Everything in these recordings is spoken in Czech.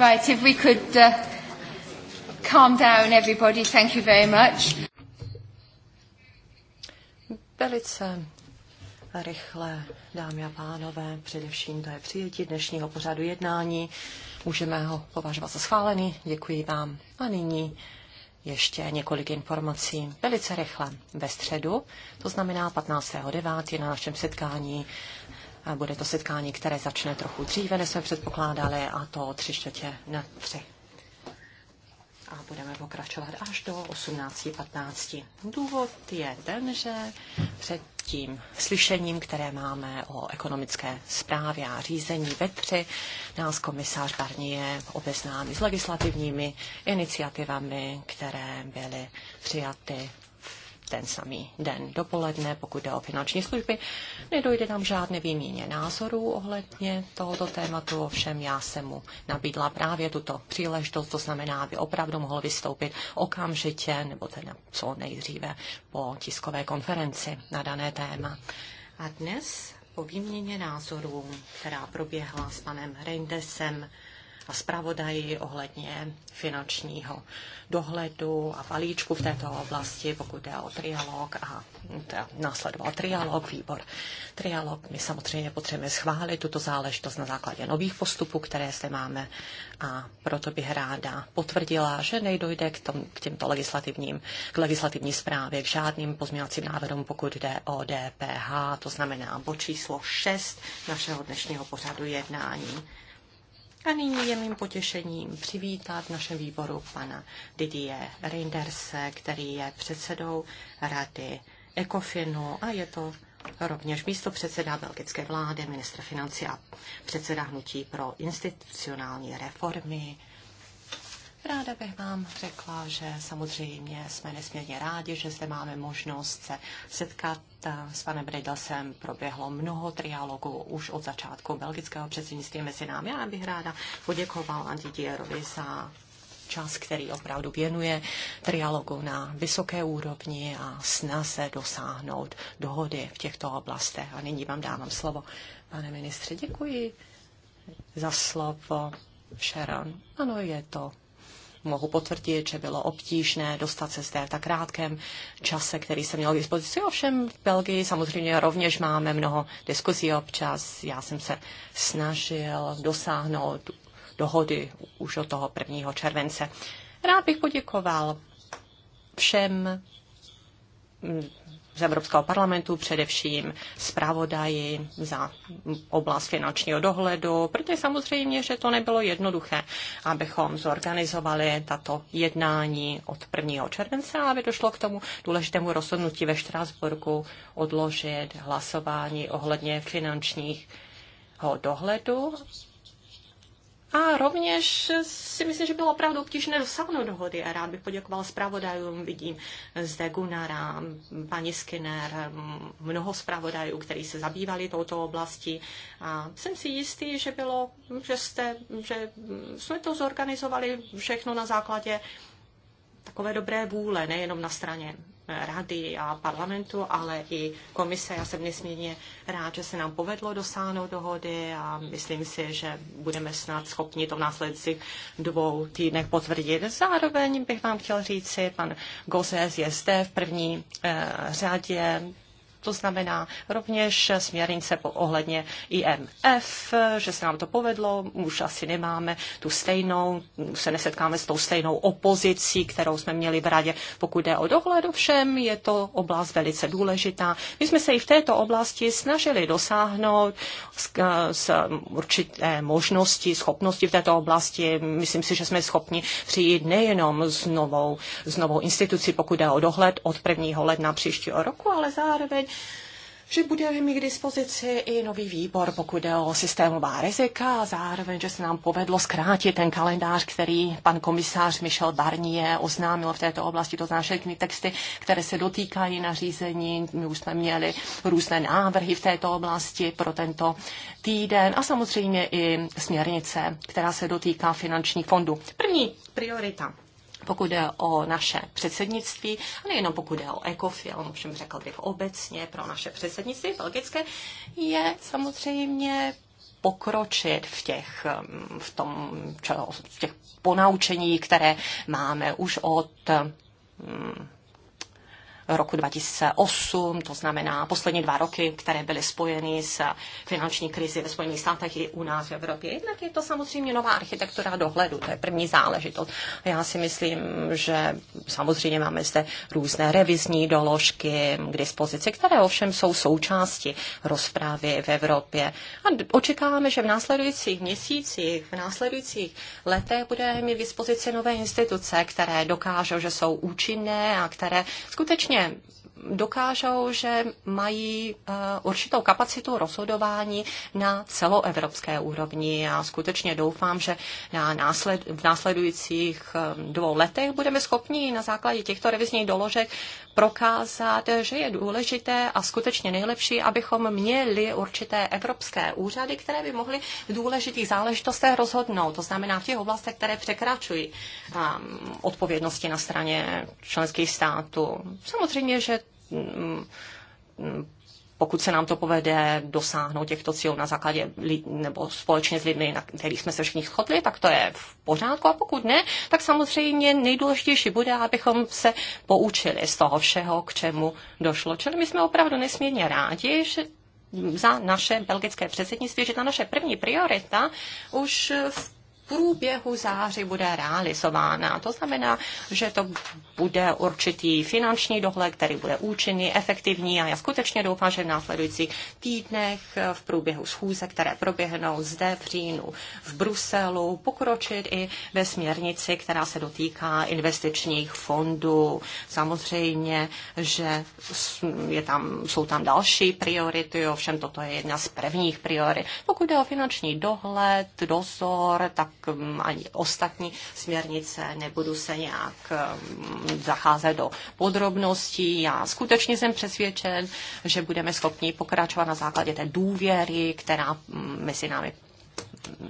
Right, if we could uh, calm down everybody, thank you very much. Velice rychle, dámy a pánové, především to je přijetí dnešního pořadu jednání. Můžeme ho považovat za schválený. Děkuji vám. A nyní ještě několik informací velice rychle ve středu, to znamená 15.9. na našem setkání a bude to setkání, které začne trochu dříve, než jsme předpokládali, a to tři čtvrtě na tři. A budeme pokračovat až do 18.15. Důvod je ten, že před tím slyšením, které máme o ekonomické zprávě a řízení ve tři, nás komisář Barnier obeznámí s legislativními iniciativami, které byly přijaty ten samý den dopoledne, pokud jde o finanční služby. Nedojde tam žádné výměně názorů ohledně tohoto tématu, ovšem já jsem mu nabídla právě tuto příležitost, to znamená, aby opravdu mohl vystoupit okamžitě nebo teda co nejdříve po tiskové konferenci na dané téma. A dnes po výměně názorů, která proběhla s panem Reindesem, a zpravodaji ohledně finančního dohledu a balíčku v této oblasti, pokud jde o trialog a následoval trialog, výbor trialog. My samozřejmě potřebujeme schválit tuto záležitost na základě nových postupů, které zde máme a proto bych ráda potvrdila, že nejdojde k, tom, k těmto legislativním, k legislativní zprávě, k žádným pozměňovacím návrhům, pokud jde o DPH, to znamená bod číslo 6 našeho dnešního pořadu jednání. A nyní je mým potěšením přivítat v našem výboru pana Didier Reinderse, který je předsedou rady Ecofinu a je to rovněž místo předseda belgické vlády, ministr financí a předseda hnutí pro institucionální reformy Ráda bych vám řekla, že samozřejmě jsme nesmírně rádi, že zde máme možnost se setkat s panem Bredelsem. Proběhlo mnoho trialogů už od začátku belgického předsednictví mezi námi. Já bych ráda poděkovala Antidierovi za čas, který opravdu věnuje trialogu na vysoké úrovni a snaze dosáhnout dohody v těchto oblastech. A nyní vám dávám slovo. Pane ministře, děkuji za slovo. Sharon, ano, je to mohu potvrdit, že bylo obtížné dostat se zde v tak krátkém čase, který jsem měl k dispozici. Ovšem v Belgii samozřejmě rovněž máme mnoho diskuzí občas. Já jsem se snažil dosáhnout dohody už od toho 1. července. Rád bych poděkoval všem z Evropského parlamentu, především zpravodaji za oblast finančního dohledu, protože samozřejmě, že to nebylo jednoduché, abychom zorganizovali tato jednání od 1. července, aby došlo k tomu důležitému rozhodnutí ve Štrásburku odložit hlasování ohledně finančních dohledu a rovněž si myslím, že bylo opravdu obtížné dosáhnout dohody. A rád bych poděkoval zpravodajům. Vidím zde Gunara, paní Skinner, mnoho zpravodajů, kteří se zabývali touto oblastí. A jsem si jistý, že, bylo, že, jste, že jsme to zorganizovali všechno na základě takové dobré vůle, nejenom na straně rady a parlamentu, ale i komise. Já jsem nesmírně rád, že se nám povedlo dosáhnout dohody a myslím si, že budeme snad schopni to v následujících dvou týdnech potvrdit. Zároveň bych vám chtěl říci, pan Gozes je zde v první eh, řadě to znamená rovněž směrnice ohledně IMF, že se nám to povedlo, už asi nemáme tu stejnou, se nesetkáme s tou stejnou opozicí, kterou jsme měli v radě. Pokud jde o dohled, ovšem je to oblast velice důležitá. My jsme se i v této oblasti snažili dosáhnout s, s určité možnosti, schopnosti v této oblasti. Myslím si, že jsme schopni přijít nejenom s novou, s novou institucí, pokud jde o dohled od 1. ledna příštího roku, ale zároveň že budeme mít k dispozici i nový výbor, pokud jde o systémová rizika a zároveň, že se nám povedlo zkrátit ten kalendář, který pan komisář Michel Barnier oznámil v této oblasti. To znamená všechny texty, které se dotýkají nařízení. My už jsme měli různé návrhy v této oblasti pro tento týden a samozřejmě i směrnice, která se dotýká finančních fondů. První priorita pokud jde o naše předsednictví, a nejenom pokud jde o ECOFIL, všem řekl bych obecně pro naše předsednictví belgické, je samozřejmě pokročit v těch, v tom, v těch ponaučení, které máme už od mm, roku 2008, to znamená poslední dva roky, které byly spojeny s finanční krizi ve Spojených státech i u nás v Evropě. Jednak je to samozřejmě nová architektura dohledu, to je první záležitost. Já si myslím, že samozřejmě máme zde různé revizní doložky k dispozici, které ovšem jsou součástí rozprávy v Evropě. A očekáváme, že v následujících měsících, v následujících letech bude mít dispozici nové instituce, které dokážou, že jsou účinné a které skutečně vlastně dokážou, že mají eh, určitou kapacitu rozhodování na celoevropské úrovni. A skutečně doufám, že na násled, v následujících eh, dvou letech budeme schopni na základě těchto revizních doložek prokázat, že je důležité a skutečně nejlepší, abychom měli určité evropské úřady, které by mohly v důležitých záležitostech rozhodnout. To znamená v těch oblastech, které překračují um, odpovědnosti na straně členských států. Samozřejmě, že mm, pokud se nám to povede dosáhnout těchto cílů na základě lid, nebo společně s lidmi, na kterých jsme se všichni shodli, tak to je v pořádku. A pokud ne, tak samozřejmě nejdůležitější bude, abychom se poučili z toho všeho, k čemu došlo. Čili my jsme opravdu nesmírně rádi, že za naše belgické předsednictví, že ta naše první priorita už v průběhu září bude realizována. To znamená, že to bude určitý finanční dohled, který bude účinný, efektivní a já skutečně doufám, že v následujících týdnech v průběhu schůze, které proběhnou zde v říjnu v Bruselu, pokročit i ve směrnici, která se dotýká investičních fondů. Samozřejmě, že je tam, jsou tam další priority, ovšem toto je jedna z prvních priorit. Pokud jde o finanční dohled, dozor, tak Um, ani ostatní směrnice, nebudu se nějak um, zacházet do podrobností. Já skutečně jsem přesvědčen, že budeme schopni pokračovat na základě té důvěry, která um, mezi námi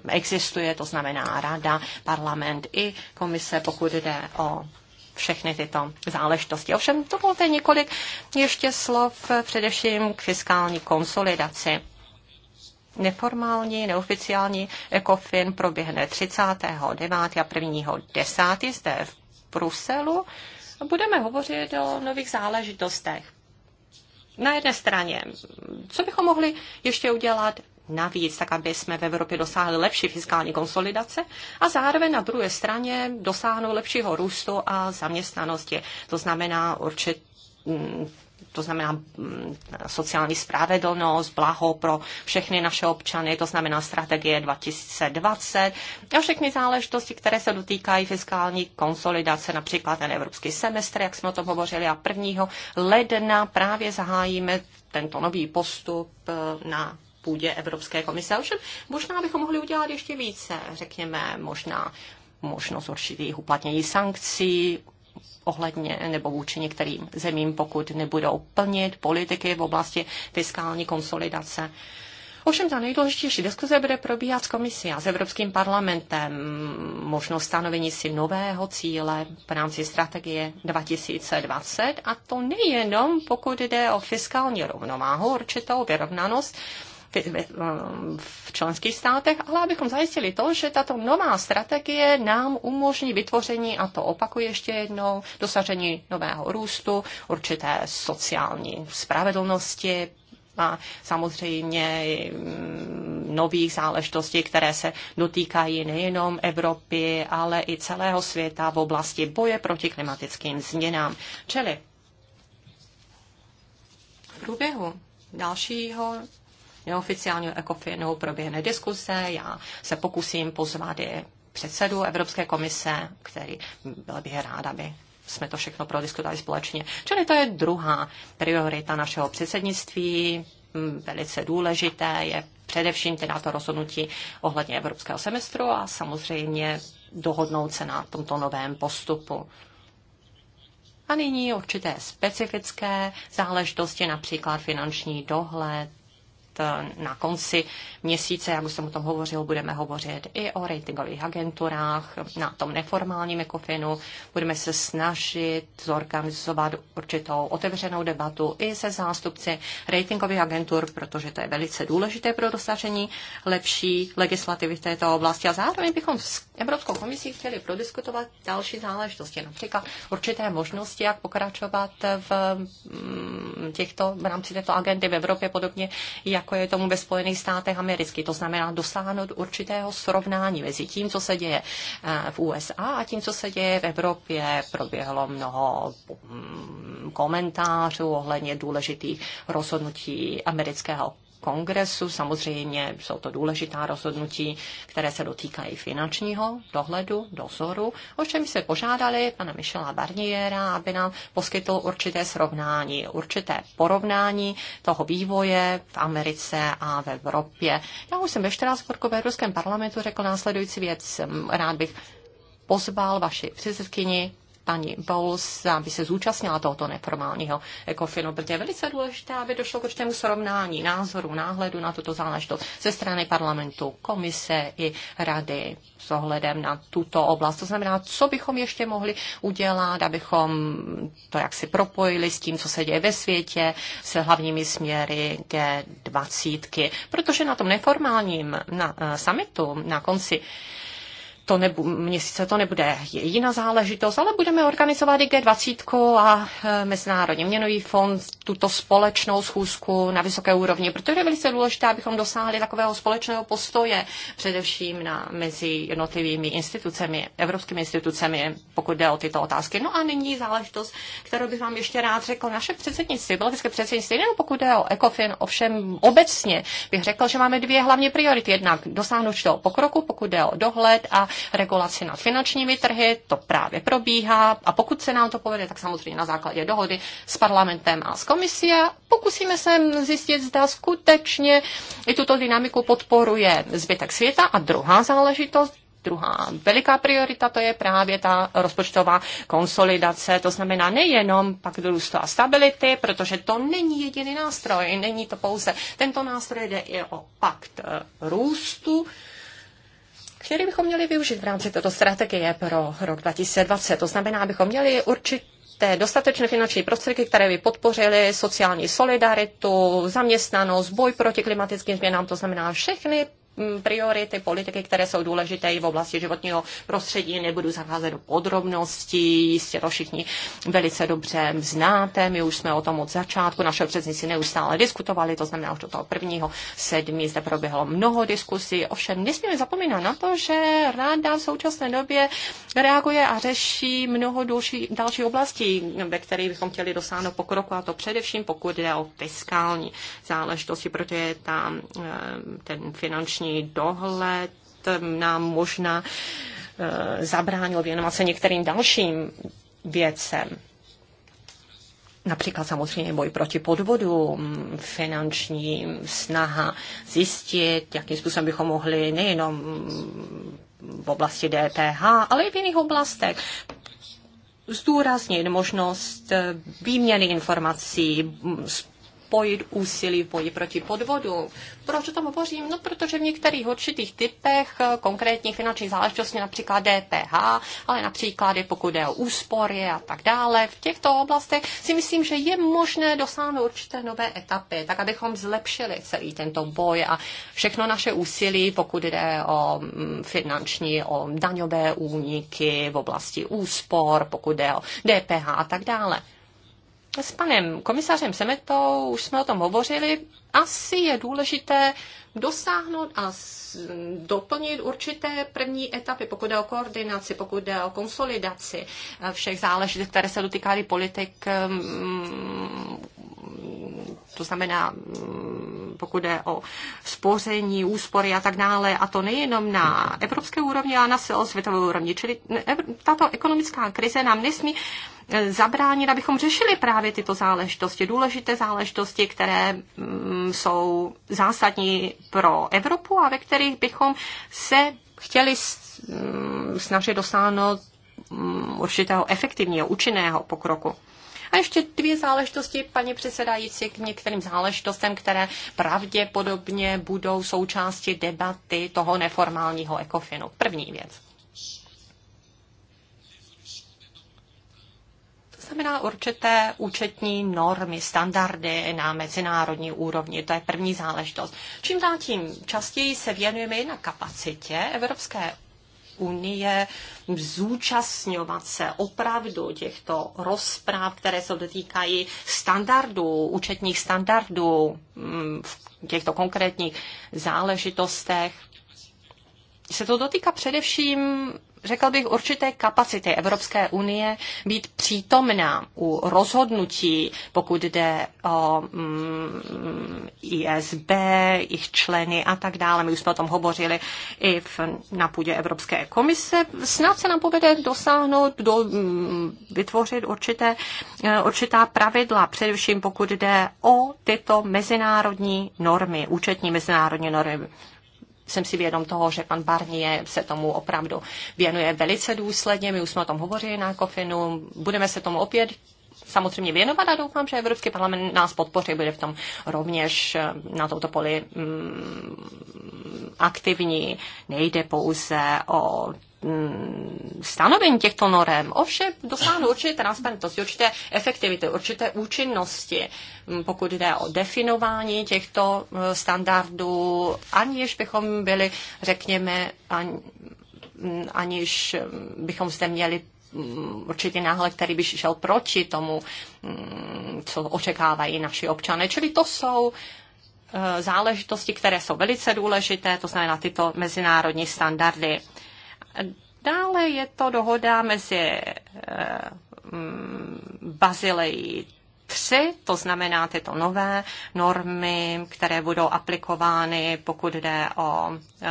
existuje, to znamená rada, parlament i komise, pokud jde o všechny tyto záležitosti. Ovšem dovolte několik ještě slov především k fiskální konsolidaci neformální, neoficiální ECOFIN proběhne 39. a 1. 10. zde v Bruselu budeme hovořit o nových záležitostech. Na jedné straně, co bychom mohli ještě udělat navíc, tak aby jsme v Evropě dosáhli lepší fiskální konsolidace a zároveň na druhé straně dosáhnout lepšího růstu a zaměstnanosti. To znamená určitě mm, to znamená mm, sociální spravedlnost, blaho pro všechny naše občany, to znamená strategie 2020 a všechny záležitosti, které se dotýkají fiskální konsolidace, například ten evropský semestr, jak jsme o tom hovořili, a 1. ledna právě zahájíme tento nový postup eh, na půdě Evropské komise. Ovšem, možná bychom mohli udělat ještě více, řekněme, možná možnost určitých uplatnění sankcí, ohledně nebo vůči některým zemím, pokud nebudou plnit politiky v oblasti fiskální konsolidace. Ovšem ta nejdůležitější diskuze bude probíhat s komisí a s Evropským parlamentem. Možnost stanovení si nového cíle v rámci strategie 2020 a to nejenom pokud jde o fiskální rovnováhu, určitou vyrovnanost, v členských státech, ale abychom zajistili to, že tato nová strategie nám umožní vytvoření, a to opakuji ještě jednou, dosažení nového růstu, určité sociální spravedlnosti, a samozřejmě mm, nových záležitostí, které se dotýkají nejenom Evropy, ale i celého světa v oblasti boje proti klimatickým změnám. Čili v průběhu dalšího neoficiálně ECOFINu proběhne diskuse. Já se pokusím pozvat i předsedu Evropské komise, který byl bych rád, aby jsme to všechno prodiskutovali společně. Čili to je druhá priorita našeho předsednictví, mm, velice důležité je především teda to rozhodnutí ohledně evropského semestru a samozřejmě dohodnout se na tomto novém postupu. A nyní určité specifické záležitosti, například finanční dohled, Eh, na konci měsíce, jak už jsem o tom hovořil, budeme hovořit i o ratingových agenturách, na tom neformálním ekofinu. Budeme se snažit zorganizovat určitou otevřenou debatu i se zástupci ratingových agentur, protože to je velice důležité pro dosažení lepší legislativy v této oblasti. A zároveň bychom Evropskou komisí chtěli prodiskutovat další záležitosti, například určité možnosti, jak pokračovat v, mm, těchto, v rámci této agendy v Evropě, podobně jako je tomu ve Spojených státech amerických. To znamená dosáhnout určitého srovnání mezi tím, co se děje eh, v USA a tím, co se děje v Evropě. Proběhlo mnoho mm, komentářů ohledně důležitých rozhodnutí amerického kongresu. Samozřejmě jsou to důležitá rozhodnutí, které se dotýkají finančního dohledu, dozoru. čem se požádali pana Michela Barniera, aby nám poskytl určité srovnání, určité porovnání toho vývoje v Americe a v Evropě. Já už jsem ve Štrásburku ve Ruském parlamentu řekl následující věc. Rád bych pozval vaši předsedkyni paní Bowles, aby se zúčastnila tohoto neformálního ekofinu, protože je velice důležité, aby došlo k určitému srovnání názoru, náhledu na tuto záležitost ze strany parlamentu, komise i rady s ohledem na tuto oblast. To znamená, co bychom ještě mohli udělat, abychom to jaksi propojili s tím, co se děje ve světě, se hlavními směry G20. Protože na tom neformálním na, uh, summitu na konci to nebu, měsíce to nebude jediná záležitost, ale budeme organizovat i G20 a e, Mezinárodní měnový fond tuto společnou schůzku na vysoké úrovni, protože je velice důležité, abychom dosáhli takového společného postoje, především na, mezi jednotlivými institucemi, evropskými institucemi, pokud jde o tyto otázky. No a nyní záležitost, kterou bych vám ještě rád řekl, naše předsednictví, belgické předsednictví, nebo pokud jde o ECOFIN, ovšem obecně bych řekl, že máme dvě hlavní priority. Jednak dosáhnout toho pokroku, pokud jde o dohled a regulaci nad finančními trhy, to právě probíhá a pokud se nám to povede, tak samozřejmě na základě dohody s parlamentem a s komisí a pokusíme se zjistit, zda skutečně i tuto dynamiku podporuje zbytek světa a druhá záležitost, Druhá veliká priorita to je právě ta rozpočtová konsolidace, to znamená nejenom pak růstu a stability, protože to není jediný nástroj, není to pouze tento nástroj, jde i o pakt eh, růstu, který bychom měli využít v rámci této strategie pro rok 2020. To znamená, abychom měli určit dostatečné finanční prostředky, které by podpořily sociální solidaritu, zaměstnanost, boj proti klimatickým změnám, to znamená všechny Mm, priority politiky, které jsou důležité i v oblasti životního prostředí. Nebudu zacházet do podrobností, jistě to všichni velice dobře znáte. My už jsme o tom od začátku naše předsednictví neustále diskutovali, to znamená že do toho prvního sedmi zde proběhlo mnoho diskusí. Ovšem nesmíme zapomínat na to, že ráda v současné době reaguje a řeší mnoho další, dalších oblastí, ve kterých bychom chtěli dosáhnout pokroku, a to především pokud jde o fiskální záležitosti, protože je tam eh, ten finanční finanční dohled nám možná eh, zabránil věnovat se některým dalším věcem. Například samozřejmě boj proti podvodům, finanční snaha zjistit, jakým způsobem bychom mohli nejenom v oblasti DPH, ale i v jiných oblastech zdůraznit možnost výměny informací, spojit úsilí v boji proti podvodu, Proč o tom hovořím? No, protože v některých určitých typech eh, konkrétních finančních záležitostí, například DPH, ale například i pokud je o úspory a tak dále, v těchto oblastech si myslím, že je možné dosáhnout určité nové etapy, tak abychom zlepšili celý tento boj a všechno naše úsilí, pokud jde o mm, finanční, o daňové úniky v oblasti úspor, pokud jde o DPH a tak dále s panem komisařem Semetou už jsme o tom hovořili. Asi je důležité dosáhnout a doplnit určité první etapy, pokud jde o koordinaci, pokud jde o konsolidaci všech záležitostí, které se dotýkaly politik um, to znamená, mm, pokud jde o spoření, úspory a tak dále, a to nejenom na evropské úrovni, ale na celosvětové úrovni. Čili mm, tato ekonomická krize nám nesmí eh, zabránit, abychom řešili právě tyto záležitosti, důležité záležitosti, které mm, jsou zásadní pro Evropu a ve kterých bychom se chtěli snažit dosáhnout určitého efektivního, účinného pokroku. A ještě dvě záležitosti, paní předsedající, k některým záležitostem, které pravděpodobně budou součástí debaty toho neformálního ekofinu. První věc. znamená určité účetní normy, standardy na mezinárodní úrovni. To je první záležitost. Čím dál tím častěji se věnujeme i na kapacitě Evropské unie zúčastňovat se opravdu těchto rozpráv, které se dotýkají standardů, účetních standardů mm, v těchto konkrétních záležitostech. Se to dotýká především řekl bych, určité kapacity Evropské unie být přítomná u rozhodnutí, pokud jde o mm, ISB, jejich členy a tak dále. My už jsme o tom hovořili i v, na půdě Evropské komise. Snad se nám povede dosáhnout, do, mm, vytvořit určité, e, určitá pravidla, především pokud jde o tyto mezinárodní normy, účetní mezinárodní normy jsem si vědom toho, že pan Barnier se tomu opravdu věnuje velice důsledně. My už jsme o tom hovořili na Kofinu. Budeme se tomu opět samozřejmě věnovat a doufám, že Evropský parlament nás podpoří, bude v tom rovněž eh, na tomto poli mm, aktivní. Nejde pouze o Mm, stanovení těchto norem. Ovšem dosáhnu určité transparentnosti, určité efektivity, určité účinnosti, mm, pokud jde o definování těchto e, standardů, aniž bychom byli, řekněme, mm, aniž bychom zde měli určitě náhled, který by šel proti tomu, co očekávají naši občané. Čili to jsou e, záležitosti, které jsou velice důležité, to znamená tyto mezinárodní standardy. Dále je to dohoda mezi eh, mm, Bazilejí 3, to znamená tyto nové normy, které budou aplikovány, pokud jde o, eh,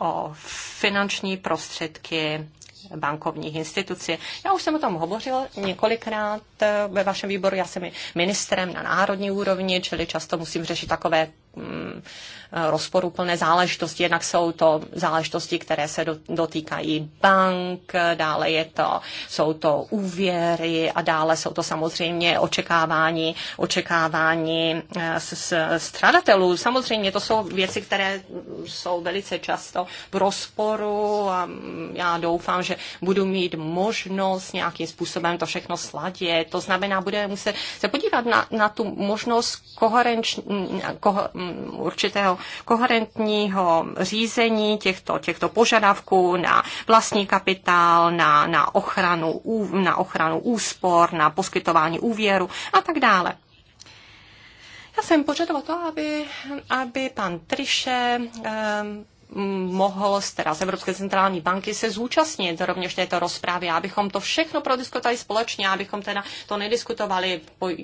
o finanční prostředky bankovních institucí. Já už jsem o tom hovořil několikrát eh, ve vašem výboru. Já jsem ministrem na národní úrovni, čili často musím řešit takové Mm, rozporuplné záležitosti. Jednak jsou to záležitosti, které se dotýkají bank, dále je to, jsou to úvěry a dále jsou to samozřejmě očekávání, očekávání eh, stradatelů. Samozřejmě to jsou věci, které jsou velice často v rozporu a mm, já doufám, že budu mít možnost nějakým způsobem to všechno sladit. To znamená, bude muset se podívat na, na tu možnost koherenční, mm, koho, Mm, určitého koherentního řízení těchto, těchto požadavků na vlastní kapitál, na, na, ochranu, na ochranu úspor, na poskytování úvěru a tak dále. Já jsem požadoval to, aby, aby pan Triše um, mohl z, teda z Evropské centrální banky se zúčastnit rovněž této rozprávy, abychom to všechno prodiskutovali společně, abychom teda to nediskutovali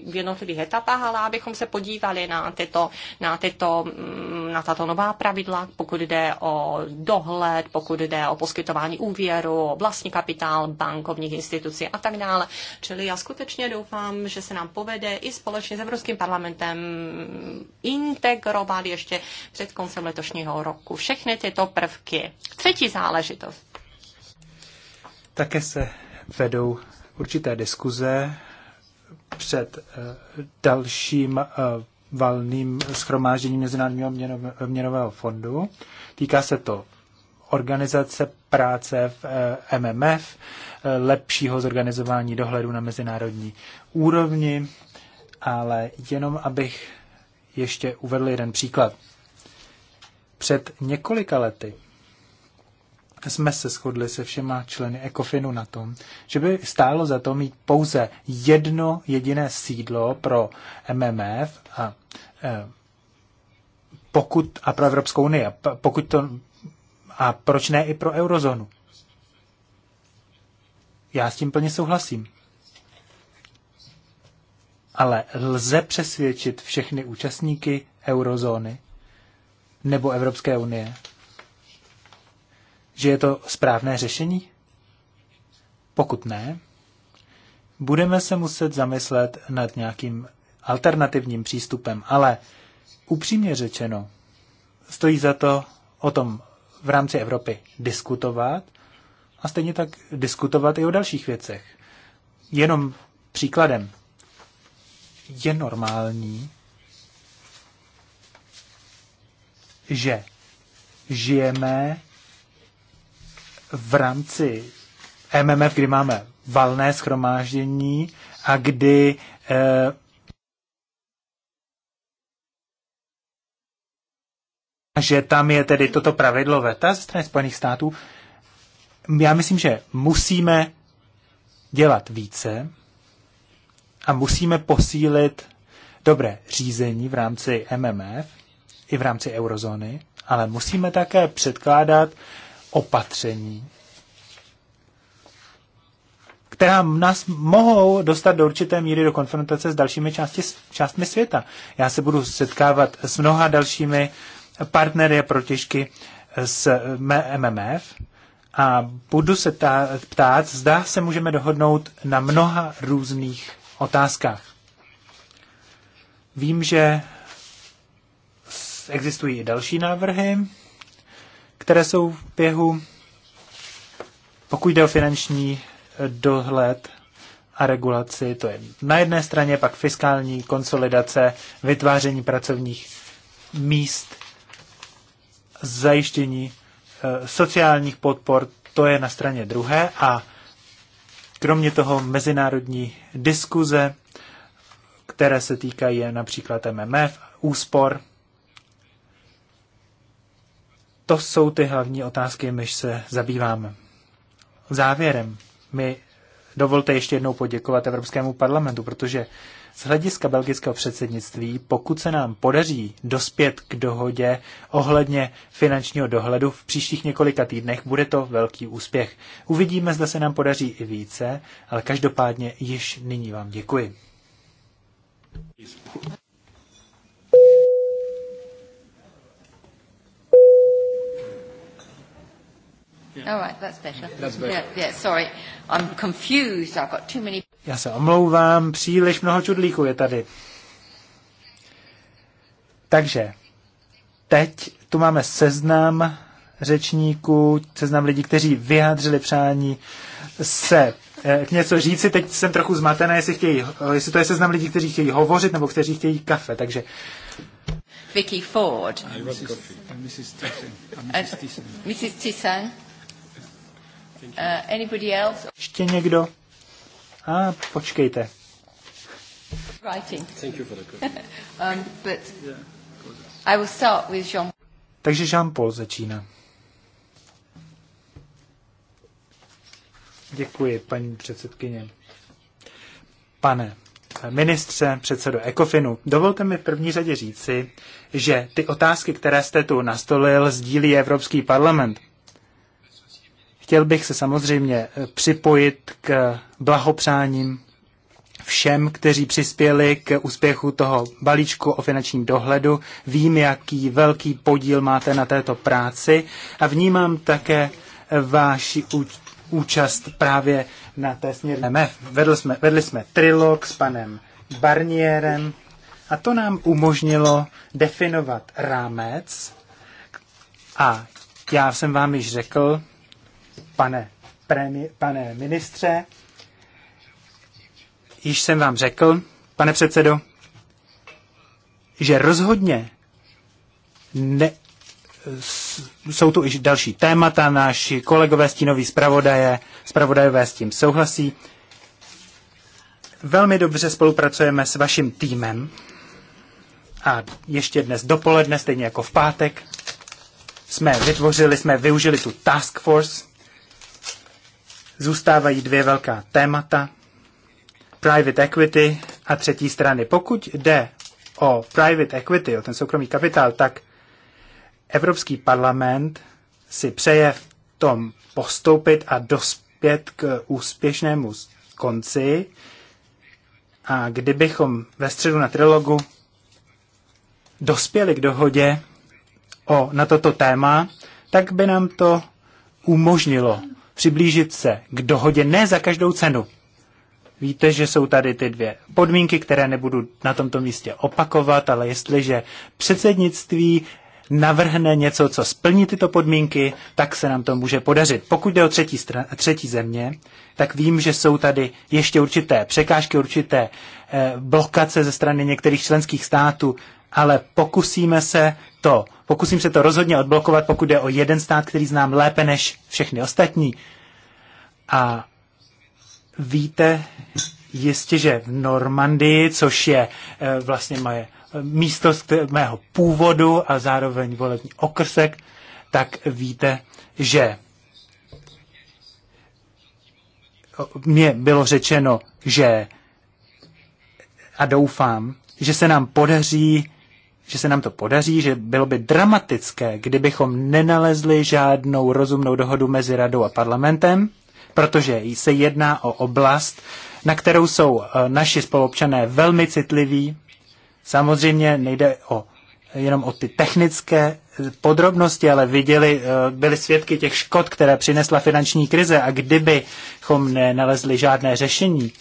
v jednotlivých etapách, ale abychom se podívali na, tyto, na, tyto, mm, na tato nová pravidla, pokud jde o dohled, pokud jde o poskytování úvěru, o vlastní kapitál bankovních institucí a tak dále. Čili já skutečně doufám, že se nám povede i společně s Evropským parlamentem integrovat ještě před koncem letošního roku všechny tyto prvky. Třetí záležitost. Také se vedou určité diskuze před eh, dalším eh, valným schromážděním Mezinárodního měnového fondu. Týká se to organizace práce v eh, MMF, lepšího zorganizování dohledu na mezinárodní úrovni, ale jenom abych ještě uvedl jeden příklad. Před několika lety jsme se shodli se všema členy Ekofinu na tom, že by stálo za to mít pouze jedno jediné sídlo pro MMF a e, pokud a pro Evropskou unii, a pokud to a proč ne i pro eurozónu. Já s tím plně souhlasím. Ale lze přesvědčit všechny účastníky eurozóny, nebo Evropské unie, že je to správné řešení? Pokud ne, budeme se muset zamyslet nad nějakým alternativním přístupem, ale upřímně řečeno, stojí za to o tom v rámci Evropy diskutovat a stejně tak diskutovat i o dalších věcech. Jenom příkladem. Je normální, že žijeme v rámci MMF, kdy máme valné schromáždění a kdy eh, že tam je tedy toto pravidlo veta ze strany Spojených států. Já myslím, že musíme dělat více a musíme posílit dobré řízení v rámci MMF i v rámci eurozóny, ale musíme také předkládat opatření, která nás mohou dostat do určité míry do konfrontace s dalšími části, částmi světa. Já se budu setkávat s mnoha dalšími partnery a protěžky z MMF a budu se tát ptát, zda se můžeme dohodnout na mnoha různých otázkách. Vím, že existují i další návrhy, které jsou v běhu. Pokud jde o finanční eh, dohled a regulaci, to je na jedné straně pak fiskální konsolidace, vytváření pracovních míst, zajištění eh, sociálních podpor, to je na straně druhé a kromě toho mezinárodní diskuze, které se týkají například MMF, úspor to jsou ty hlavní otázky, myž se zabýváme. Závěrem mi dovolte ještě jednou poděkovat Evropskému parlamentu, protože z hlediska belgického předsednictví, pokud se nám podaří dospět k dohodě ohledně finančního dohledu v příštích několika týdnech, bude to velký úspěch. Uvidíme, zda se nám podaří i více, ale každopádně již nyní vám děkuji. All right, that's better. That's better. Yeah, yeah, sorry. I'm confused. I've got too many... Já se omlouvám, příliš mnoho čudlíků je tady. Takže, teď tu máme seznam řečníků, seznam lidí, kteří vyjádřili přání se eh, k něco říci. Teď jsem trochu zmatená, jestli, chtějí, eh, jestli to je seznam lidí, kteří chtějí hovořit nebo kteří chtějí kafe. Takže Vicky Ford. I want coffee. And uh, Mrs. Tissan. Mrs. Tissan. Uh, anybody else? Ještě někdo? A ah, počkejte. Writing. Thank you for the um, but yeah, I will start with Jean. Takže Jean-Paul začíná. Děkuji, paní předsedkyně. Pane ministře, předsedo Ekofinu, dovolte mi v první řadě říci, že ty otázky, které jste tu nastolil, sdílí Evropský parlament. Chtěl bych se samozřejmě eh, připojit k blahopřáním všem, kteří přispěli k úspěchu toho balíčku o finančním dohledu. Vím, jaký velký podíl máte na této práci a vnímám také váši účast právě na té směrné MF. Vedli jsme, vedli jsme trilog s panem Barnierem a to nám umožnilo definovat rámec a já jsem vám již řekl, pane, premi, pane ministře. Již jsem vám řekl, pane předsedo, že rozhodně ne, jsou tu i další témata, naši kolegové stínoví zpravodaje, zpravodajové s tím souhlasí. Velmi dobře spolupracujeme s vaším týmem a ještě dnes dopoledne, stejně jako v pátek, jsme vytvořili, jsme využili tu task force, zůstávají dvě velká témata, private equity a třetí strany. Pokud jde o private equity, o ten soukromý kapitál, tak Evropský parlament si přeje v tom postoupit a dospět k úspěšnému konci. A kdybychom ve středu na trilogu dospěli k dohodě o, na toto téma, tak by nám to umožnilo přiblížit se k dohodě ne za každou cenu. Víte, že jsou tady ty dvě podmínky, které nebudu na tomto místě opakovat, ale jestliže předsednictví navrhne něco, co splní tyto podmínky, tak se nám to může podařit. Pokud jde o třetí, třetí země, tak vím, že jsou tady ještě určité překážky, určité eh, blokace ze strany některých členských států, ale pokusíme se to, pokusím se to rozhodně odblokovat, pokud jde o jeden stát, který znám lépe než všechny ostatní. A víte jistě, že v Normandii, což je eh, vlastně moje eh, místo z mého původu a zároveň volební okrsek, tak víte, že mě bylo řečeno, že a doufám, že se nám podaří že se nám to podaří, že bylo by dramatické, kdybychom nenalezli žádnou rozumnou dohodu mezi radou a parlamentem, protože se jedná o oblast, na kterou jsou eh, naši spolupčané velmi citliví. Samozřejmě nejde o, jenom o ty technické eh, podrobnosti, ale viděli, eh, byli svědky těch škod, které přinesla finanční krize a kdybychom nenalezli žádné řešení,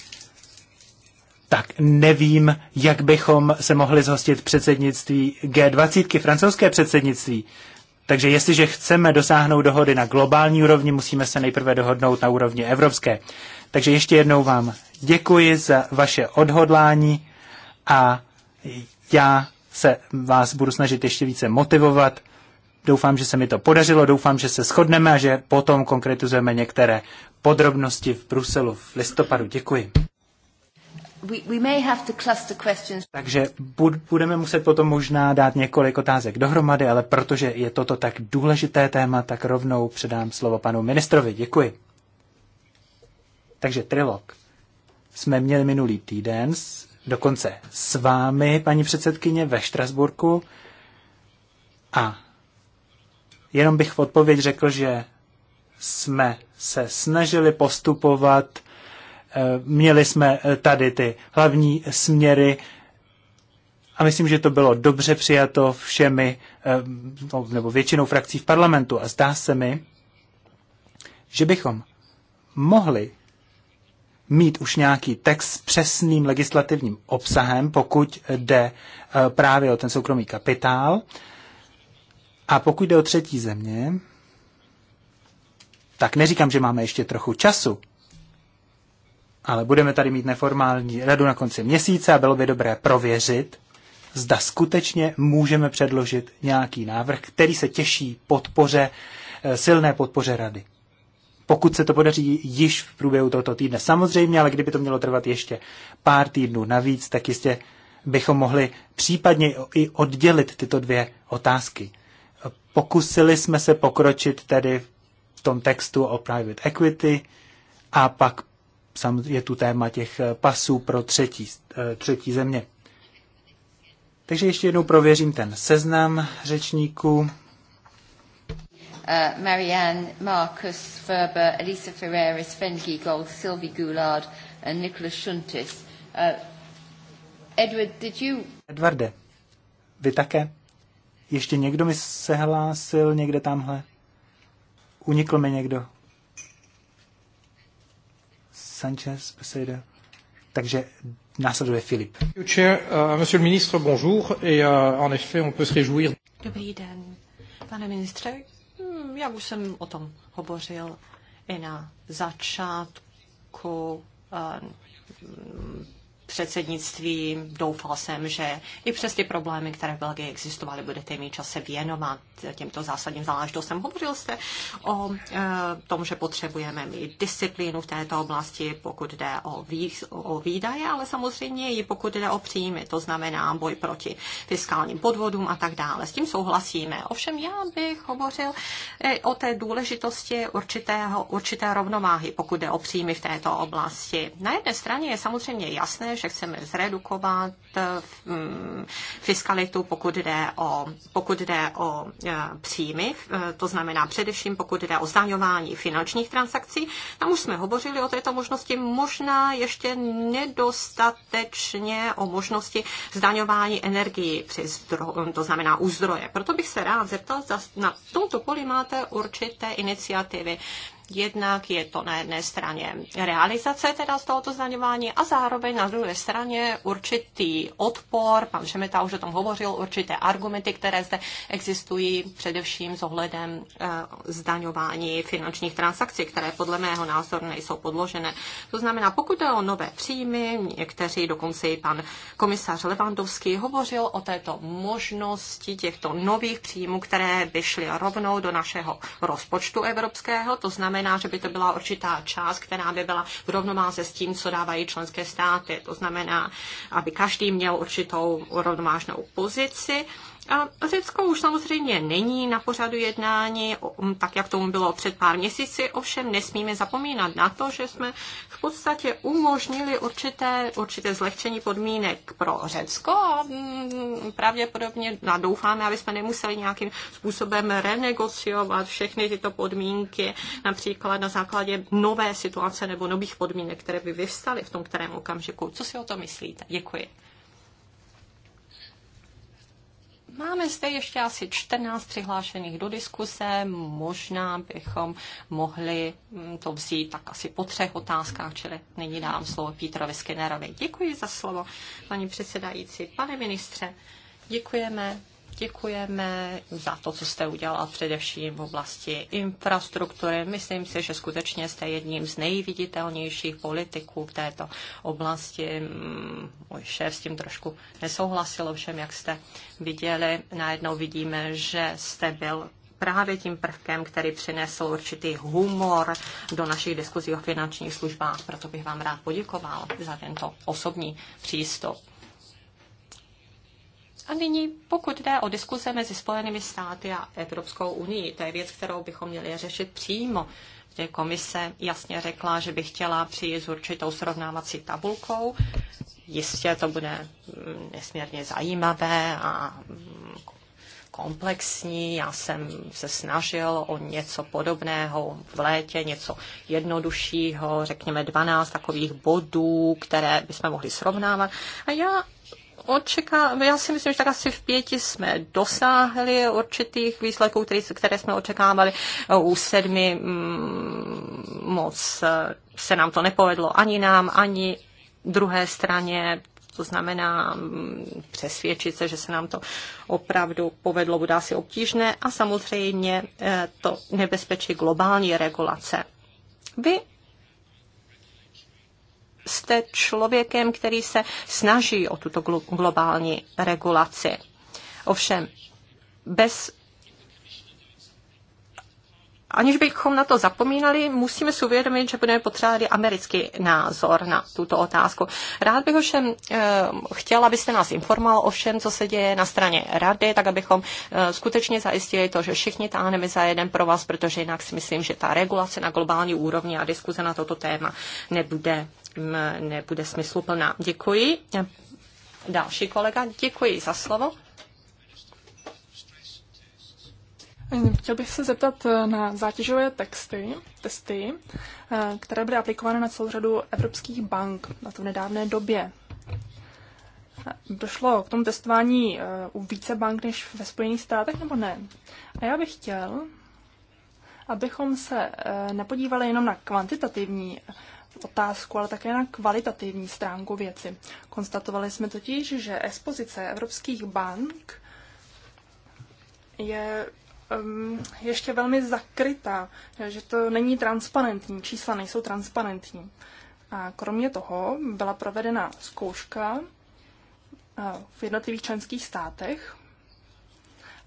tak nevím, jak bychom se mohli zhostit předsednictví G20, francouzské předsednictví. Takže jestliže chceme dosáhnout dohody na globální úrovni, musíme se nejprve dohodnout na úrovni evropské. Takže ještě jednou vám děkuji za vaše odhodlání a já se vás budu snažit ještě více motivovat. Doufám, že se mi to podařilo, doufám, že se shodneme a že potom konkretizujeme některé podrobnosti v Bruselu v listopadu. Děkuji. Takže budeme muset potom možná dát několik otázek dohromady, ale protože je toto tak důležité téma, tak rovnou předám slovo panu ministrovi. Děkuji. Takže trilog jsme měli minulý týden, dokonce s vámi, paní předsedkyně, ve Štrasburku. A jenom bych v odpověď řekl, že jsme se snažili postupovat Eh, měli jsme eh, tady ty hlavní směry a myslím, že to bylo dobře přijato všemi eh, no, nebo většinou frakcí v parlamentu a zdá se mi, že bychom mohli mít už nějaký text s přesným legislativním obsahem, pokud jde právě o ten soukromý kapitál. A pokud jde o třetí země, tak neříkám, že máme ještě trochu času, ale budeme tady mít neformální radu na konci měsíce a bylo by dobré prověřit, zda skutečně můžeme předložit nějaký návrh, který se těší podpoře, eh, silné podpoře rady. Pokud se to podaří již v průběhu tohoto týdne. Samozřejmě, ale kdyby to mělo trvat ještě pár týdnů navíc, tak jistě bychom mohli případně i oddělit tyto dvě otázky. Pokusili jsme se pokročit tedy v tom textu o private equity a pak je tu téma těch eh, pasů pro třetí, eh, třetí země. Takže ještě jednou prověřím ten seznam řečníků. Uh, Marianne, Marcus, Ferber, Elisa Ferreras, Fengi Gold, Sylvie Goulard and Nicholas Shuntis. Uh, Edward, did you... Edwarde, vy také? Ještě někdo mi se hlásil někde tamhle? Unikl mi někdo. Sanchez Peseda. Takže následuje Filip. Monsieur le euh, ministre, bonjour. Et euh, en effet, on peut se réjouir. Dobrý den, pane ministře. Hmm, Jak už jsem o tom hovořil i na začátku eh, předsednictví. Doufal jsem, že i přes ty problémy, které v Belgii existovaly, budete mít čas se věnovat těmto zásadním záležitostem. Hovořil jste o e, tom, že potřebujeme mít disciplínu v této oblasti, pokud jde o, vý, o výdaje, ale samozřejmě i pokud jde o příjmy, to znamená boj proti fiskálním podvodům a tak dále. S tím souhlasíme. Ovšem já bych hovořil e, o té důležitosti určitého, určité rovnováhy, pokud jde o příjmy v této oblasti. Na jedné straně je samozřejmě jasné, že chceme zredukovat mm, fiskalitu, pokud jde o, pokud jde o e, příjmy, e, to znamená především pokud jde o zdaňování finančních transakcí. Tam už jsme hovořili o této možnosti, možná ještě nedostatečně o možnosti zdaňování energii, při zdro, to znamená u zdroje. Proto bych se rád zeptal, na tomto poli máte určité iniciativy Jednak je to na jedné straně realizace teda z tohoto zdaňování a zároveň na druhé straně určitý odpor, pan Šemeta už o tom hovořil, určité argumenty, které zde existují především s ohledem eh, zdaňování finančních transakcí, které podle mého názoru nejsou podložené. To znamená, pokud je o nové příjmy, někteří, dokonce i pan komisař Levandovský, hovořil o této možnosti těchto nových příjmů, které by šly rovnou do našeho rozpočtu evropského, to znamená, znamená, že by to byla určitá část, která by byla v rovnováze s tím, co dávají členské státy. To znamená, aby každý měl určitou rovnovážnou pozici a Řecko už samozřejmě není na pořadu jednání, um, tak jak tomu bylo před pár měsíci, ovšem nesmíme zapomínat na to, že jsme v podstatě umožnili určité, určité zlehčení podmínek pro Řecko a mm, pravděpodobně no a doufáme, aby jsme nemuseli nějakým způsobem renegociovat všechny tyto podmínky, například na základě nové situace nebo nových podmínek, které by vyvstaly v tom kterém okamžiku. Co si o to myslíte? Děkuji. Máme zde ještě asi 14 přihlášených do diskuse. Možná bychom mohli mm, to vzít tak asi po třech otázkách, čili nyní dám slovo Pítrovi Skinnerovi. Děkuji za slovo, paní předsedající. Pane ministře, děkujeme děkujeme za to, co jste udělal především v oblasti infrastruktury. Myslím si, že skutečně jste jedním z nejviditelnějších politiků v této oblasti. Mm, můj šéf s tím trošku nesouhlasil, ovšem, jak jste viděli, najednou vidíme, že jste byl právě tím prvkem, který přinesl určitý humor do našich diskuzí o finančních službách. Proto bych vám rád poděkoval za tento osobní přístup. A nyní, pokud jde o diskuse mezi Spojenými státy a Evropskou unii, to je věc, kterou bychom měli řešit přímo. Kde komise jasně řekla, že by chtěla přijít s určitou srovnávací tabulkou. Jistě to bude mm, nesmírně zajímavé a mm, komplexní. Já jsem se snažil o něco podobného v létě, něco jednoduššího, řekněme 12 takových bodů, které bychom mohli srovnávat. A já očeká, já si myslím, že tak asi v pěti jsme dosáhli určitých výsledků, který, které jsme očekávali. U sedmi mm, moc eh, se nám to nepovedlo ani nám, ani druhé straně. To znamená mm, přesvědčit se, že se nám to opravdu povedlo, bude asi obtížné. A samozřejmě eh, to nebezpečí globální regulace. Vy jste člověkem, který se snaží o tuto globální regulaci. Ovšem, bez aniž bychom na to zapomínali, musíme si uvědomit, že budeme potřebovat i americký názor na tuto otázku. Rád bych ovšem eh, chtěl, abyste nás informoval o všem, co se děje na straně rady, tak abychom eh, skutečně zajistili to, že všichni táhneme za jeden pro vás, protože jinak si myslím, že ta regulace na globální úrovni a diskuze na toto téma nebude, mm, nebude smysluplná. Děkuji. Další kolega, děkuji za slovo. Ehm, chtěl bych se zeptat eh, na zátěžové texty, testy, eh, které byly aplikovány na celou řadu evropských bank na to v nedávné době. Došlo k tomu testování eh, u více bank než ve Spojených státech, nebo ne? A já bych chtěl, abychom se nepodívali jenom na kvantitativní otázku, ale také na kvalitativní stránku věci. Konstatovali jsme totiž, že expozice evropských bank je Ehm, ještě velmi zakrytá, že to není transparentní, čísla nejsou transparentní. A kromě toho byla provedena zkouška eh, v jednotlivých členských státech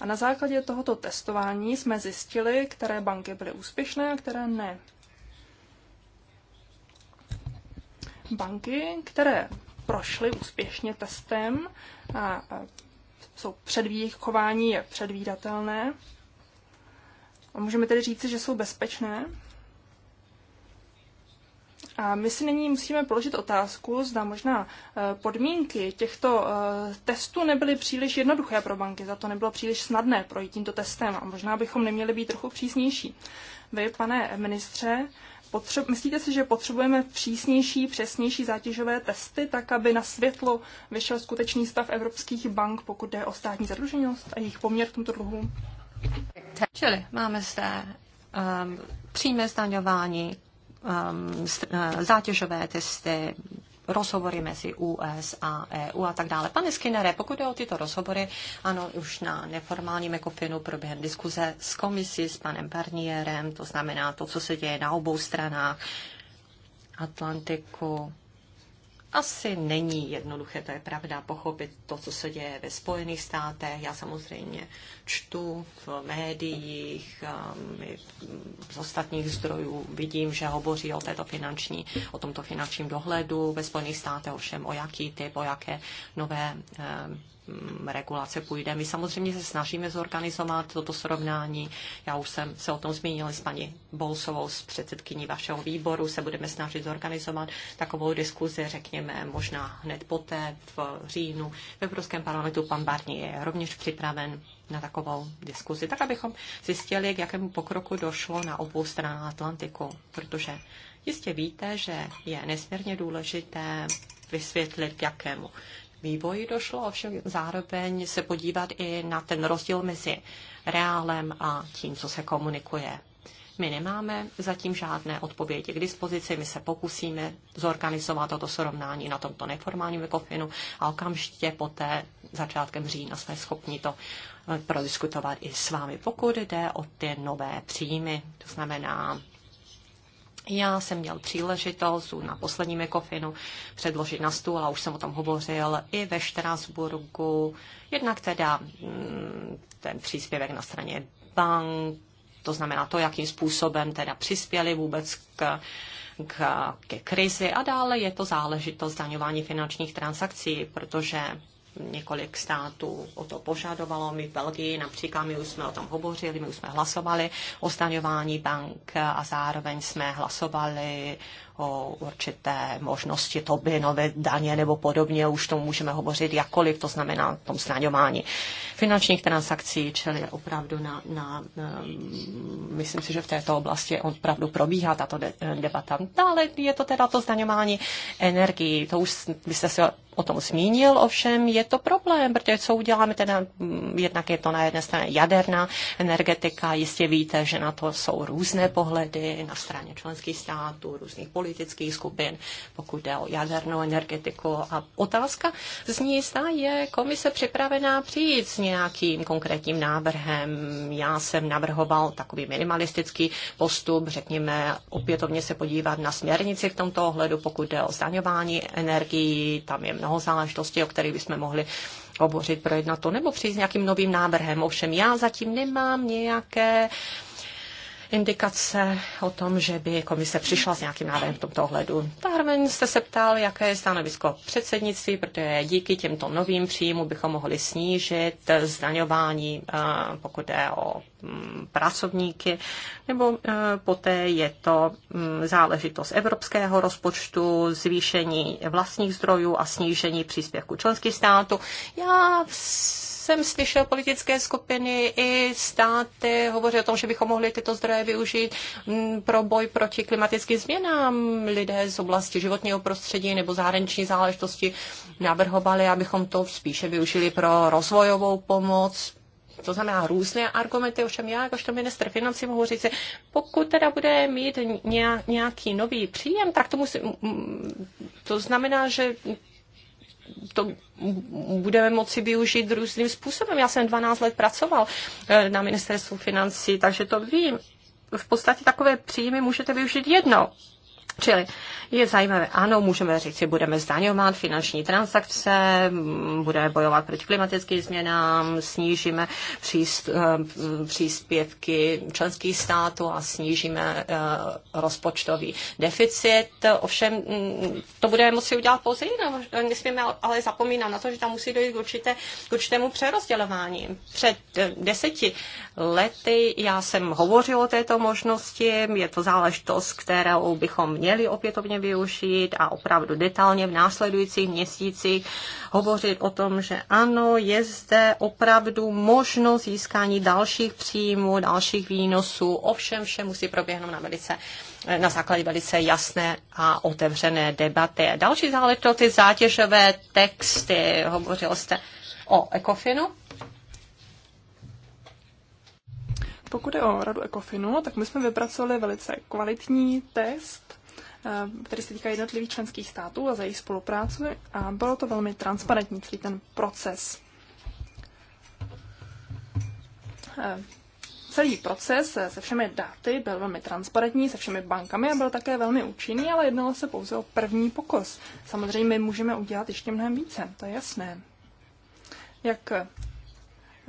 a na základě tohoto testování jsme zjistili, které banky byly úspěšné a které ne. Banky, které prošly úspěšně testem a jsou předví, chování je předvídatelné, a můžeme tedy říci, že jsou bezpečné. A my si nyní musíme položit otázku, zda možná e, podmínky těchto e, testů nebyly příliš jednoduché pro banky, za to nebylo příliš snadné projít tímto testem a možná bychom neměli být trochu přísnější. Vy, pane ministře, potře- myslíte si, že potřebujeme přísnější, přesnější zátěžové testy, tak aby na světlo vyšel skutečný stav evropských bank, pokud jde o státní zadluženost a jejich poměr v tomto dluhu? Čili máme zde um, přímé zdaňování, um, uh, zátěžové testy, rozhovory mezi US a EU a tak dále. Pane Skinnere, pokud jde o tyto rozhovory, ano, už na neformálním ekofinu proběhne diskuze s komisí, s panem Barnierem, to znamená to, co se děje na obou stranách Atlantiku, asi není jednoduché, to je pravda, pochopit to, co se děje ve Spojených státech. Já samozřejmě čtu v médiích, um, z ostatních zdrojů vidím, že hovoří o, této finanční, o tomto finančním dohledu ve Spojených státech, ovšem o jaký typ, o jaké nové um, Mm, regulace půjde. My samozřejmě se snažíme zorganizovat toto srovnání. Já už jsem se o tom zmínila s paní Bolsovou, s předsedkyní vašeho výboru. Se budeme snažit zorganizovat takovou diskuzi, řekněme, možná hned poté v říjnu. V Evropském parlamentu pan Barni je rovněž připraven na takovou diskuzi, tak abychom zjistili, k jakému pokroku došlo na obou stranách Atlantiku, protože jistě víte, že je nesmírně důležité vysvětlit, k jakému vývoji došlo, ovšem zároveň se podívat i na ten rozdíl mezi reálem a tím, co se komunikuje. My nemáme zatím žádné odpovědi k dispozici, my se pokusíme zorganizovat toto srovnání na tomto neformálním ekofinu a okamžitě poté začátkem října jsme schopni to eh, prodiskutovat i s vámi, pokud jde o ty nové příjmy, to znamená já jsem měl příležitost na posledním ekofinu předložit na stůl, a už jsem o tom hovořil, i ve Štrásburgu. Jednak teda mm, ten příspěvek na straně bank, to znamená to, jakým způsobem teda přispěli vůbec k, k, ke krizi a dále je to záležitost zdaňování finančních transakcí, protože Několik států o to požadovalo. My v Belgii například, my už jsme o tom hovořili, my už jsme hlasovali o staňování bank a zároveň jsme hlasovali o určité možnosti toby nové daně nebo podobně, už to můžeme hovořit jakkoliv, to znamená v tom snaňování finančních transakcí, čili opravdu na, na, na ehm, myslím si, že v této oblasti opravdu probíhá tato de, debata. No, ale je to teda to zdaňování energii to už byste se o tom zmínil, ovšem je to problém, protože co uděláme teda, mm, jednak je to na jedné straně jaderná energetika, jistě víte, že na to jsou různé pohledy na straně členských států, různých politiků, politických skupin, pokud jde o jadernou energetiku. A otázka zní, zda je komise připravená přijít s nějakým konkrétním návrhem. Já jsem navrhoval takový minimalistický postup, řekněme, opětovně se podívat na směrnici v tomto ohledu, pokud jde o zdaňování energií, tam je mnoho záležitostí, o kterých bychom mohli obořit, projednat to, nebo přijít s nějakým novým návrhem. Ovšem já zatím nemám nějaké indikace o tom, že by komise přišla s nějakým návrhem v tomto ohledu. Zároveň jste se ptal, jaké je stanovisko předsednictví, protože díky těmto novým příjmům bychom mohli snížit zdaňování, eh, pokud jde o mm, pracovníky, nebo eh, poté je to mm, záležitost evropského rozpočtu, zvýšení vlastních zdrojů a snížení příspěvku členských států. Já jsem slyšel politické skupiny i státy hovoří o tom, že bychom mohli tyto zdroje využít mm, pro boj proti klimatickým změnám. Lidé z oblasti životního prostředí nebo zahraniční záležitosti navrhovali, abychom to spíše využili pro rozvojovou pomoc, to znamená různé argumenty, ovšem já jakožto minister financí mohu říct, pokud teda bude mít nějaký nový příjem, tak to musí, to znamená, že to budeme moci využít různým způsobem. Já jsem 12 let pracoval eh, na ministerstvu financí, takže to vím. V podstatě takové příjmy můžete využít jednou Čili je zajímavé, ano, můžeme říct, že budeme zdaňovat finanční transakce, budeme bojovat proti klimatickým změnám, snížíme příst, eh, příspěvky členských států a snížíme eh, rozpočtový deficit. Ovšem, mm, to budeme muset udělat později, no, nesmíme ale zapomínat na to, že tam musí dojít k, určité, k určitému přerozdělování. Před eh, deseti lety já jsem hovořil o této možnosti, je to záležitost, kterou bychom měli měli opětovně využít a opravdu detailně v následujících měsících hovořit o tom, že ano, je zde opravdu možnost získání dalších příjmů, dalších výnosů, ovšem vše musí proběhnout na velice na základě velice jasné a otevřené debaty. Další záležitost, ty zátěžové texty, hovořil jste o ECOFINu. Pokud je o radu ECOFINu, tak my jsme vypracovali velice kvalitní test, Eh, které se týká jednotlivých členských států a za jejich spolupráci a bylo to velmi transparentní celý ten proces. Eh, celý proces eh, se všemi dáty byl velmi transparentní, se všemi bankami a byl také velmi účinný, ale jednalo se pouze o první pokus Samozřejmě my můžeme udělat ještě mnohem více, to je jasné. Jak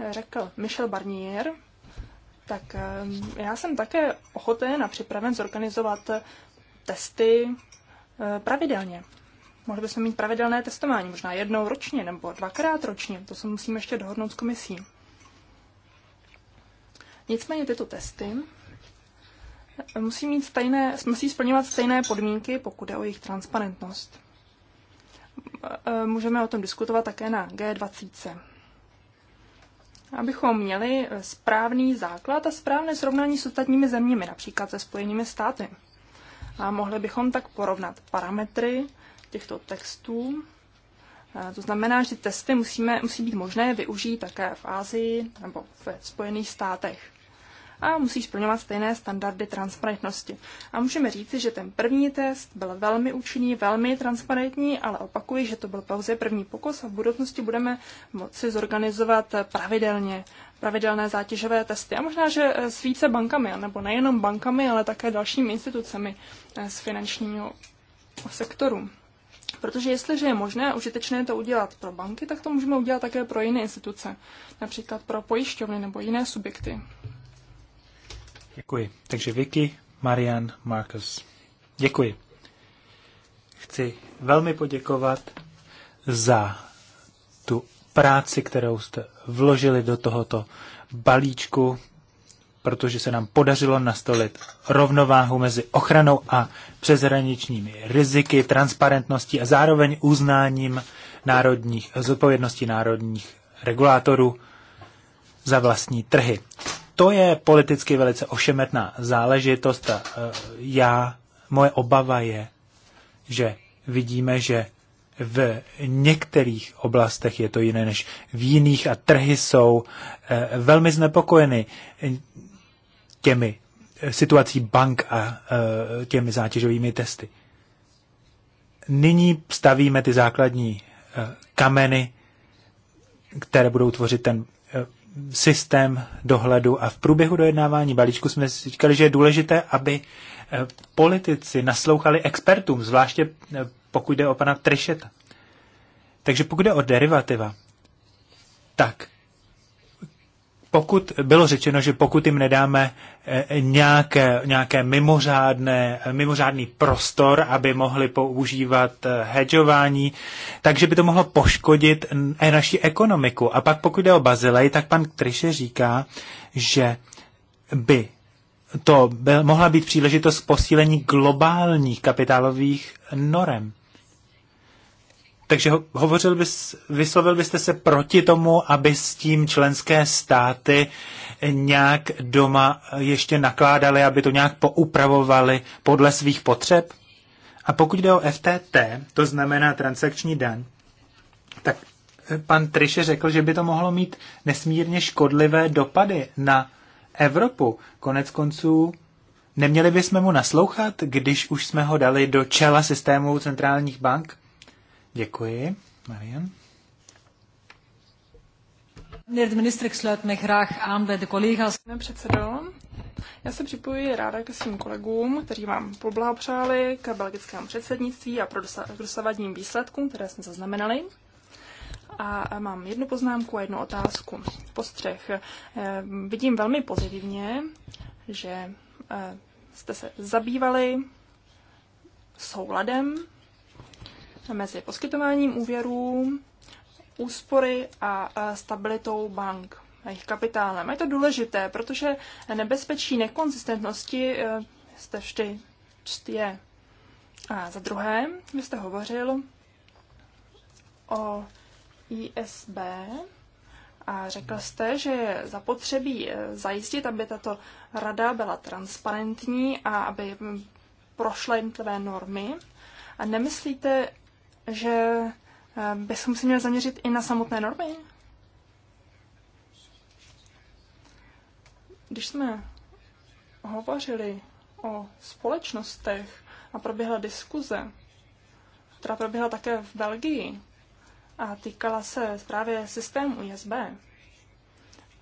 řekl Michel Barnier, tak já jsem také ochoten a připraven zorganizovat testy eh, pravidelně. Mohli bychom mít pravidelné testování, možná jednou ročně nebo dvakrát ročně. To se musíme ještě dohodnout s komisí. Nicméně tyto testy eh, musí, mít stejné, musí splňovat stejné podmínky, pokud je o jejich transparentnost. Eh, můžeme o tom diskutovat také na G20. Abychom měli správný základ a správné srovnání s ostatními zeměmi, například se Spojenými státy. A mohli bychom tak porovnat parametry těchto textů. To znamená, že testy musíme, musí být možné využít také v Ázii nebo ve Spojených státech. A musí splňovat stejné standardy transparentnosti. A můžeme říci, že ten první test byl velmi účinný, velmi transparentní, ale opakuji, že to byl pouze první pokus a v budoucnosti budeme moci zorganizovat pravidelně pravidelné zátěžové testy. A možná, že eh, s více bankami, nebo nejenom bankami, ale také dalšími institucemi eh, z finančního sektoru. Protože jestliže je možné užitečné to udělat pro banky, tak to můžeme udělat také pro jiné instituce, například pro pojišťovny nebo jiné subjekty. Děkuji. Takže Vicky, Marian, Marcus. Děkuji. Chci velmi poděkovat za tu práci, kterou jste vložili do tohoto balíčku, protože se nám podařilo nastolit rovnováhu mezi ochranou a přeshraničními riziky, transparentností a zároveň uznáním národních, zodpovědnosti národních regulátorů za vlastní trhy. To je politicky velice ošemetná záležitost a e, já, moje obava je, že vidíme, že v některých oblastech je to jiné než v jiných a trhy jsou eh, velmi znepokojeny eh, těmi eh, situací bank a těmi zátěžovými testy. Nyní stavíme ty základní kameny, které budou tvořit ten systém dohledu a v průběhu dojednávání balíčku jsme si říkali, že je důležité, aby politici naslouchali expertům, zvláště pokud jde o pana Trišeta. Takže pokud jde o derivativa, tak pokud bylo řečeno, že pokud jim nedáme eh, nějaké, nějaké mimořádné, eh, mimořádný prostor, aby mohli používat eh, hedžování, takže by to mohlo poškodit naši ekonomiku. A pak pokud jde o Bazilej, tak pan Triše říká, že by to byl, mohla být příležitost k posílení globálních kapitálových norem. Takže hovořil bys, vyslovil byste se proti tomu, aby s tím členské státy nějak doma ještě nakládali, aby to nějak poupravovali podle svých potřeb? A pokud jde o FTT, to znamená transakční daň, tak eh, pan Triše řekl, že by to mohlo mít nesmírně škodlivé dopady na Evropu. Konec konců neměli bychom mu naslouchat, když už jsme ho dali do čela systému centrálních bank? Děkuji, Marian. Meneer de minister, ik sluit mij graag aan bij de collega's. Pane předsedo, já se připojuji ráda ke svým kolegům, kteří vám poblahopřáli k belgickému předsednictví a pro dosavadním výsledkům, které jsme zaznamenali. A mám jednu poznámku a jednu otázku. Postřeh. Eh, vidím velmi pozitivně, že eh, jste se zabývali souladem mezi poskytováním úvěrů, úspory a stabilitou bank a jejich kapitálem. A je to důležité, protože nebezpečí nekonzistentnosti e, jste vždy je. A za druhé, vy jste hovořil o ISB a řekl jste, že je zapotřebí e, zajistit, aby tato rada byla transparentní a aby prošla jednotlivé normy. A nemyslíte, že eh, bychom se měli zaměřit i na samotné normy. Když jsme hovořili o společnostech a proběhla diskuze, která proběhla také v Belgii a týkala se právě systému ISB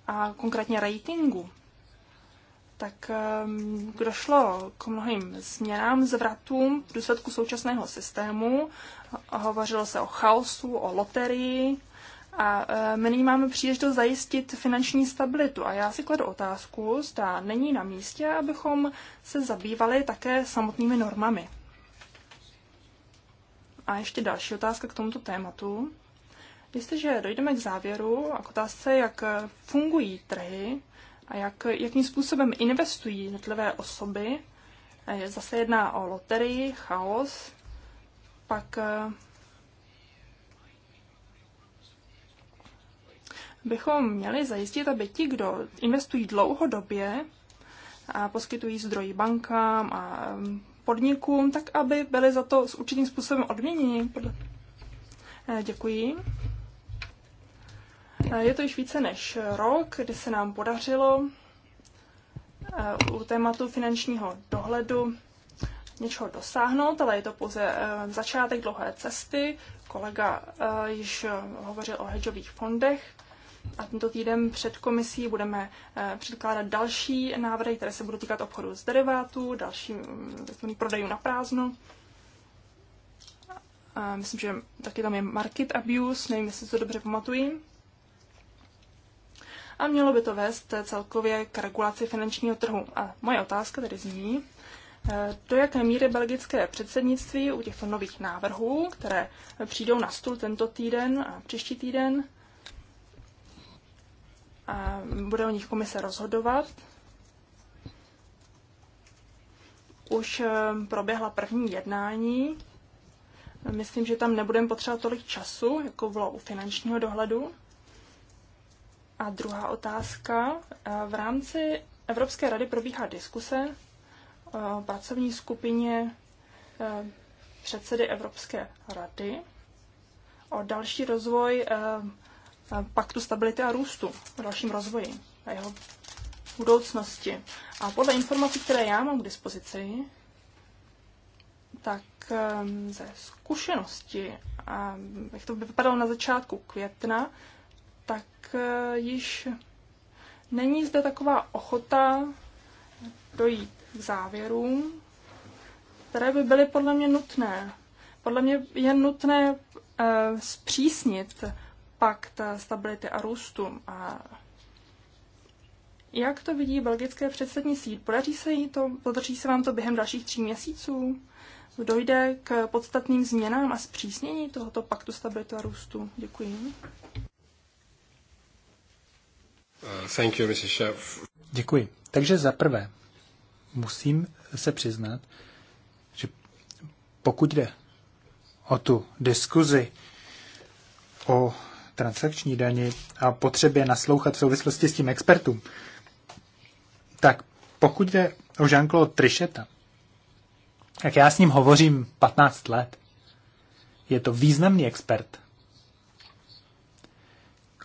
a konkrétně ratingu, tak ehm, došlo k mnohým změnám, zvratům v důsledku současného systému. Hovořilo se o chaosu, o loterii a my ehm, nyní máme příležitost zajistit finanční stabilitu. A já si kladu otázku, zda není na místě, abychom se zabývali také samotnými normami. A ještě další otázka k tomuto tématu. Jestliže dojdeme k závěru a k otázce, jak fungují trhy, a jak, jakým způsobem investují jednotlivé osoby. Eh, zase jedná o loterii, chaos, pak eh, bychom měli zajistit, aby ti, kdo investují dlouhodobě a poskytují zdroji bankám a eh, podnikům, tak aby byli za to s určitým způsobem odměněni. Děkuji. Eh, je to již více než rok, kdy se nám podařilo eh, u tématu finančního dohledu něčeho dosáhnout, ale je to pouze eh, začátek dlouhé cesty. Kolega již hovořil o hedžových fondech a tento týden před komisí budeme předkládat další návrhy, které se budou týkat obchodu s derivátů, další mm, prodejů na prázdno. myslím, že taky tam je market abuse, nevím, jestli to dobře pamatuji a mělo by to vést celkově k regulaci finančního trhu. A moje otázka tedy zní, eh, do jaké míry belgické předsednictví u těchto nových návrhů, které přijdou na stůl tento týden a příští týden, a bude o nich komise rozhodovat. Už eh, proběhla první jednání. Myslím, že tam nebudeme potřebovat tolik času, jako bylo u finančního dohledu. A druhá otázka. E, v rámci Evropské rady probíhá diskuse o e, pracovní skupině e, předsedy Evropské rady o další rozvoj paktu stability a růstu, o dalším rozvoji a jeho budoucnosti. A podle informací, které já mám k dispozici, tak ze zkušenosti, jak to by vypadalo na začátku května, tak eh, již není zde taková ochota dojít k závěrům, které by byly podle mě nutné. Podle mě je nutné eh, zpřísnit pakt stability a růstu. A jak to vidí belgické předsednictví? Podaří se, jí to, podaří se vám to během dalších tří měsíců? Dojde k podstatným změnám a zpřísnění tohoto paktu stability a růstu? Děkuji. Thank you, Mr. Chef. Děkuji. Takže za prvé musím se přiznat, že pokud jde o tu diskuzi o transakční dani a potřebě naslouchat v souvislosti s tím expertům, tak pokud jde o Jean-Claude Tricheta, já s ním hovořím 15 let. Je to významný expert.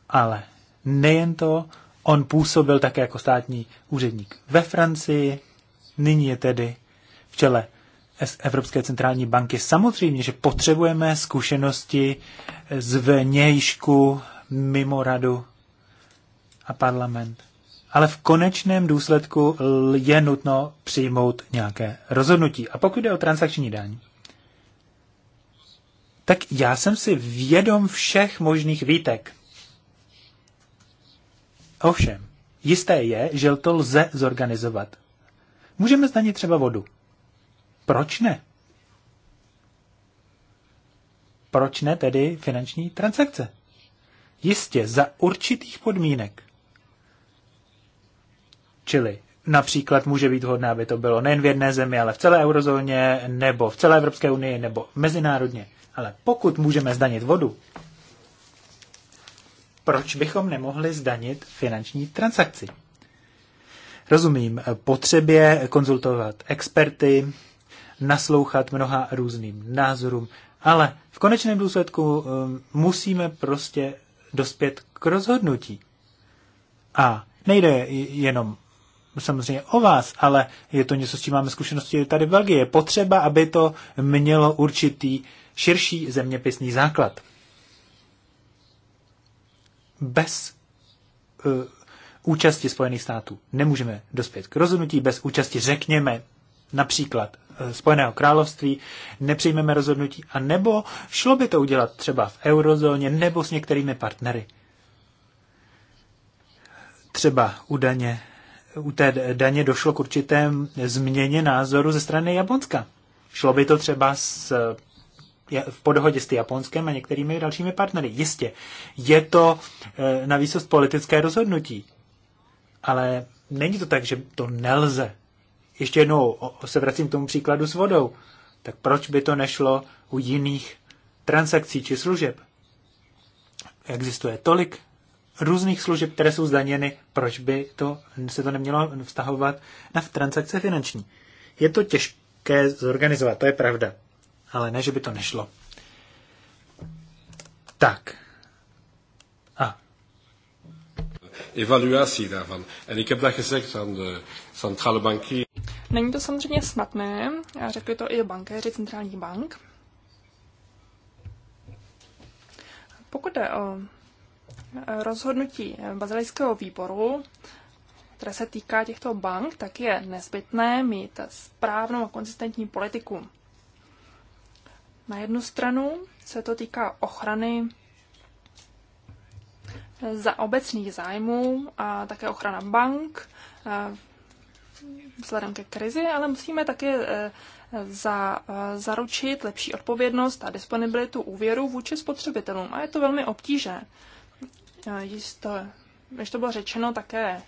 Ale nejen to, On působil také jako státní úředník ve Francii, nyní je tedy v čele Evropské centrální banky. Samozřejmě, že potřebujeme zkušenosti z vnějšku mimo radu a parlament. Ale v konečném důsledku je nutno přijmout nějaké rozhodnutí. A pokud jde o transakční daň, tak já jsem si vědom všech možných výtek. Ovšem, jisté je, že to lze zorganizovat. Můžeme zdanit třeba vodu. Proč ne? Proč ne tedy finanční transakce? Jistě, za určitých podmínek. Čili například může být vhodné, aby to bylo nejen v jedné zemi, ale v celé eurozóně, nebo v celé Evropské unii, nebo mezinárodně. Ale pokud můžeme zdanit vodu, proč bychom nemohli zdanit finanční transakci? Rozumím potřebě konzultovat experty, naslouchat mnoha různým názorům, ale v konečném důsledku um, musíme prostě dospět k rozhodnutí. A nejde jenom samozřejmě o vás, ale je to něco, s čím máme zkušenosti tady v Belgii. Je potřeba, aby to mělo určitý širší zeměpisný základ bez uh, účasti Spojených států. Nemůžeme dospět k rozhodnutí bez účasti, řekněme, například eh, Spojeného království, nepřijmeme rozhodnutí, a nebo šlo by to udělat třeba v eurozóně nebo s některými partnery. Třeba u daně, u té daně došlo k určité změně názoru ze strany Japonska. Šlo by to třeba s v podhodě s Japonskem a některými dalšími partnery. Jistě, je to e, eh, na výsost politické rozhodnutí, ale není to tak, že to nelze. Ještě jednou o, se vracím k tomu příkladu s vodou. Tak proč by to nešlo u jiných transakcí či služeb? Existuje tolik různých služeb, které jsou zdaněny, proč by to, se to nemělo vztahovat na transakce finanční. Je to těžké zorganizovat, to je pravda ale ne, že by to nešlo. Tak. A. Evaluací dávám. A ik heb dat eh, gezegd aan banky. Není to samozřejmě snadné, řekli to i bankéři centrálních bank. Pokud jde o eh, rozhodnutí bazilejského výboru, které se týká těchto bank, tak je nezbytné mít správnou a konzistentní politiku. Na jednu stranu se to týká ochrany eh, za obecných zájmů a také ochrana bank eh, vzhledem ke krizi, ale musíme také eh, za, zaručit lepší odpovědnost a disponibilitu úvěru vůči spotřebitelům. A je to velmi obtížné. Jisto, když to bylo řečeno, také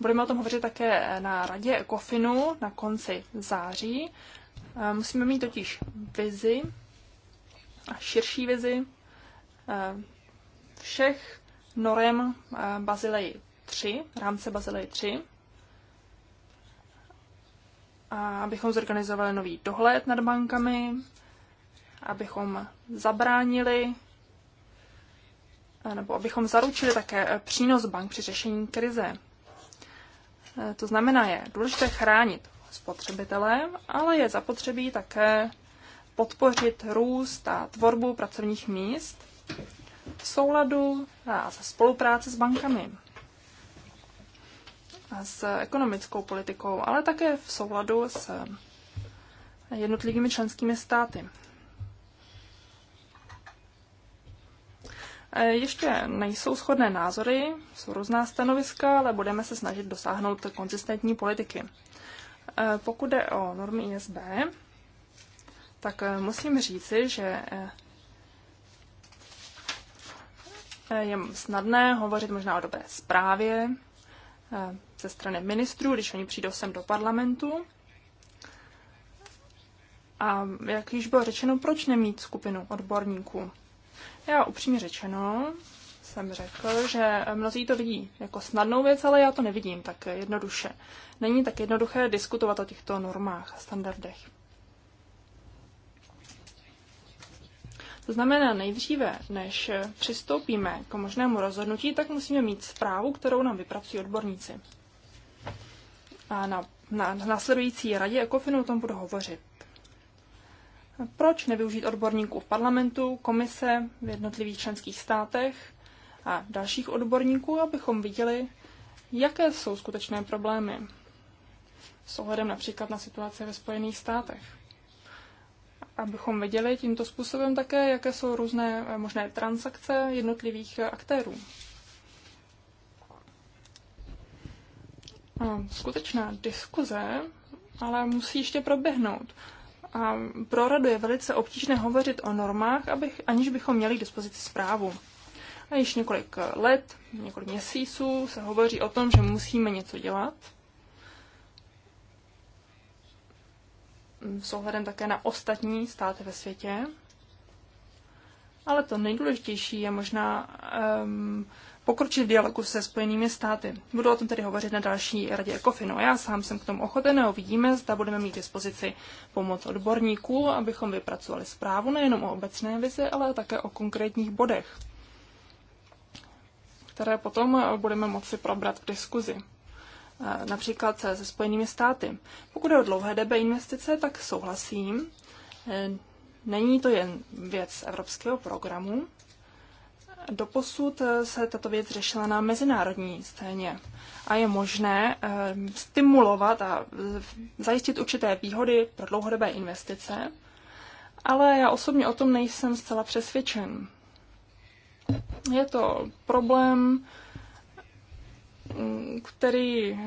budeme o tom hovořit také na radě Ecofinu na konci září. Musíme mít totiž vizi a širší vizi eh, všech norem eh, Bazileji 3, rámce Bazileji 3, a abychom zorganizovali nový dohled nad bankami, abychom zabránili eh, nebo abychom zaručili také přínos bank při řešení krize. To znamená, je důležité chránit spotřebitele, ale je zapotřebí také podpořit růst a tvorbu pracovních míst v souladu a se spolupráce s bankami a s ekonomickou politikou, ale také v souladu s jednotlivými členskými státy. Ještě nejsou shodné názory, jsou různá stanoviska, ale budeme se snažit dosáhnout konzistentní politiky. Pokud jde o normy ISB, tak eh, musím říci, že eh, eh, je snadné hovořit možná o dobré zprávě ze strany ministrů, když oni přijdou sem do parlamentu. A jak již bylo řečeno, proč nemít skupinu odborníků? Já upřímně řečeno jsem řekl, že mnozí to vidí jako snadnou věc, ale já to nevidím tak jednoduše. Není tak jednoduché diskutovat o těchto normách a standardech. To znamená, nejdříve, než přistoupíme k možnému rozhodnutí, tak musíme mít zprávu, kterou nám vypracují odborníci. A na, na následující radě Ekofinu o tom budu hovořit. Proč nevyužít odborníků v parlamentu, komise v jednotlivých členských státech a dalších odborníků, abychom viděli, jaké jsou skutečné problémy s ohledem například na situaci ve Spojených státech abychom viděli tímto způsobem také, jaké jsou různé eh, možné transakce jednotlivých eh, aktérů. No, skutečná diskuze ale musí ještě proběhnout. A pro radu je velice obtížné hovořit o normách, abych, aniž bychom měli k dispozici zprávu. A již několik let, několik měsíců se hovoří o tom, že musíme něco dělat – s ohledem také na ostatní státy ve světě. Ale to nejdůležitější je možná um, pokročit v dialogu se Spojenými státy. Budu o tom tedy hovořit na další radě Ekofinu. Já sám jsem k tomu ochoten a uvidíme, zda budeme mít k dispozici pomoc odborníků, abychom vypracovali zprávu nejenom o obecné vizi, ale také o konkrétních bodech, které potom budeme moci probrat v diskuzi například se Spojenými státy. Pokud je o dlouhodobé investice, tak souhlasím. E, není to jen věc evropského programu. Doposud e, se tato věc řešila na mezinárodní scéně a je možné e, stimulovat a zajistit určité výhody pro dlouhodobé investice, ale já osobně o tom nejsem zcela přesvědčen. Je to problém, který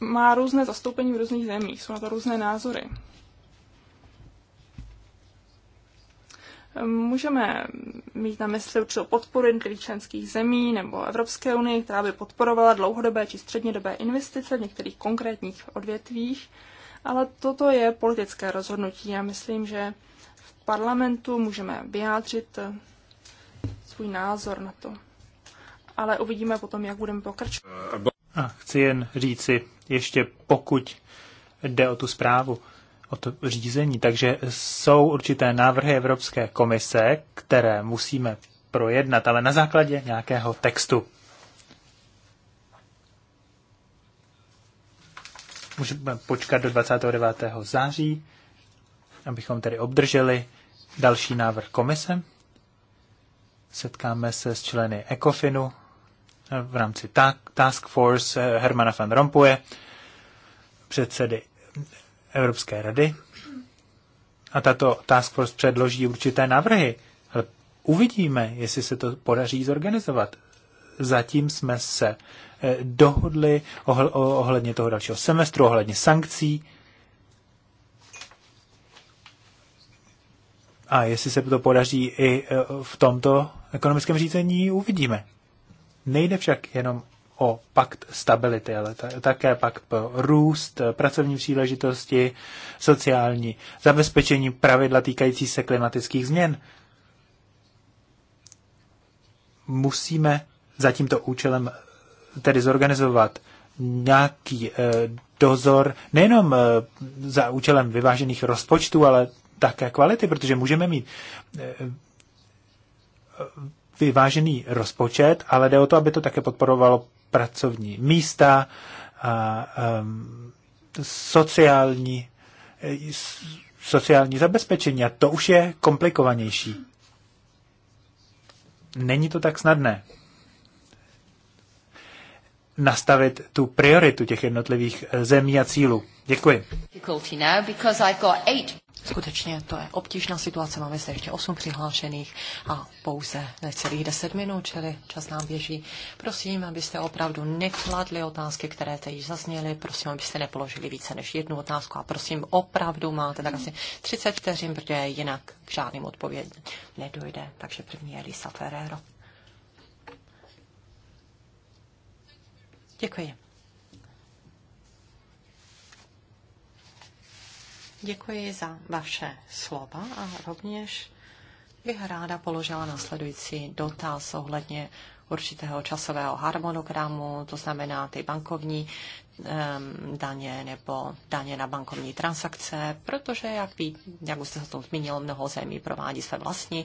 má různé zastoupení v různých zemích, jsou na to různé názory. Můžeme mít na mysli určitou podporu jednotlivých členských zemí nebo Evropské unie, která by podporovala dlouhodobé či střednědobé investice v některých konkrétních odvětvích, ale toto je politické rozhodnutí. Já myslím, že v parlamentu můžeme vyjádřit svůj názor na to ale uvidíme potom, jak budeme pokračovat. A chci jen říci, ještě pokud jde o tu zprávu, o to řízení, takže jsou určité návrhy Evropské komise, které musíme projednat, ale na základě nějakého textu. Můžeme počkat do 29. září, abychom tedy obdrželi další návrh komise. Setkáme se s členy ECOFINu v rámci Task Force eh, Hermana van Rompuje, předsedy Evropské rady. A tato Task Force předloží určité návrhy. Ale uvidíme, jestli se to podaří zorganizovat. Zatím jsme se eh, dohodli ohledně toho dalšího semestru, ohledně sankcí. A jestli se to podaří i eh, v tomto ekonomickém řízení, uvidíme. Nejde však jenom o pakt stability, ale také pakt pro růst, pracovní příležitosti, sociální zabezpečení pravidla týkající se klimatických změn. Musíme za tímto účelem tedy zorganizovat nějaký eh, dozor nejenom eh, za účelem vyvážených rozpočtů, ale také kvality, protože můžeme mít eh, vyvážený rozpočet, ale jde o to, aby to také podporovalo pracovní místa, a, um, sociální, sociální zabezpečení. A to už je komplikovanější. Není to tak snadné nastavit tu prioritu těch jednotlivých eh, zemí a cílů. Děkuji. Skutečně to je obtížná situace, máme zde ještě 8 přihlášených a pouze necelých 10 minut, čili čas nám běží. Prosím, abyste opravdu nekladli otázky, které teď již zazněly, prosím, abyste nepoložili více než jednu otázku a prosím, opravdu máte tak asi 30 vteřin, protože jinak k žádným odpovědím nedojde. Takže první je Lisa Ferrero. Děkuji. Děkuji za vaše slova a rovněž bych ráda položila následující dotaz ohledně určitého časového harmonogramu, to znamená ty bankovní um, daně nebo daně na bankovní transakce, protože, jak, ví, jak už jste se to zmínil, mnoho zemí provádí své vlastní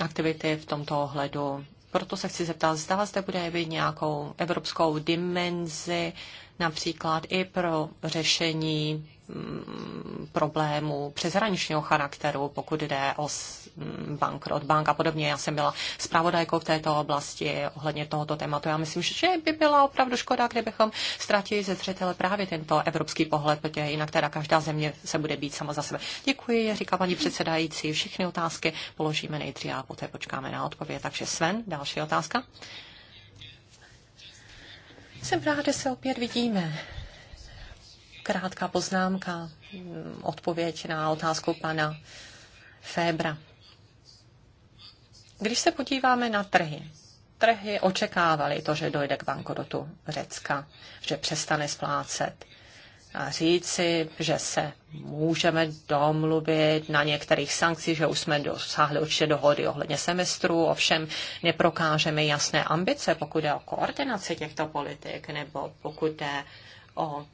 aktivity v tomto ohledu. Proto se chci zeptat, zda zde bude být nějakou evropskou dimenzi, například i pro řešení Mm, problémů přeshraničního charakteru, pokud jde o mm, bankrot bank a podobně. Já jsem byla zpravodajkou v této oblasti ohledně tohoto tématu. Já myslím, že by byla opravdu škoda, kdybychom ztratili ze zřetele právě tento evropský pohled, protože jinak teda každá země se bude být sama za sebe. Děkuji, říká paní předsedající. Všechny otázky položíme nejdříve a poté počkáme na odpověď. Takže Sven, další otázka. Jsem ráda, že se opět vidíme krátká poznámka, mm, odpověď na otázku pana Fébra. Když se podíváme na trhy, trhy očekávaly to, že dojde k bankrotu Řecka, že přestane splácet. A říci, že se můžeme domluvit na některých sankcích, že už jsme dosáhli určitě dohody ohledně semestru, ovšem neprokážeme jasné ambice, pokud je o koordinaci těchto politik nebo pokud je o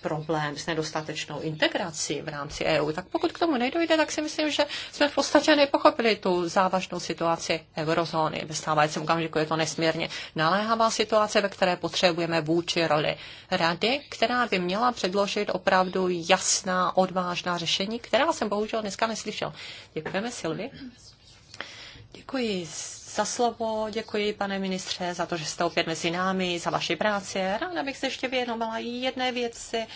problém s nedostatečnou integrací v rámci EU, tak pokud k tomu nedojde, tak si myslím, že jsme v podstatě nepochopili tu závažnou situaci eurozóny. Ve stávajícím okamžiku je to nesmírně naléhavá situace, ve které potřebujeme vůči roli rady, která by měla předložit opravdu jasná, odvážná řešení, která jsem bohužel dneska neslyšel. Děkujeme, Silvi. Děkuji za slovo, děkuji pane ministře za to, že jste opět mezi námi, za vaši práci. Ráda bych se ještě věnovala jedné věci,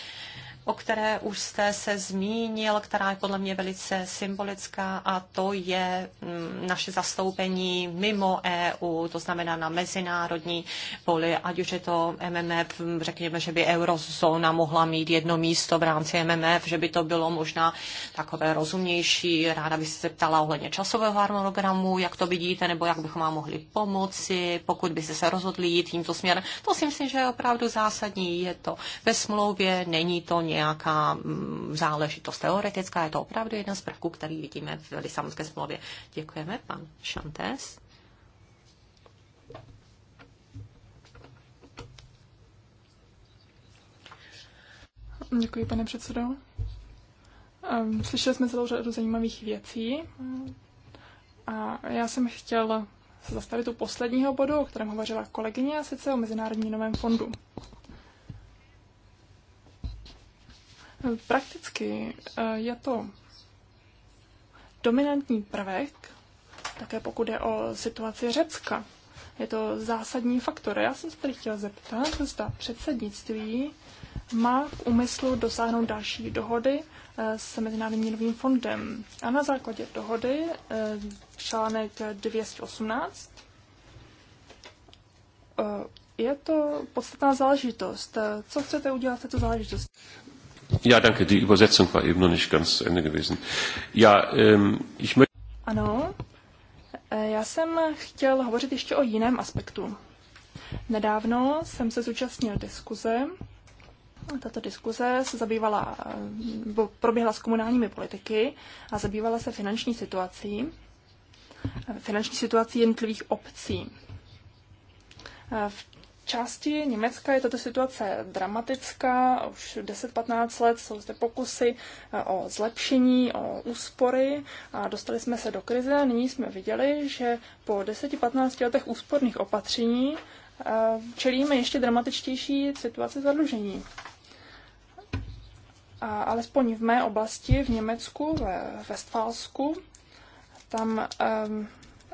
o které už jste se zmínil, která je podle mě velice symbolická a to je mm, naše zastoupení mimo EU, to znamená na mezinárodní poli, ať už je to MMF, řekněme, že by eurozóna mohla mít jedno místo v rámci MMF, že by to bylo možná takové rozumnější. Ráda bych se zeptala ohledně časového harmonogramu, jak to vidíte, nebo jak bychom vám mohli pomoci, pokud byste se rozhodli jít tímto směrem. To si myslím, že je opravdu zásadní. Je to ve smlouvě, není to ně nějaká mm, záležitost teoretická, je to opravdu jeden z prvků, který vidíme v Lisabonské smlouvě. Děkujeme, pan Šantes. Děkuji, pane předsedo. Ehm, slyšeli jsme celou řadu zajímavých věcí a já jsem chtěl se zastavit u posledního bodu, o kterém hovořila kolegyně, a sice o Mezinárodní novém fondu. Prakticky eh, je to dominantní prvek, také pokud je o situaci Řecka. Je to zásadní faktor. Já jsem se tady chtěla zeptat, zda předsednictví má v úmyslu dosáhnout další dohody eh, s Mezinárodním měnovým fondem. A na základě dohody eh, článek 218 je to podstatná záležitost. Co chcete udělat v této záležitosti? Ja, danke. Die Übersetzung war eben noch nicht ganz zu Ende gewesen. Ja, ähm, ich möchte... Ano, eh, já jsem chtěl hovořit ještě o jiném aspektu. Nedávno jsem se zúčastnil diskuze. Tato diskuze se zabývala, eh, proběhla s komunálními politiky a zabývala se finanční situací, eh, finanční situací jednotlivých obcí. V části Německa je tato situace dramatická. Už 10-15 let jsou zde pokusy eh, o zlepšení, o úspory a dostali jsme se do krize a nyní jsme viděli, že po 10-15 letech úsporných opatření eh, čelíme ještě dramatičtější situaci zadlužení. A alespoň v mé oblasti v Německu, ve Westfálsku, tam um,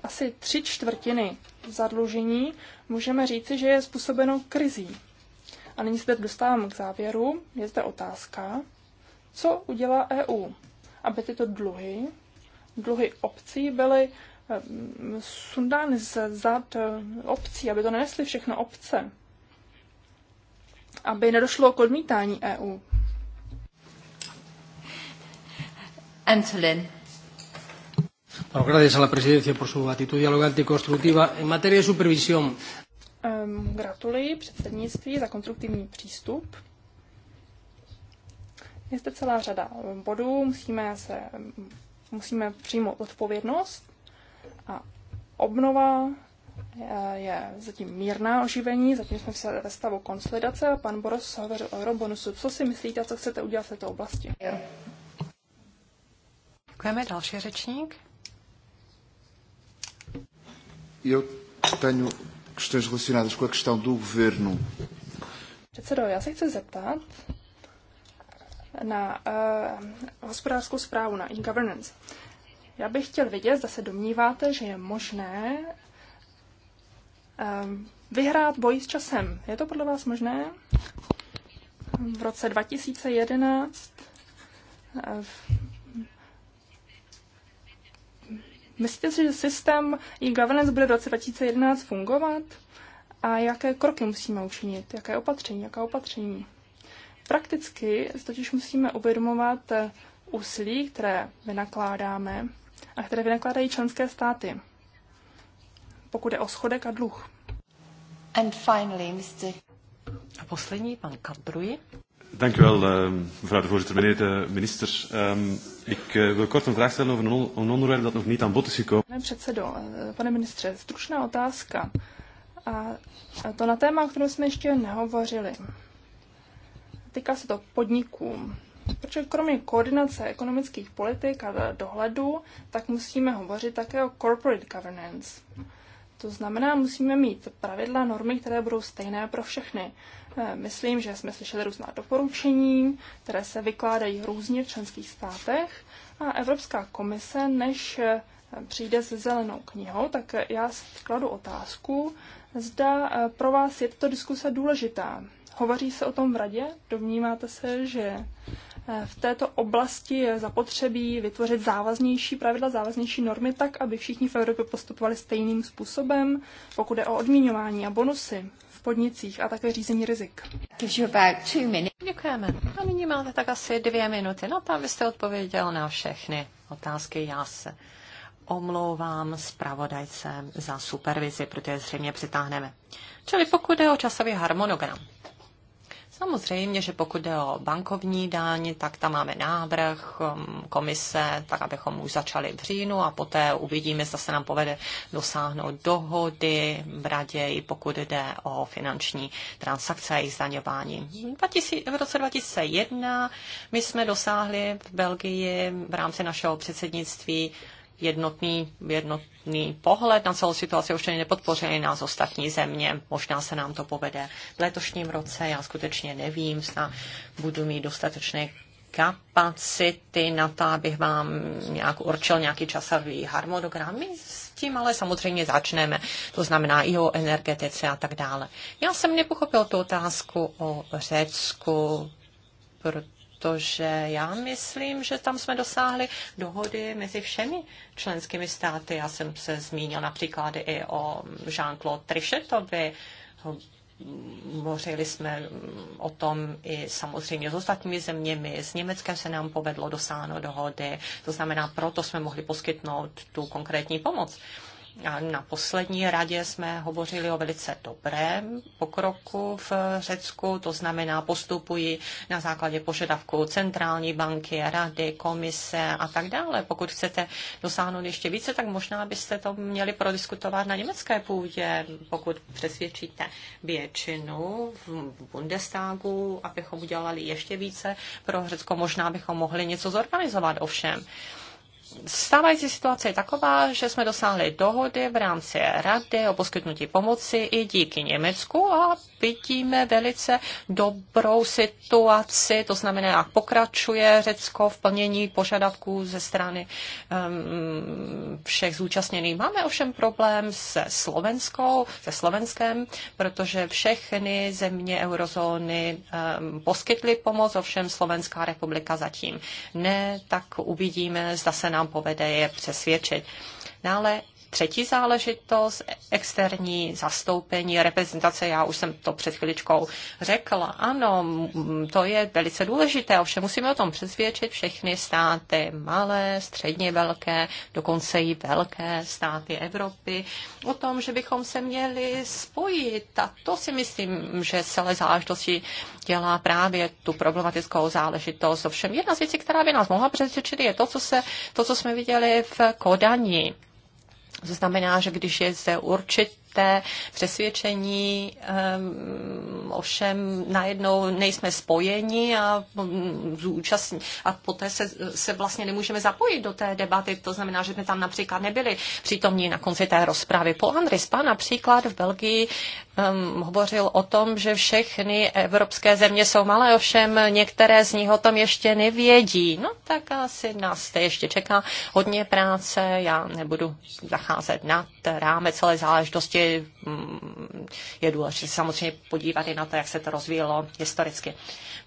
asi tři čtvrtiny zadlužení můžeme říci, že je způsobeno krizí. A nyní se teď dostávám k závěru. Je zde otázka, co udělá EU, aby tyto dluhy, dluhy obcí, byly ehm, sundány z zad eh, obcí, aby to nenesly všechno obce, aby nedošlo k odmítání EU. Antolin. Bueno, gracias a la presidencia por su actitud dialogante y constructiva. En materia de supervisión. Um, gratuluji předsednictví za konstruktivní přístup. Je zde celá řada bodů, musíme, se, musíme přijmout odpovědnost a obnova eh, je zatím mírná oživení, zatím jsme se ve stavu konsolidace a pan Boros hovořil o eurobonusu. Co si myslíte, co chcete udělat v této oblasti? Děkujeme. Další řečník. Eu tenho questões relacionadas com a questão do governo. Předsedo, já se chci zeptat na uh, hospodářskou zprávu, na e-governance. Já bych chtěl vědět, zda se domníváte, že je možné uh, vyhrát boj s časem. Je to podle vás možné? V roce 2011 uh, Myslíte si, že systém i governance bude v roce 2011 fungovat? A jaké kroky musíme učinit? Jaké opatření? Jaká opatření? Prakticky totiž musíme uvědomovat eh, úsilí, které vynakládáme a které vynakládají členské státy, pokud je o schodek a dluh. And finally, Mr. A poslední, pan Kadruji. Dank u wel, ehm, mevrouw de voorzitter. Meneer de minister, ehm, ik eh, wil kort een vraag stellen over een onderwerp dat nog niet aan bod is gekomen. Pane předsedo, eh, pane ministře, stručná otázka. A to na téma, o kterém jsme ještě nehovořili. Týká se to podniků. Protože kromě koordinace ekonomických politik a dohledu, tak musíme hovořit také o corporate governance. To znamená, musíme mít pravidla, normy, které budou stejné pro všechny. Eh, myslím, že jsme slyšeli různá doporučení, které se vykládají různě v členských státech a Evropská komise, než eh, přijde se zelenou knihou, tak já kladu otázku, zda eh, pro vás je tato diskuse důležitá. Hovoří se o tom v radě? Domníváte se, že v této oblasti je zapotřebí vytvořit závaznější pravidla, závaznější normy tak, aby všichni v Evropě postupovali stejným způsobem, pokud je o odmíňování a bonusy podnicích a také řízení rizik. Děkujeme. A nyní máte tak asi dvě minuty no, tam byste odpověděl na všechny otázky. Já se omlouvám zpravodajce za supervizi, protože zřejmě přitáhneme. Čili pokud je o časový harmonogram, Samozřejmě, že pokud jde o bankovní daň, tak tam máme návrh um, komise, tak abychom už začali v říjnu a poté uvidíme, zda se nám povede dosáhnout dohody v radě, i pokud jde o finanční transakce a jejich zdaňování. V roce 2001 my jsme dosáhli v Belgii v rámci našeho předsednictví jednotný, jednotný pohled na celou situaci, už nepodpořili nás ostatní země. Možná se nám to povede v letošním roce, já skutečně nevím, snad budu mít dostatečné kapacity na to, abych vám nějak určil nějaký časový harmonogram. My s tím ale samozřejmě začneme. To znamená i o energetice a tak dále. Já jsem nepochopil tu otázku o Řecku, proto protože já myslím, že tam jsme dosáhli dohody mezi všemi členskými státy. Já jsem se zmínil například i o Jean-Claude Trichetovi, Mořili jsme o tom i samozřejmě s ostatními zeměmi. S Německem se nám povedlo dosáhnout dohody, to znamená, proto jsme mohli poskytnout tu konkrétní pomoc na poslední radě jsme hovořili o velice dobrém pokroku v Řecku, to znamená postupují na základě požadavků centrální banky, rady, komise a tak dále. Pokud chcete dosáhnout ještě více, tak možná byste to měli prodiskutovat na německé půdě, pokud přesvědčíte většinu v Bundestagu, abychom udělali ještě více pro Řecko. Možná bychom mohli něco zorganizovat ovšem stávající situace je taková, že jsme dosáhli dohody v rámci Rady o poskytnutí pomoci i díky Německu a vidíme velice dobrou situaci, to znamená, jak pokračuje Řecko v plnění požadavků ze strany um, všech zúčastněných. Máme ovšem problém se Slovenskou, se Slovenskem, protože všechny země eurozóny um, poskytly pomoc, ovšem Slovenská republika zatím ne, tak uvidíme, zda se nám povede je přesvědčit. Dále no třetí záležitost, externí zastoupení, reprezentace, já už jsem to před chviličkou řekla. Ano, to je velice důležité, ovšem musíme o tom přesvědčit všechny státy, malé, středně velké, dokonce i velké státy Evropy, o tom, že bychom se měli spojit. A to si myslím, že celé záležitosti dělá právě tu problematickou záležitost. Ovšem jedna z věcí, která by nás mohla přesvědčit, je to, co, se, to, co jsme viděli v Kodani. To znamená, že když je zde určité přesvědčení, um, ovšem najednou nejsme spojeni a um, zúčastní. A poté se, se vlastně nemůžeme zapojit do té debaty. To znamená, že jsme tam například nebyli přítomní na konci té rozpravy. Po Andrispa například v Belgii um, hovořil o tom, že všechny evropské země jsou malé, ovšem některé z nich o tom ještě nevědí. No tak asi nás to ještě čeká hodně práce, já nebudu zacházet nad rámec celé záležitosti. Mm, je důležité samozřejmě podívat i na to, jak se to rozvíjelo historicky. Uh,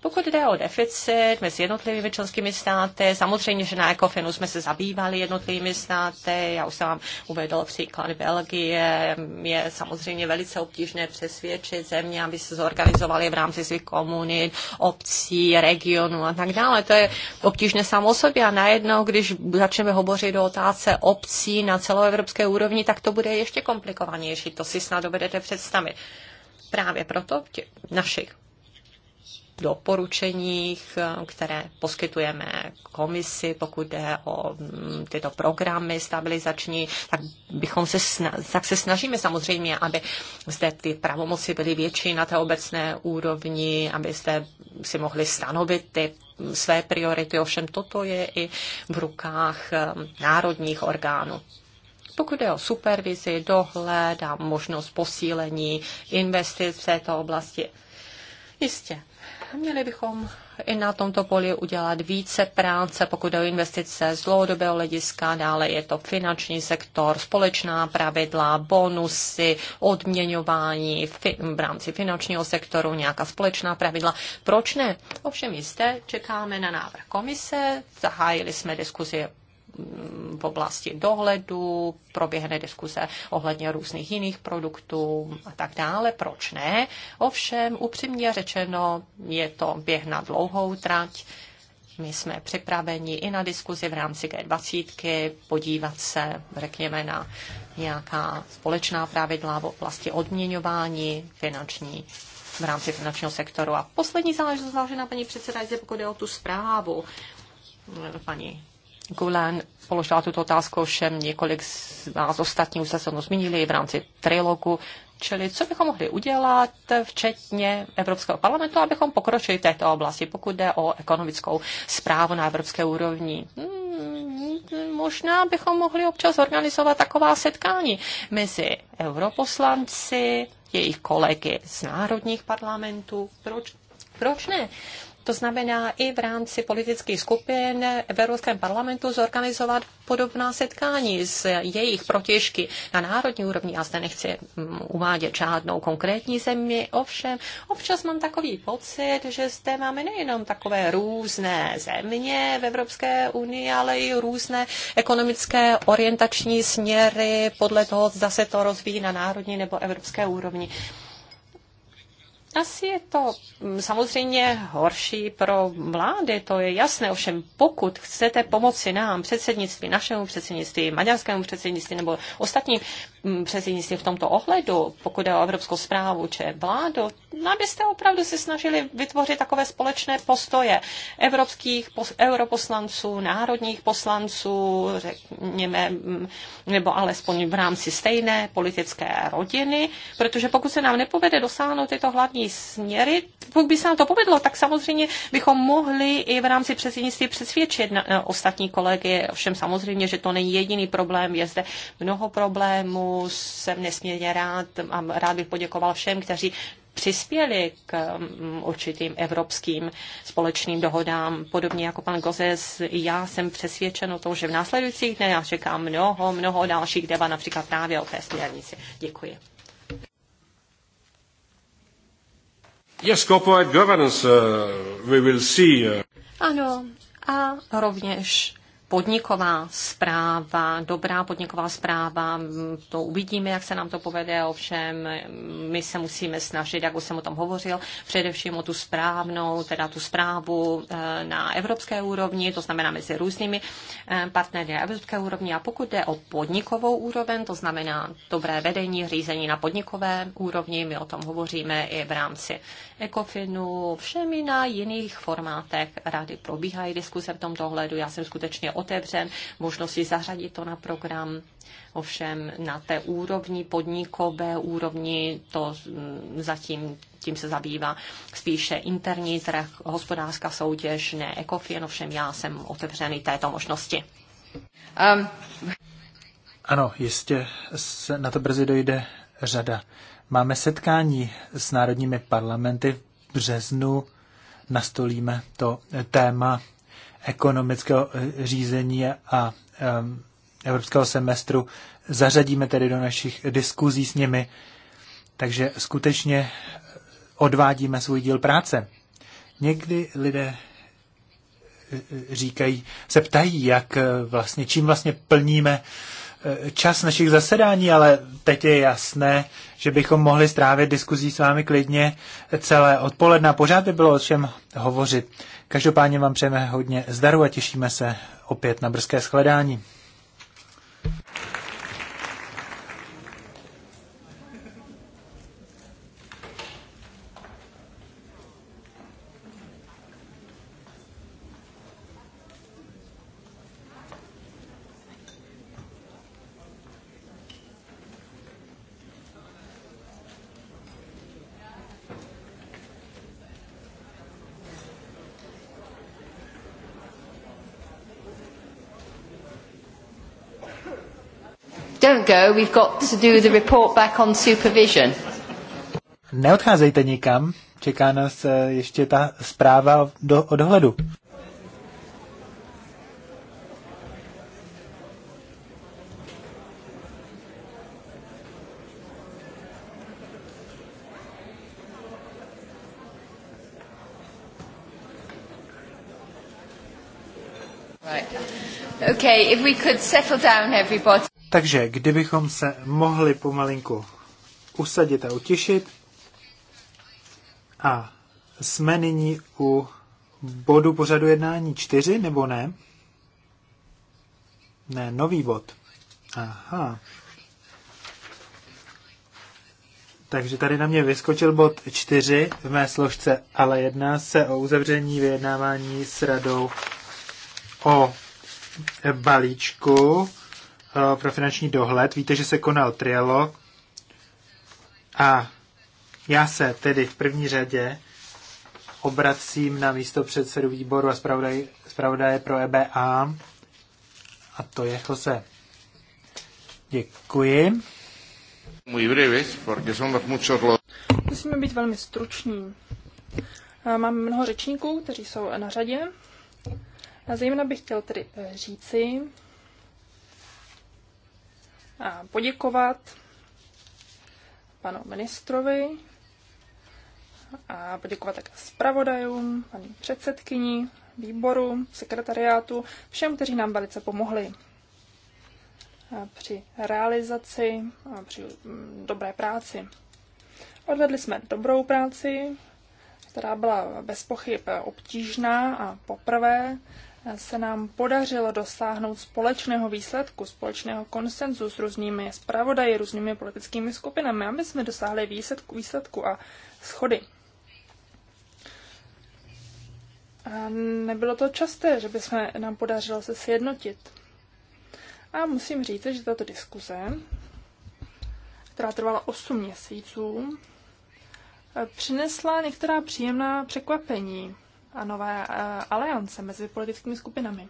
pokud jde o deficit mezi jednotlivými členskými státy, samozřejmě, že na ECOFINu jsme se zabývali jednotlivými státy, já už jsem vám uvedl příklad Belgie, je samozřejmě velice obtížné přesvědčit země, aby se zorganizovali v rámci svých komunit, obcí, regionů a tak dále. To je obtížné samo sobě a najednou, když začneme hovořit o otázce obcí na celoevropské úrovni, tak to bude ještě komplikovanější. To si snad dovedete představit. Právě proto v našich doporučeních, eh, které poskytujeme komisi, pokud jde o mm, tyto programy stabilizační, tak, bychom se, snažili, tak se snažíme samozřejmě, aby zde ty pravomoci byly větší na té obecné úrovni, aby zde si mohli stanovit ty své priority. Ovšem toto je i v rukách eh, národních orgánů. Pokud je o supervizi, dohled a možnost posílení investic v této oblasti, Jistě, Měli bychom i na tomto poli udělat více práce, pokud jde o investice z dlouhodobého hlediska, dále je to finanční sektor, společná pravidla, bonusy, odměňování v rámci finančního sektoru, nějaká společná pravidla. Proč ne? Ovšem jisté, čekáme na návrh komise, zahájili jsme diskuzi v oblasti dohledu, proběhne diskuse ohledně různých jiných produktů a tak dále. Proč ne? Ovšem, upřímně řečeno, je to běh na dlouhou trať. My jsme připraveni i na diskuzi v rámci G20, podívat se, řekněme, na nějaká společná pravidla v oblasti odměňování finanční v rámci finančního sektoru. A poslední záležitost, vážená paní předsedající, pokud jde o tu zprávu paní Gulen položila tuto otázku, všem několik z vás ostatní už se se zmínili v rámci trilogu, čili co bychom mohli udělat, včetně Evropského parlamentu, abychom pokročili této oblasti, pokud jde o ekonomickou zprávu na evropské úrovni. Hmm, možná bychom mohli občas organizovat taková setkání mezi europoslanci, jejich kolegy z národních parlamentů. Proč, proč ne? to znamená i v rámci politických skupin v Evropském parlamentu zorganizovat podobná setkání s jejich protěžky na národní úrovni. Já zde nechci mm, uvádět žádnou konkrétní zemi, ovšem občas mám takový pocit, že zde máme nejenom takové různé země v Evropské unii, ale i různé ekonomické orientační směry podle toho, zda se to rozvíjí na národní nebo evropské úrovni. Asi je to mm, samozřejmě horší pro vlády, to je jasné, ovšem pokud chcete pomoci nám, předsednictví, našemu předsednictví, maďarskému předsednictví nebo ostatním mm, předsednictví v tomto ohledu, pokud je o evropskou zprávu či vládu, no, abyste opravdu se snažili vytvořit takové společné postoje evropských europoslanců, národních poslanců, řekněme, mm, nebo alespoň v rámci stejné politické rodiny, protože pokud se nám nepovede dosáhnout tyto hlavní směry. Pokud by se nám to povedlo, tak samozřejmě bychom mohli i v rámci předsednictví přesvědčit na, na ostatní kolegy. Ovšem samozřejmě, že to není jediný problém, je zde mnoho problémů. Jsem nesmírně rád a rád bych poděkoval všem, kteří přispěli k mm, určitým evropským společným dohodám. Podobně jako pan Gozes, já jsem přesvědčen o tom, že v následujících dnech čeká mnoho, mnoho dalších debat, například právě o té směrnici. Děkuji. Yes, corporate governance, uh, we will see. Uh... Ano, a rovněž podniková zpráva, dobrá podniková zpráva, to uvidíme, jak se nám to povede, ovšem my se musíme snažit, jak už jsem o tom hovořil, především o tu správnou, teda tu zprávu e, na evropské úrovni, to znamená mezi různými e, partnery na evropské úrovni a pokud jde o podnikovou úroveň, to znamená dobré vedení, řízení na podnikové úrovni, my o tom hovoříme i v rámci ECOFINu, všemi na jiných formátech rady probíhají diskuse v tomto ohledu, já jsem skutečně otevřen možnosti zařadit to na program. Ovšem na té úrovni podnikové úrovni to mm, zatím tím se zabývá spíše interní trh, hospodářská soutěž, ne ECOFIN, ovšem já jsem otevřený této možnosti. Um. Ano, jistě se na to brzy dojde řada. Máme setkání s národními parlamenty v březnu, nastolíme to téma ekonomického eh, řízení a evropského semestru zařadíme tedy do našich diskuzí s nimi. Takže skutečně eh, odvádíme svůj díl práce. Někdy lidé eh, říkají, se ptají, jak vlastně, čím vlastně plníme Eh, čas našich zasedání, ale teď je jasné, že bychom mohli strávit diskuzí s vámi klidně celé odpoledne. Pořád by bylo o čem hovořit. Každopádně vám přejeme hodně zdaru a těšíme se opět na brzké shledání. don't go, we've got to do the report back on supervision. Neodcházejte nikam, čeká nás eh, ještě ta zpráva do, o dohledu. Right. Okay, if we could settle down everybody. Takže kdybychom se mohli pomalinku usadit a utěšit. A jsme nyní u bodu pořadu jednání 4, nebo ne? Ne, nový bod. Aha. Takže tady na mě vyskočil bod 4 v mé složce, ale jedná se o uzavření vyjednávání s radou o balíčku Eh, pro finanční dohled. Víte, že se konal trialo. a já se tedy v první řadě obracím na místo předsedu výboru a zpravodaje, zpravodaje pro EBA a to je Jose. Děkuji. Muy breves, porque somos muchos los... Musíme být velmi struční. Eh, mám mnoho řečníků, kteří jsou na řadě. A zejména bych chtěl tedy eh, říci, poděkovat panu ministrovi a poděkovat také zpravodajům, paní předsedkyni, výboru, sekretariátu, všem, kteří nám velice pomohli při realizaci a při mm, dobré práci. Odvedli jsme dobrou práci, která byla bez pochyb obtížná a poprvé se nám podařilo dosáhnout společného výsledku, společného konsenzu s různými zpravodaji, různými politickými skupinami, aby jsme dosáhli výsledku, výsledku a schody. A nebylo to časté, že by se nám podařilo se sjednotit. A musím říct, že tato diskuze, která trvala 8 měsíců, přinesla některá příjemná překvapení a nové eh, aliance mezi politickými skupinami.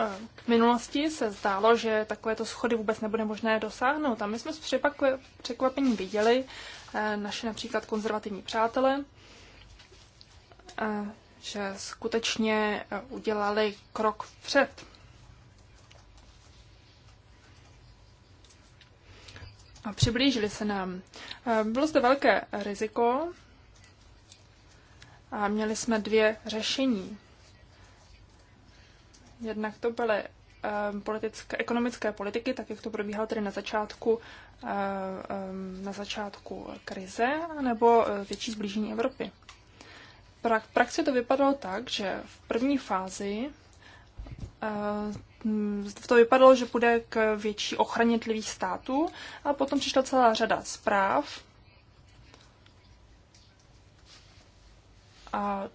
Eh, k minulosti se zdálo, že takovéto schody vůbec nebude možné dosáhnout. A my jsme s překvapením viděli eh, naše například konzervativní přátele, že skutečně udělali krok vpřed. A přiblížili se nám. Bylo zde velké riziko, a měli jsme dvě řešení. Jednak to byly ehm, politické, ekonomické politiky, tak jak to probíhalo tedy na začátku, ehm, ehm, na začátku krize, nebo eh, větší zblížení Evropy. V praxi to vypadalo tak, že v první fázi eh, to vypadalo, že půjde k větší ochraně států a potom přišla celá řada zpráv, a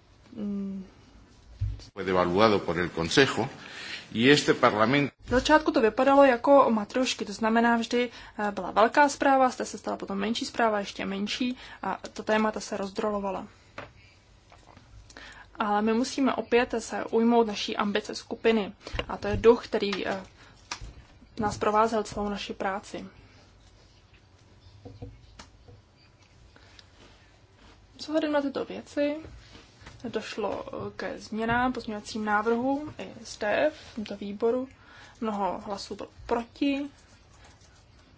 začátku to vypadalo jako matrošky, to znamená vždy eh, byla velká zpráva, jste se stala potom menší zpráva, ještě menší a to témata se rozdrolovala. Ale my musíme opět se ujmout naší ambice skupiny a to je duch, který eh, nás provázel celou naši práci. Co na tyto věci, došlo eh, ke změnám, pozměňovacím návrhům i zde v tomto výboru. Mnoho hlasů bylo proti,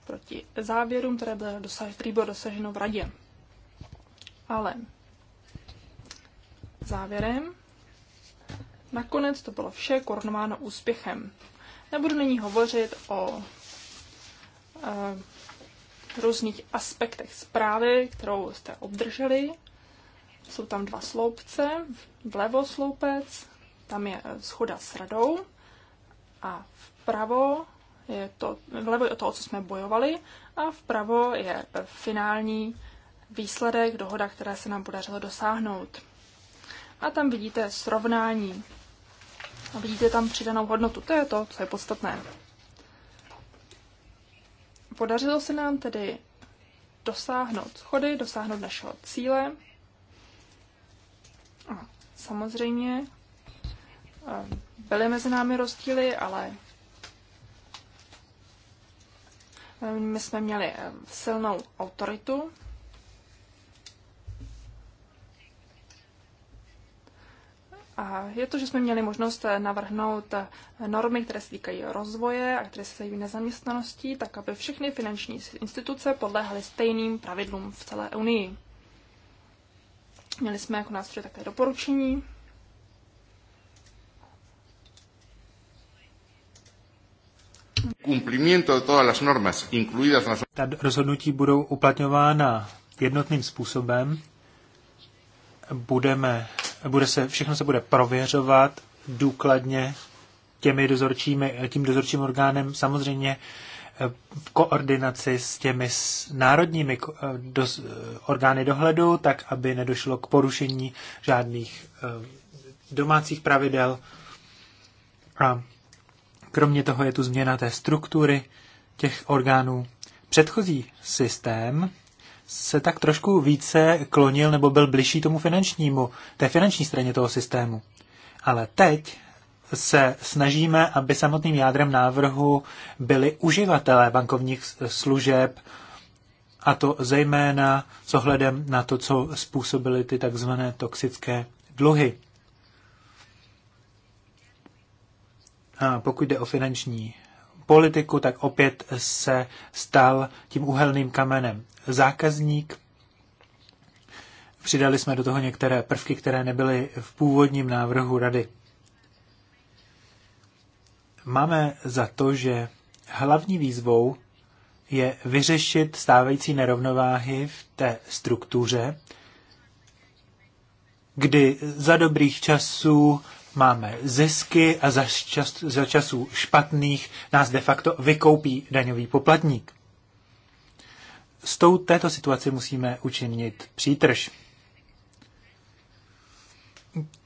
proti závěrům, které byly dosaženo, který bylo dosaženo v radě. Ale závěrem nakonec to bylo vše korunováno úspěchem. Nebudu nyní hovořit o e, různých aspektech zprávy, kterou jste obdrželi, jsou tam dva sloupce, vlevo sloupec, tam je eh, schoda s radou a vpravo je to, vlevo je to, o co jsme bojovali a vpravo je eh, finální výsledek, dohoda, které se nám podařilo dosáhnout. A tam vidíte srovnání. A vidíte tam přidanou hodnotu. To je to, co je podstatné. Podařilo se nám tedy dosáhnout schody, dosáhnout našeho cíle, a samozřejmě eh, byly mezi námi rozdíly, ale eh, my jsme měli eh, silnou autoritu. A je to, že jsme měli možnost navrhnout normy, které se týkají rozvoje a které se týkají nezaměstnaností, tak aby všechny finanční instituce podléhaly stejným pravidlům v celé Unii. Měli jsme jako nástroj také doporučení. Cumplimiento de todas las normas, incluidas las... Ta rozhodnutí budou uplatňována jednotným způsobem. Budeme, bude se, všechno se bude prověřovat důkladně těmi dozorčími, tím dozorčím orgánem. Samozřejmě v koordinaci s těmi národními orgány dohledu, tak aby nedošlo k porušení žádných eh, domácích pravidel. A kromě toho je tu změna té struktury těch orgánů. Předchozí systém se tak trošku více klonil nebo byl bližší tomu finančnímu, té finanční straně toho systému. Ale teď se snažíme, aby samotným jádrem návrhu byli uživatelé bankovních služeb, a to zejména s ohledem na to, co způsobily ty takzvané toxické dluhy. A pokud jde o finanční politiku, tak opět se stal tím uhelným kamenem zákazník. Přidali jsme do toho některé prvky, které nebyly v původním návrhu rady. Máme za to, že hlavní výzvou je vyřešit stávající nerovnováhy v té struktuře, kdy za dobrých časů máme zisky a za, čas, za časů špatných nás de facto vykoupí daňový poplatník. S tou této situaci musíme učinit přítrž.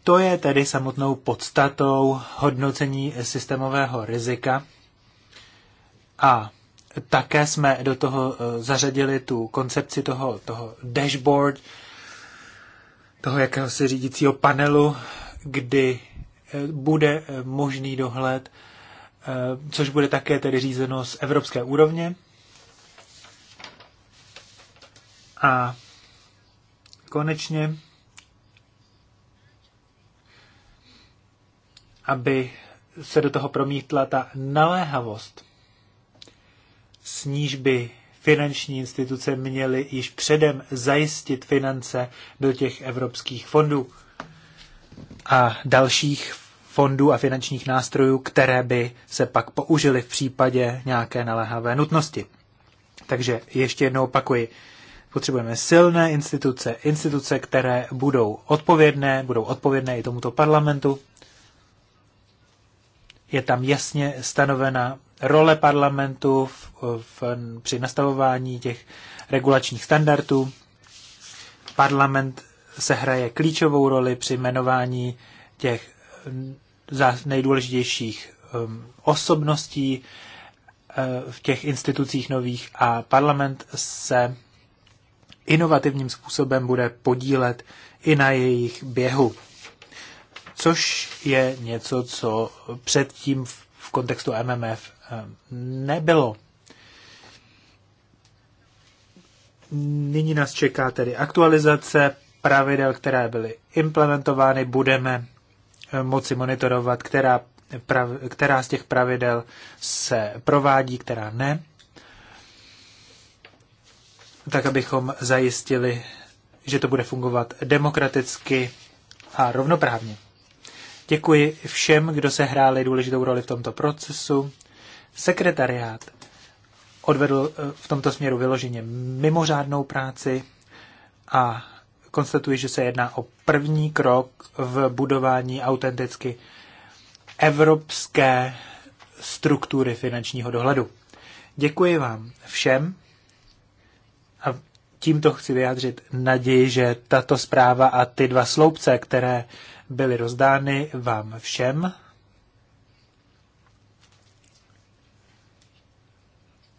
To je tedy samotnou podstatou hodnocení systémového rizika. A také jsme do toho eh, zařadili tu koncepci toho, toho dashboard, toho jakéhosi řídícího panelu, kdy eh, bude eh, možný dohled, což bude také tedy řízeno z evropské úrovně. A konečně aby se do toho promítla ta naléhavost, s níž by finanční instituce měly již předem zajistit finance do těch evropských fondů a dalších fondů a finančních nástrojů, které by se pak použily v případě nějaké naléhavé nutnosti. Takže ještě jednou opakuji, potřebujeme silné instituce, instituce, které budou odpovědné, budou odpovědné i tomuto parlamentu, je tam jasně stanovena role parlamentu v, v, při nastavování těch regulačních standardů. Parlament se hraje klíčovou roli při jmenování těch nejdůležitějších um, osobností uh, v těch institucích nových a parlament se inovativním způsobem bude podílet i na jejich běhu což je něco, co předtím v kontextu MMF eh, nebylo. Nyní nás čeká tedy aktualizace pravidel, které byly implementovány. Budeme eh, moci monitorovat, která, prav, která z těch pravidel se provádí, která ne. Tak, abychom zajistili, že to bude fungovat demokraticky a rovnoprávně. Děkuji všem, kdo se hráli důležitou roli v tomto procesu. Sekretariát odvedl eh, v tomto směru vyloženě mimořádnou práci a konstatuji, že se jedná o první krok v budování autenticky evropské struktury finančního dohledu. Děkuji vám všem a tímto chci vyjádřit naději, že tato zpráva a ty dva sloupce, které byly rozdány vám všem.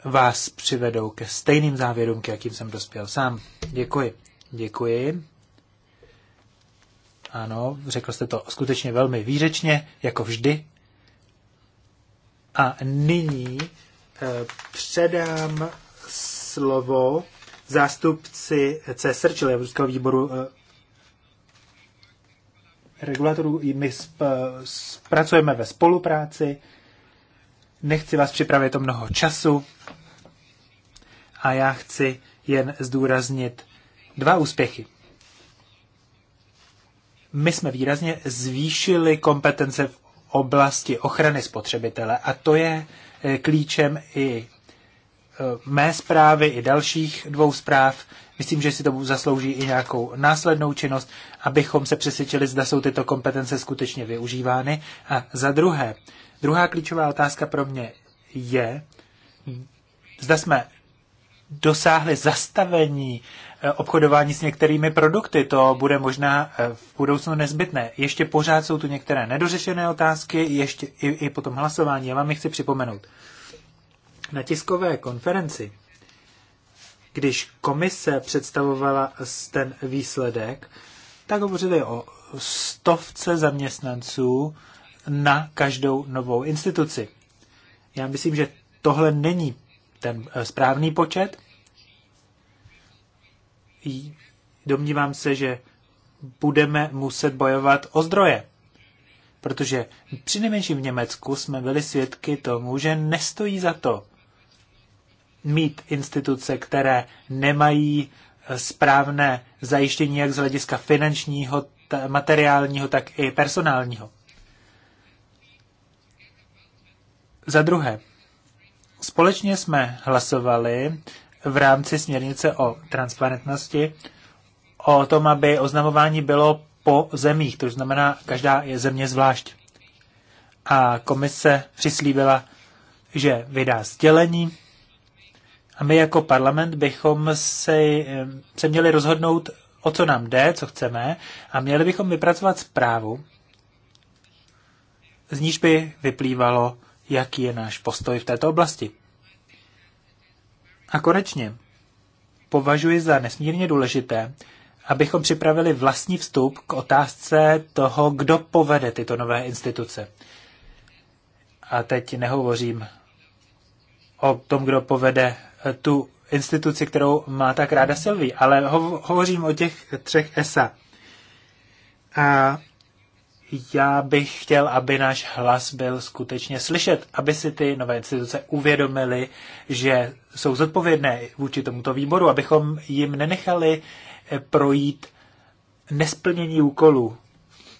Vás přivedou ke stejným závěrům, k jakým jsem dospěl sám. Děkuji. Děkuji. Ano, řekl jste to skutečně velmi výřečně, jako vždy. A nyní eh, předám slovo zástupci CESR, čili Evropského výboru eh, regulatorů. My sp pracujeme ve spolupráci, nechci vás připravit o mnoho času a já chci jen zdůraznit dva úspěchy. My jsme výrazně zvýšili kompetence v oblasti ochrany spotřebitele a to je eh, klíčem i Eh, mé zprávy i dalších dvou zpráv. Myslím, že si to zaslouží i nějakou následnou činnost, abychom se přesvědčili, zda jsou tyto kompetence skutečně využívány. A za druhé, druhá klíčová otázka pro mě je, zda jsme dosáhli zastavení eh, obchodování s některými produkty. To bude možná eh, v budoucnu nezbytné. Ještě pořád jsou tu některé nedořešené otázky, ještě i, i potom hlasování. Já vám je chci připomenout na tiskové konferenci, když komise představovala ten výsledek, tak hovořili o stovce zaměstnanců na každou novou instituci. Já myslím, že tohle není ten eh, správný počet. Domnívám se, že budeme muset bojovat o zdroje. Protože při v Německu jsme byli svědky tomu, že nestojí za to mít instituce, které nemají eh, správné zajištění jak z hlediska finančního, materiálního, tak i personálního. Za druhé, společně jsme hlasovali v rámci směrnice o transparentnosti o tom, aby oznamování bylo po zemích, to znamená, každá je země zvlášť. A komise přislíbila, že vydá sdělení a my jako parlament bychom se, se měli rozhodnout, o co nám jde, co chceme, a měli bychom vypracovat zprávu, z níž by vyplývalo, jaký je náš postoj v této oblasti. A konečně považuji za nesmírně důležité, abychom připravili vlastní vstup k otázce toho, kdo povede tyto nové instituce. A teď nehovořím o tom, kdo povede tu instituci, kterou má tak ráda Sylvie, ale ho, hovořím o těch třech ESA. A já bych chtěl, aby náš hlas byl skutečně slyšet, aby si ty nové instituce uvědomily, že jsou zodpovědné vůči tomuto výboru, abychom jim nenechali projít nesplnění úkolů,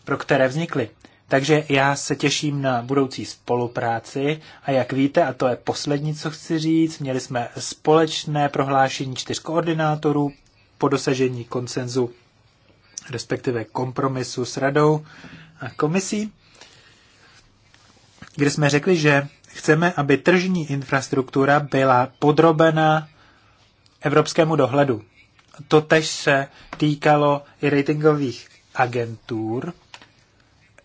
pro které vznikly. Takže já se těším na budoucí spolupráci a jak víte, a to je poslední, co chci říct, měli jsme společné prohlášení čtyř koordinátorů po dosažení konsenzu, respektive kompromisu s radou a komisí, kde jsme řekli, že chceme, aby tržní infrastruktura byla podrobena evropskému dohledu. To tež se týkalo i ratingových agentur,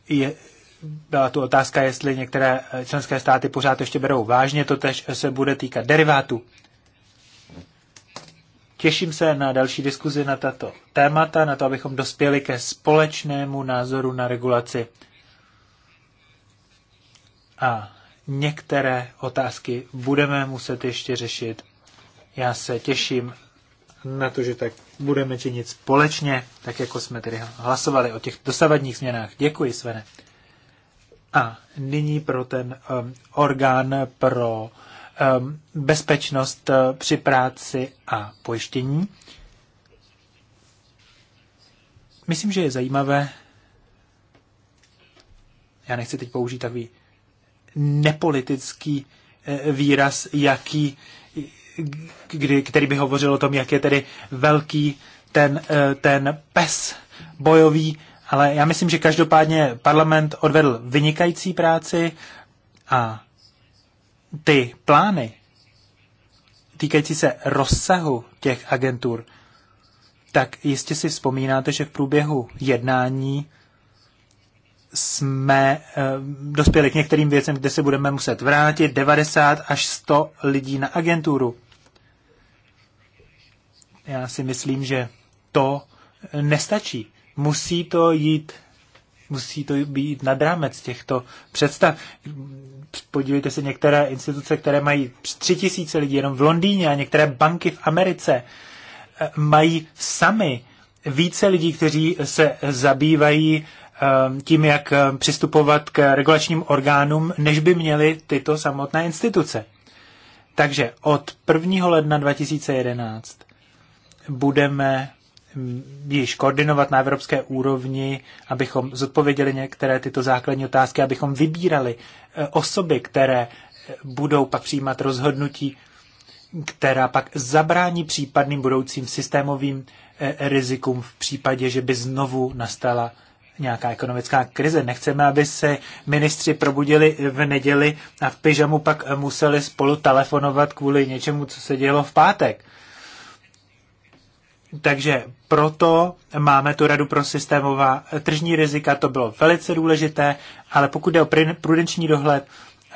je, byla tu otázka, jestli některé eh, členské státy pořád ještě berou vážně, to tež se bude týkat derivátů. Těším se na další diskuzi na tato témata, na to, abychom dospěli ke společnému názoru na regulaci. A některé otázky budeme muset ještě řešit. Já se těším na to, že tak budeme činit společně, tak jako jsme tedy hlasovali o těch dosavadních změnách. Děkuji, Svene. A nyní pro ten um, orgán pro um, bezpečnost uh, při práci a pojištění. Myslím, že je zajímavé, já nechci teď použít takový nepolitický eh, výraz, jaký kdy, který by hovořil o tom, jak je tedy velký ten, eh, ten pes bojový, ale já myslím, že každopádně parlament odvedl vynikající práci a ty plány týkající se rozsahu těch agentur, tak jistě si vzpomínáte, že v průběhu jednání jsme eh, dospěli k některým věcem, kde se budeme muset vrátit 90 až 100 lidí na agenturu. Já si myslím, že to nestačí. Musí to jít musí to být nad rámec těchto představ. Podívejte se některé instituce, které mají tři tisíce lidí jenom v Londýně a některé banky v Americe eh, mají sami více lidí, kteří se zabývají Ehm, tím, jak ehm, přistupovat k regulačním orgánům, než by měly tyto samotné instituce. Takže od 1. ledna 2011 budeme mm, již koordinovat na evropské úrovni, abychom zodpověděli některé tyto základní otázky, abychom vybírali eh, osoby, které eh, budou pak přijímat rozhodnutí, která pak zabrání případným budoucím systémovým eh, rizikům v případě, že by znovu nastala nějaká ekonomická krize. Nechceme, aby se ministři probudili v neděli a v pyžamu pak museli spolu telefonovat kvůli něčemu, co se dělo v pátek. Takže proto máme tu radu pro systémová tržní rizika, to bylo velice důležité, ale pokud jde o prudenční dohled,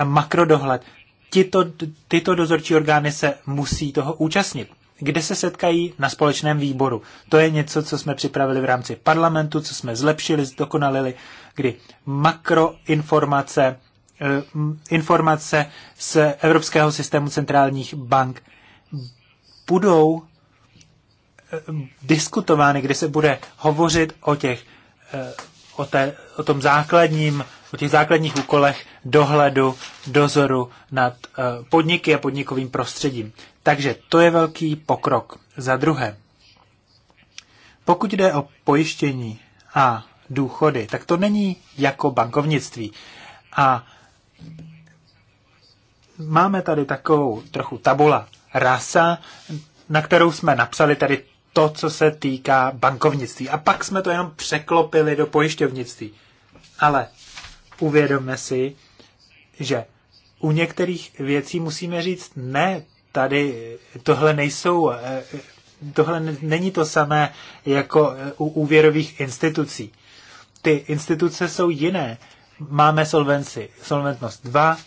makrodohled, tyto, tyto dozorčí orgány se musí toho účastnit kde se setkají na společném výboru. To je něco, co jsme připravili v rámci parlamentu, co jsme zlepšili, zdokonalili, kdy makroinformace, eh, informace z Evropského systému centrálních bank budou eh, diskutovány, kde se bude hovořit o těch eh, o, té, o tom základním o těch základních úkolech dohledu, dozoru nad eh, podniky a podnikovým prostředím. Takže to je velký pokrok. Za druhé, pokud jde o pojištění a důchody, tak to není jako bankovnictví. A máme tady takovou trochu tabula rasa, na kterou jsme napsali tady to, co se týká bankovnictví. A pak jsme to jenom překlopili do pojišťovnictví. Ale uvědomme si, že u některých věcí musíme říct, ne, tady tohle nejsou, eh, eh, tohle není to samé jako eh, u úvěrových institucí. Ty instituce jsou jiné. Máme solvenci, solventnost 2,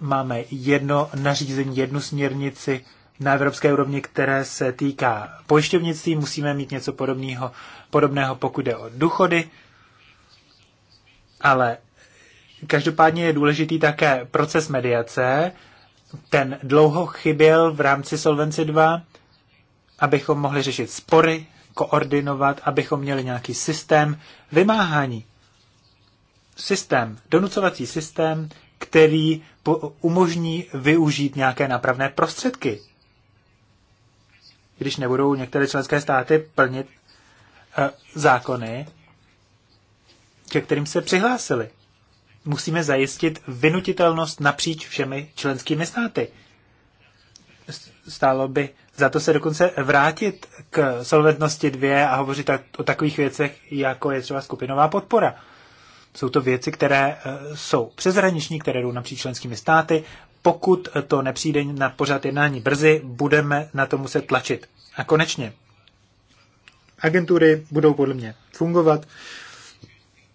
máme jedno nařízení, jednu směrnici na evropské úrovni, které se týká pojišťovnictví. Musíme mít něco podobného, podobného pokud jde o důchody. Ale Každopádně je důležitý také proces mediace. Ten dlouho chyběl v rámci Solvency 2, abychom mohli řešit spory, koordinovat, abychom měli nějaký systém vymáhání. Systém, donucovací systém, který umožní využít nějaké napravné prostředky. Když nebudou některé členské státy plnit e, zákony, ke kterým se přihlásili musíme zajistit vynutitelnost napříč všemi členskými státy. Stálo by za to se dokonce vrátit k solventnosti dvě a hovořit o takových věcech, jako je třeba skupinová podpora. Jsou to věci, které eh, jsou přezraniční, které jdou napříč členskými státy. Pokud to nepřijde na pořád jednání brzy, budeme na to muset tlačit. A konečně, agentury budou podle mě fungovat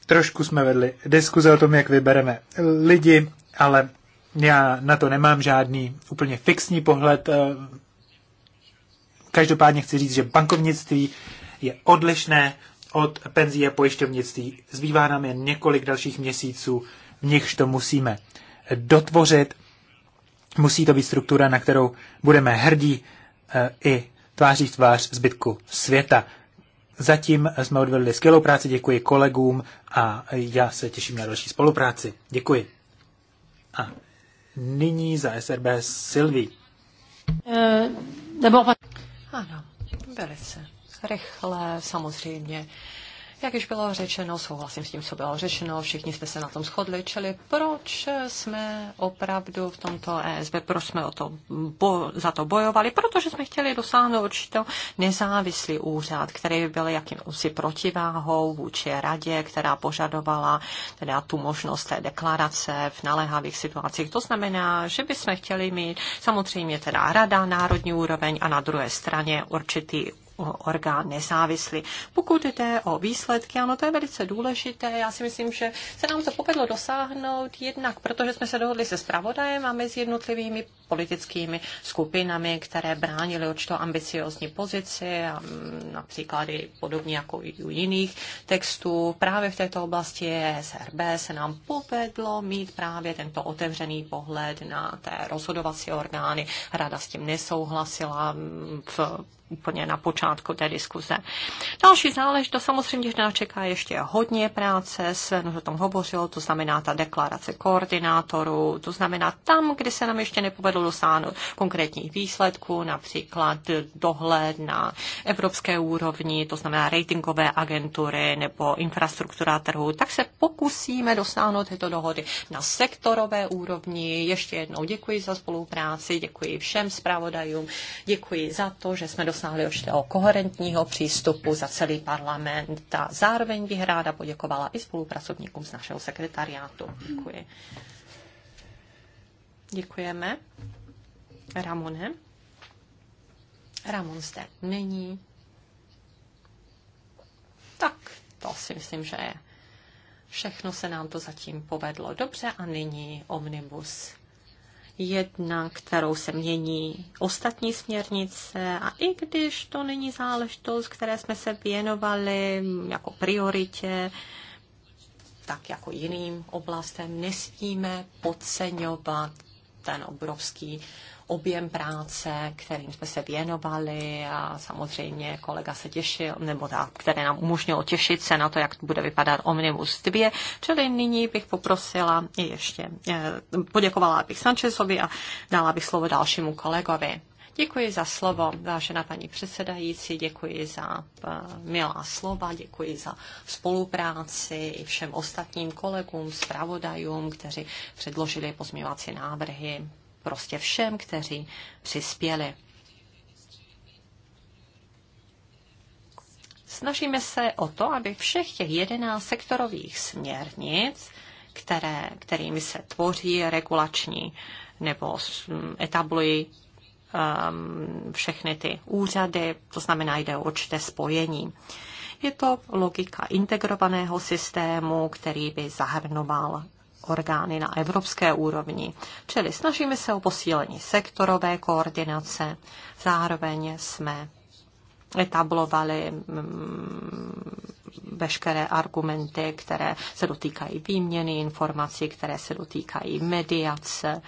trošku jsme vedli diskuze o tom, jak vybereme lidi, ale já na to nemám žádný úplně fixní pohled. Eh, každopádně chci říct, že bankovnictví je odlišné od penzí a pojišťovnictví. Zbývá nám jen několik dalších měsíců, v nichž to musíme dotvořit. Musí to být struktura, na kterou budeme hrdí eh, i tváří v tvář zbytku světa. Zatím jsme odvedli skvělou práci, děkuji kolegům a já se těším na další spolupráci. Děkuji. A nyní za SRB Silví. Eh, ano, velice rychle, samozřejmě jak již bylo řečeno, souhlasím s tím, co bylo řečeno, všichni jsme se na tom shodli, čili proč jsme opravdu v tomto ESB, proč jsme o to bo, za to bojovali, protože jsme chtěli dosáhnout určitou nezávislý úřad, který by byl jakýmsi protiváhou vůči radě, která požadovala teda tu možnost té deklarace v naléhavých situacích. To znamená, že bychom chtěli mít samozřejmě teda rada, národní úroveň a na druhé straně určitý orgán nezávislý. Pokud jde o výsledky, ano, to je velice důležité. Já si myslím, že se nám to povedlo dosáhnout jednak, protože jsme se dohodli se zpravodajem a mezi jednotlivými politickými skupinami, které bránily určitou ambiciozní pozici, a mm, například i podobně jako i u jiných textů. Právě v této oblasti SRB se nám povedlo mít právě tento otevřený pohled na té rozhodovací orgány. Rada s tím nesouhlasila mm, v úplně na počátku té diskuze. Další záležitost, samozřejmě, že nás čeká ještě hodně práce, Sven no, o tom hovořil, to znamená ta deklarace koordinátorů, to znamená tam, kde se nám ještě nepovedlo bylo dosáhnout konkrétních výsledků, například dohled na evropské úrovni, to znamená ratingové agentury nebo infrastruktura trhu, tak se pokusíme dosáhnout tyto dohody na sektorové úrovni. Ještě jednou děkuji za spolupráci, děkuji všem zpravodajům, děkuji za to, že jsme dosáhli o koherentního přístupu za celý parlament a zároveň bych ráda poděkovala i spolupracovníkům z našeho sekretariátu. Děkuji. Děkujeme. Ramone. Ramon zde není. Tak, to si myslím, že je. Všechno se nám to zatím povedlo dobře a nyní omnibus jedna, kterou se mění ostatní směrnice a i když to není záležitost, které jsme se věnovali jako prioritě, tak jako jiným oblastem nesmíme podceňovat ten obrovský objem práce, kterým jsme se věnovali a samozřejmě kolega se těšil, nebo ta, které nám umožnilo těšit se na to, jak bude vypadat Omnibus 2. Čili nyní bych poprosila ještě, eh, poděkovala bych Sančesovi a dala bych slovo dalšímu kolegovi. Děkuji za slovo, vážená paní předsedající, děkuji za eh, milá slova, děkuji za spolupráci i všem ostatním kolegům, zpravodajům, kteří předložili pozměňovací návrhy, prostě všem, kteří přispěli. Snažíme se o to, aby všech těch jedenáct sektorových směrnic, které, kterými se tvoří regulační nebo etablují Um, všechny ty úřady, to znamená, jde o určité spojení. Je to logika integrovaného systému, který by zahrnoval orgány na evropské úrovni. Čili snažíme se o posílení sektorové koordinace, zároveň jsme etablovali mm, veškeré argumenty, které se dotýkají výměny informací, které se dotýkají mediace,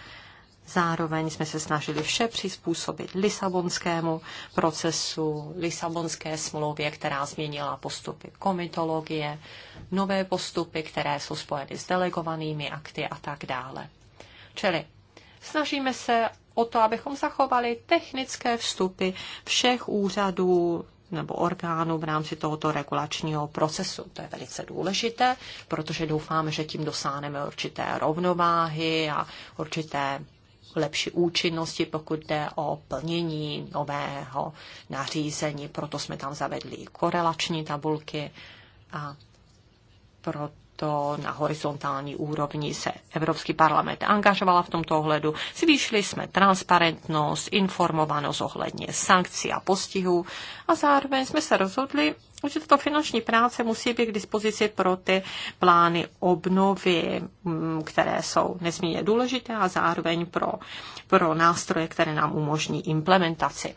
Zároveň jsme se snažili vše přizpůsobit Lisabonskému procesu, Lisabonské smlouvě, která změnila postupy komitologie, nové postupy, které jsou spojeny s delegovanými akty a tak dále. Čili snažíme se o to, abychom zachovali technické vstupy všech úřadů nebo orgánů v rámci tohoto regulačního procesu. To je velice důležité, protože doufáme, že tím dosáhneme určité rovnováhy a určité lepší účinnosti, pokud jde o plnění nového nařízení. Proto jsme tam zavedli korelační tabulky a proto to na horizontální úrovni se Evropský parlament angažovala v tomto ohledu. Zvýšili jsme transparentnost, informovanost ohledně sankcí a postihů a zároveň jsme se rozhodli, že tato finanční práce musí být k dispozici pro ty plány obnovy, mm, které jsou nesmírně důležité a zároveň pro, pro nástroje, které nám umožní implementaci.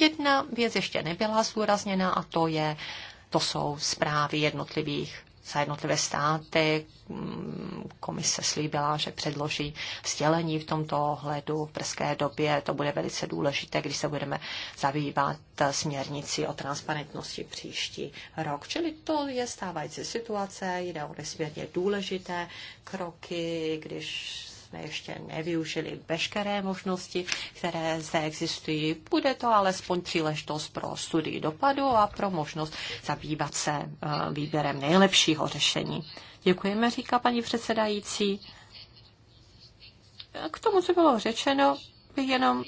Jedna věc ještě nebyla zúrazněna a to je to jsou zprávy jednotlivých za jednotlivé státy. Komise slíbila, že předloží vzdělení v tomto ohledu v brzké době. To bude velice důležité, když se budeme zabývat směrnici o transparentnosti příští rok. Čili to je stávající situace, jde o nesmírně důležité kroky, když jsme ještě nevyužili veškeré možnosti, které zde existují. Bude to alespoň příležitost pro studii dopadu a pro možnost zabývat se eh, výběrem nejlepšího řešení. Děkujeme, říká paní předsedající. K tomu, co bylo řečeno, bych jenom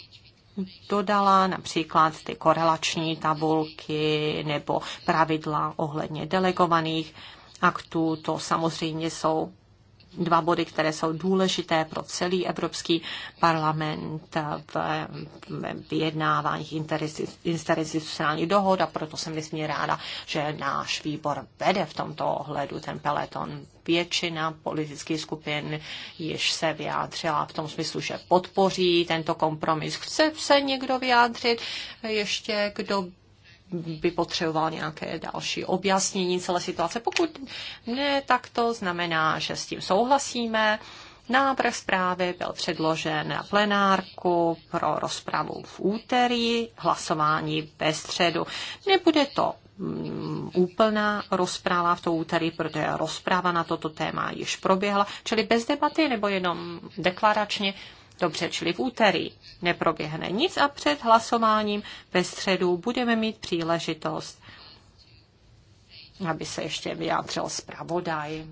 dodala například ty korelační tabulky nebo pravidla ohledně delegovaných aktů. To samozřejmě jsou dva body, které jsou důležité pro celý Evropský parlament v, vyjednávání interinstitucionálních dohod a proto jsem nesmírně ráda, že náš výbor vede v tomto ohledu ten peleton. Většina politických skupin již se vyjádřila v tom smyslu, že podpoří tento kompromis. Chce se někdo vyjádřit ještě, kdo by potřeboval nějaké další objasnění celé situace. Pokud ne, tak to znamená, že s tím souhlasíme. Návrh zprávy byl předložen na plenárku pro rozpravu v úterý, hlasování ve středu. Nebude to mm, úplná rozpráva v to úterý, protože rozpráva na toto téma již proběhla, čili bez debaty nebo jenom deklaračně. Dobře, čili v úterý neproběhne nic a před hlasováním ve středu budeme mít příležitost, aby se ještě vyjádřil zpravodaj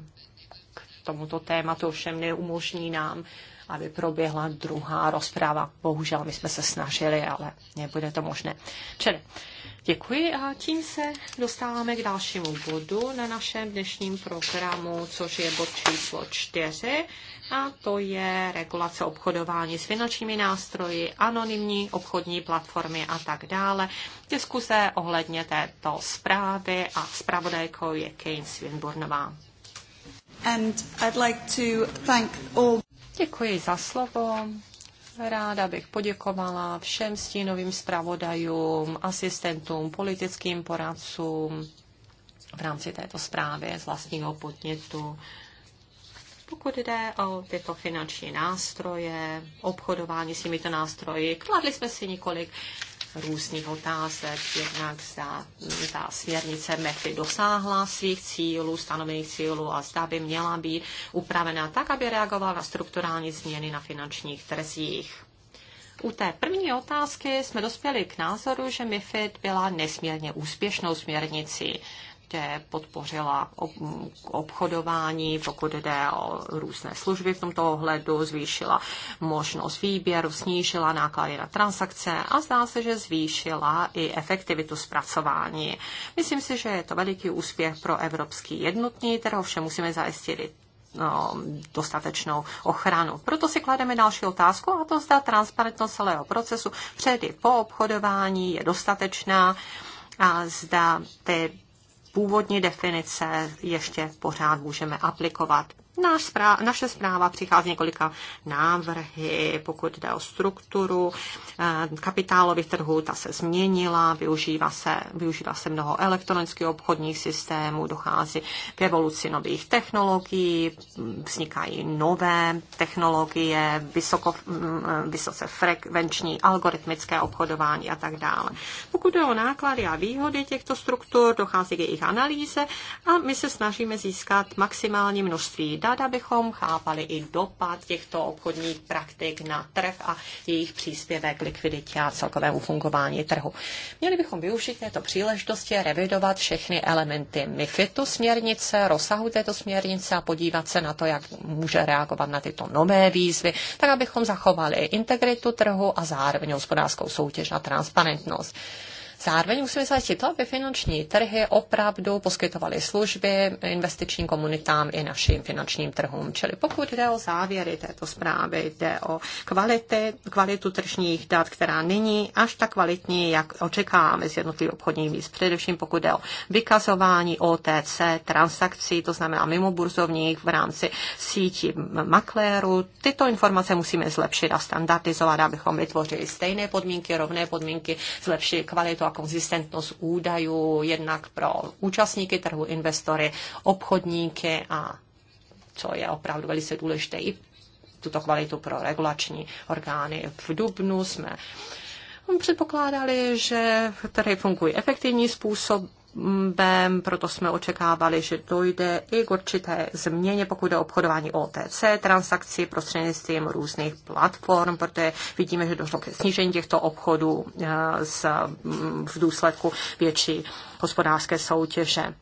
tomuto tématu, ovšem neumožní nám aby proběhla druhá rozpráva. Bohužel my jsme se snažili, ale nebude to možné. Čili děkuji a tím se dostáváme k dalšímu bodu na našem dnešním programu, což je bod číslo čtyři a to je regulace obchodování s finančními nástroji, anonymní obchodní platformy a tak dále. Diskuse ohledně této zprávy a zpravodajkou je Kane Svinburnová. And I'd like to thank all... Děkuji za slovo. Ráda bych poděkovala všem stínovým zpravodajům, asistentům, politickým poradcům v rámci této zprávy z vlastního podnětu. Pokud jde o tyto finanční nástroje, obchodování s těmito nástroji, kladli jsme si několik různých otázek, jednak zda mm, ta směrnice MEFI dosáhla svých cílů, stanovených cílů a zda by měla být upravena tak, aby reagovala na strukturální změny na finančních trzích. U té první otázky jsme dospěli k názoru, že MIFID byla nesmírně úspěšnou směrnicí určitě podpořila obchodování, pokud jde o různé služby v tomto ohledu, zvýšila možnost výběru, snížila náklady na transakce a zdá se, že zvýšila i efektivitu zpracování. Myslím si, že je to veliký úspěch pro evropský jednotný trh, vše musíme zajistit no, dostatečnou ochranu. Proto si klademe další otázku a to zda transparentnost celého procesu před i po obchodování je dostatečná a zda ty původní definice ještě pořád můžeme aplikovat. Náš naše zpráva přichází několika návrhy, pokud jde o strukturu eh, kapitálových trhů, ta se změnila, využívá se, využívá se mnoho elektronických obchodních systémů, dochází k evoluci nových technologií, vznikají nové technologie, vysoko, mm, vysoce frekvenční algoritmické obchodování a tak dále. Pokud jde o náklady a výhody těchto struktur, dochází k jejich analýze a my se snažíme získat maximální množství dat, abychom chápali i dopad těchto obchodních praktik na trh a jejich příspěvek k likviditě a celkovému fungování trhu. Měli bychom využít této příležitosti revidovat všechny elementy MIFITu směrnice, rozsahu této směrnice a podívat se na to, jak může reagovat na tyto nové výzvy, tak abychom zachovali integritu trhu a zároveň hospodářskou soutěž a transparentnost. Zároveň musíme zajistit to, aby finanční trhy opravdu poskytovaly služby investičním komunitám i našim finančním trhům. Čili pokud jde o závěry této zprávy, jde o kvality, kvalitu tržních dat, která není až tak kvalitní, jak očekáváme z jednotlivých obchodních míst. Především pokud jde o vykazování OTC, transakcí, to znamená mimo burzovních v rámci sítí makléru. Tyto informace musíme zlepšit a standardizovat, abychom vytvořili stejné podmínky, rovné podmínky, zlepšili kvalitu a konzistentnost údajů jednak pro účastníky trhu, investory, obchodníky a co je opravdu velice důležité i tuto kvalitu pro regulační orgány. V Dubnu jsme předpokládali, že tady funguje efektivní způsob, Bem proto jsme očekávali, že dojde i k určité změně, pokud jde obchodování OTC, transakci prostřednictvím různých platform, protože vidíme, že došlo ke snížení těchto obchodů z, eh, mm, v důsledku větší hospodářské soutěže.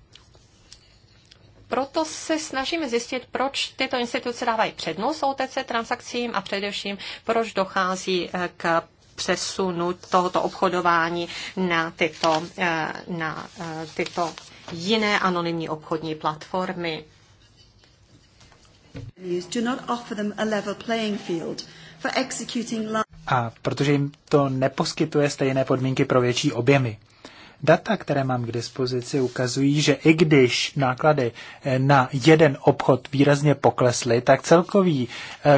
Proto se snažíme zjistit, proč tyto instituce dávají přednost OTC transakcím a především, proč dochází eh, k přesunu tohoto obchodování na tyto, eh, na eh, tyto jiné anonymní obchodní platformy. A protože jim to neposkytuje stejné podmínky pro větší objemy. Data, které mám k dispozici, ukazují, že i když náklady eh, na jeden obchod výrazně poklesly, tak celkový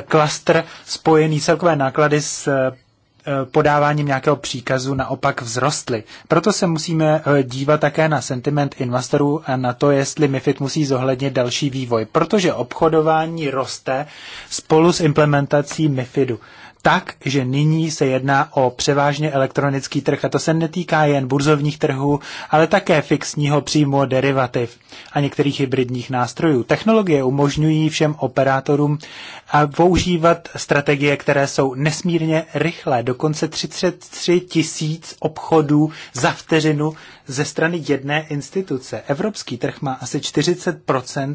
klastr spojený, celkové náklady s Eh, podáváním nějakého příkazu naopak vzrostly. Proto se musíme eh, dívat také na sentiment investorů a na to, jestli MIFID musí zohlednit další vývoj, protože obchodování roste spolu s implementací MIFIDu tak, že nyní se jedná o převážně elektronický trh a to se netýká jen burzovních trhů, ale také fixního příjmu derivativ a některých hybridních nástrojů. Technologie umožňují všem operátorům a používat strategie, které jsou nesmírně rychlé, dokonce 33 tisíc obchodů za vteřinu ze strany jedné instituce. Evropský trh má asi 40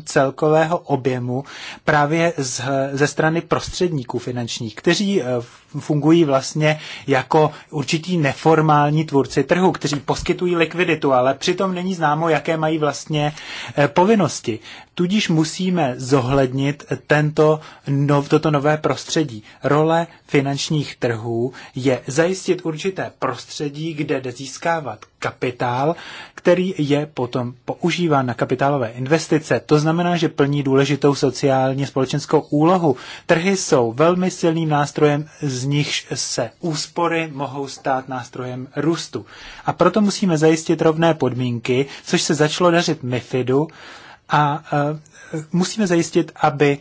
celkového objemu právě z, ze strany prostředníků finančních, kteří eh, v fungují vlastně jako určitý neformální tvůrci trhu, kteří poskytují likviditu, ale přitom není známo, jaké mají vlastně eh, povinnosti. Tudíž musíme zohlednit tento nov, toto nové prostředí. Role finančních trhů je zajistit určité prostředí, kde jde získávat kapitál, který je potom používán na kapitálové investice. To znamená, že plní důležitou sociálně společenskou úlohu. Trhy jsou velmi silným nástrojem, z nich se úspory mohou stát nástrojem růstu. A proto musíme zajistit rovné podmínky, což se začalo dařit MIFIDu a e, musíme zajistit, aby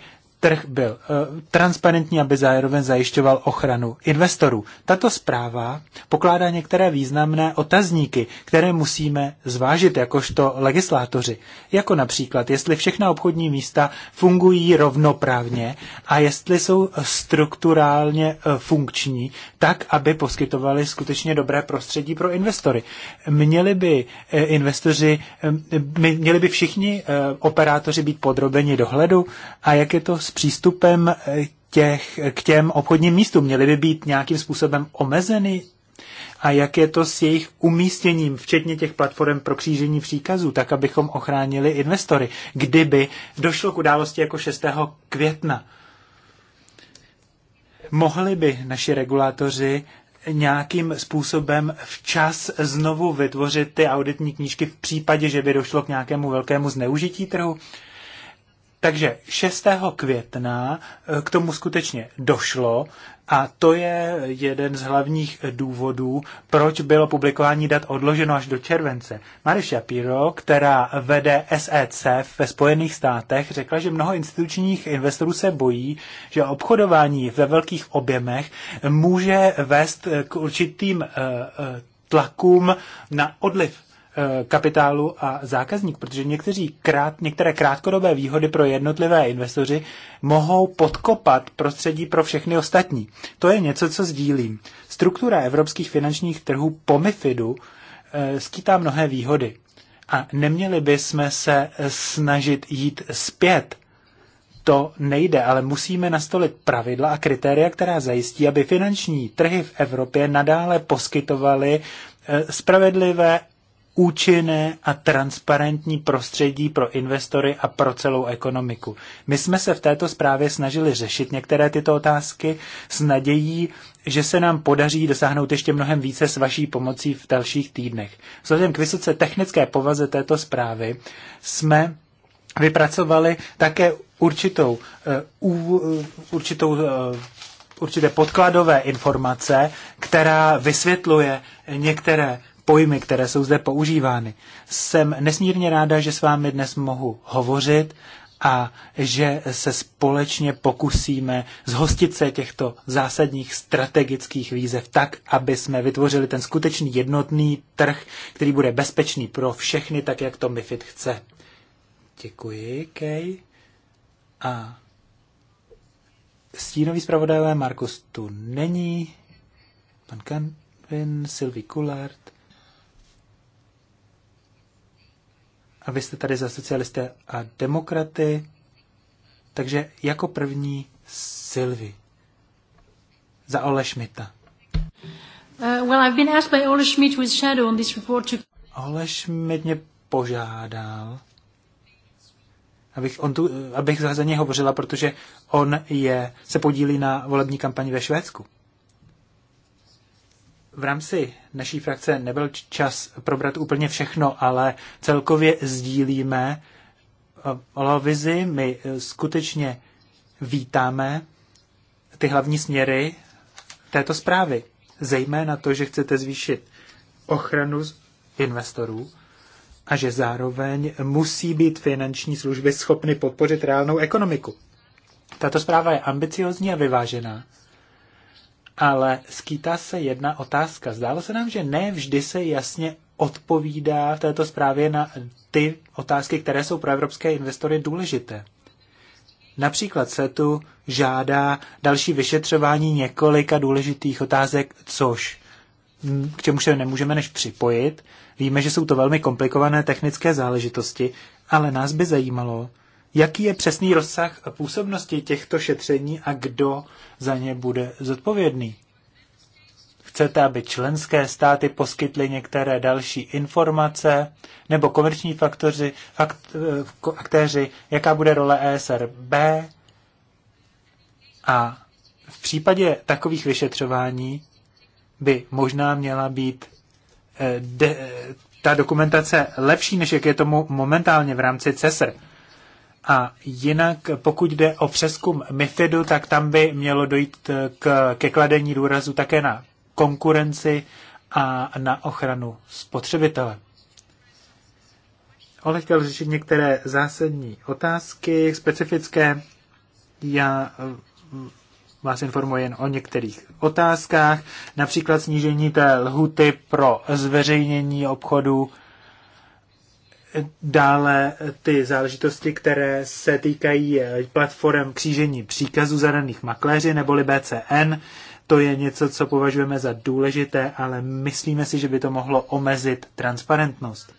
trh byl eh, transparentní, aby zároveň zajišťoval ochranu investorů. Tato zpráva pokládá některé významné otazníky, které musíme zvážit jakožto legislátoři. Jako například, jestli všechna obchodní místa fungují rovnoprávně a jestli jsou strukturálně eh, funkční, tak, aby poskytovali skutečně dobré prostředí pro investory. Měli by eh, investoři, měli by všichni operátoři být podrobeni dohledu a jak je to s přístupem eh, těch, k těm obchodním místům? Měly by být nějakým způsobem omezeny? A jak je to s jejich umístěním, včetně těch platform pro křížení příkazů, tak abychom ochránili investory, kdyby došlo k události jako 6. května? Mohli by naši regulátoři nějakým způsobem včas znovu vytvořit ty auditní knížky v případě, že by došlo k nějakému velkému zneužití trhu? Takže 6. května eh, k tomu skutečně došlo a to je jeden z hlavních důvodů, proč bylo publikování dat odloženo až do července. Mary Shapiro, která vede SEC ve Spojených státech, řekla, že mnoho institučních investorů se bojí, že obchodování ve velkých objemech může vést k určitým eh, eh, tlakům na odliv Eh, kapitálu a zákazník, protože někteří krát, některé krátkodobé výhody pro jednotlivé investoři mohou podkopat prostředí pro všechny ostatní. To je něco, co sdílím. Struktura evropských finančních trhů po MIFIDu eh, skýtá mnohé výhody. A neměli bychom se snažit jít zpět. To nejde, ale musíme nastolit pravidla a kritéria, která zajistí, aby finanční trhy v Evropě nadále poskytovaly eh, spravedlivé účinné a transparentní prostředí pro investory a pro celou ekonomiku. My jsme se v této zprávě snažili řešit některé tyto otázky s nadějí, že se nám podaří dosáhnout ještě mnohem více s vaší pomocí v dalších týdnech. Vzhledem k vysoce technické povaze této zprávy jsme vypracovali také určitou, uh, určitou uh, určité podkladové informace, která vysvětluje některé pojmy, které jsou zde používány. Jsem nesmírně ráda, že s vámi dnes mohu hovořit a že se společně pokusíme zhostit se těchto zásadních strategických výzev tak, aby jsme vytvořili ten skutečný jednotný trh, který bude bezpečný pro všechny, tak jak to MIFID chce. Děkuji, Kej. A stínový zpravodajové Markus tu není, pan Kanvin, Sylvie Coulard, a vy jste tady za socialisté a demokraty, takže jako první Silvi za Ole Schmidta. Uh, well, I've been asked by Ole Schmidt, shadow on this report, to... Ole Schmidt mě požádal, abych, on tu, abych za něj hovořila, protože on je, se podílí na volební kampani ve Švédsku v rámci naší frakce nebyl čas probrat úplně všechno, ale celkově sdílíme eh, vizi. My eh, skutečně vítáme ty hlavní směry této zprávy. Zejména to, že chcete zvýšit ochranu investorů a že zároveň musí být finanční služby schopny podpořit reálnou ekonomiku. Tato zpráva je ambiciozní a vyvážená ale skýtá se jedna otázka. Zdálo se nám, že ne vždy se jasně odpovídá v této zprávě na ty otázky, které jsou pro evropské investory důležité. Například se tu žádá další vyšetřování několika důležitých otázek, což mm, k čemu se nemůžeme než připojit. Víme, že jsou to velmi komplikované technické záležitosti, ale nás by zajímalo, Jaký je přesný rozsah působnosti těchto šetření a kdo za ně bude zodpovědný? Chcete, aby členské státy poskytly některé další informace nebo komerční faktoři, fakt, eh, aktéři, jaká bude role ESRB? A v případě takových vyšetřování by možná měla být eh, de, eh, ta dokumentace lepší, než jak je tomu momentálně v rámci CESR. A jinak, pokud jde o přeskum MIFIDu, tak tam by mělo dojít k, ke kladení důrazu také na konkurenci a na ochranu spotřebitele. Ale chtěl řešit některé zásadní otázky, specifické. Já mm, vás informuji jen o některých otázkách, například snížení té lhuty pro zveřejnění obchodu dále ty záležitosti, které se týkají eh, platform křížení příkazů zadaných makléři neboli BCN. To je něco, co považujeme za důležité, ale myslíme si, že by to mohlo omezit transparentnost.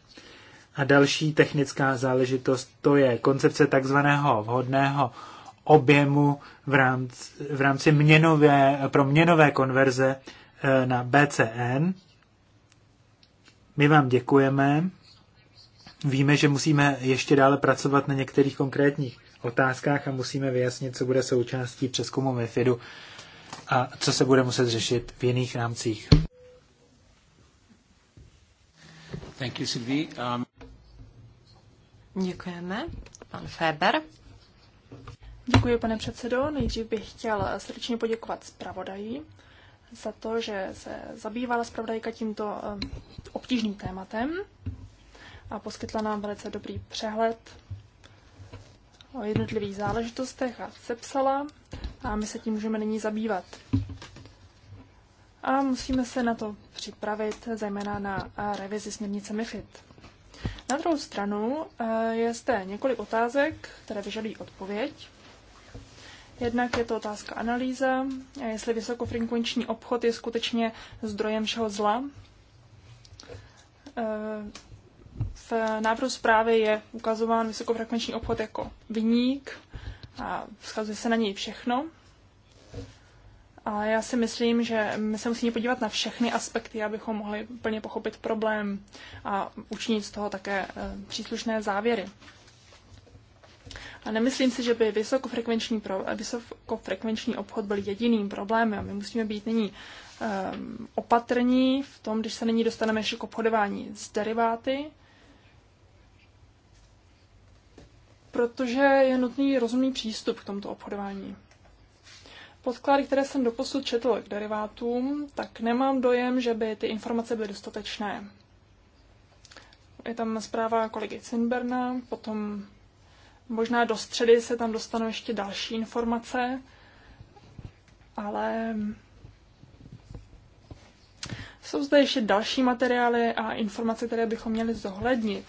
A další technická záležitost, to je koncepce takzvaného vhodného objemu v rámci, v rámci měnové, pro měnové konverze eh, na BCN. My vám děkujeme Víme, že musíme ještě dále pracovat na některých konkrétních otázkách a musíme vyjasnit, co bude součástí přeskumu MIFIDu a co se bude muset řešit v jiných rámcích. Thank you, Um... Děkujeme. Pan Feber. Děkuji, pane předsedo. Nejdřív bych chtěl srdečně poděkovat zpravodají za to, že se zabývala zpravodajka tímto eh, obtížným tématem a poskytla nám velice dobrý přehled o jednotlivých záležitostech a sepsala a my se tím můžeme nyní zabývat. A musíme se na to připravit, zejména na revizi směrnice MIFID. Na druhou stranu eh, je zde několik otázek, které vyžadují odpověď. Jednak je to otázka analýza, eh, jestli vysokofrekvenční obchod je skutečně zdrojem všeho zla. Eh, v návrhu zprávy je ukazován vysokofrekvenční obchod jako vyník a vzkazuje se na něj všechno. A já si myslím, že my se musíme podívat na všechny aspekty, abychom mohli plně pochopit problém a učinit z toho také eh, příslušné závěry. A nemyslím si, že by vysokofrekvenční, pro, vysokofrekvenční obchod byl jediným problémem. My musíme být nyní um, opatrní v tom, když se nyní dostaneme ještě k obchodování s deriváty, protože je nutný rozumný přístup k tomto obchodování. Podklady, které jsem doposud četl k derivátům, tak nemám dojem, že by ty informace byly dostatečné. Je tam zpráva kolegy Cinberna, potom možná do středy se tam dostanou ještě další informace, ale jsou zde ještě další materiály a informace, které bychom měli zohlednit.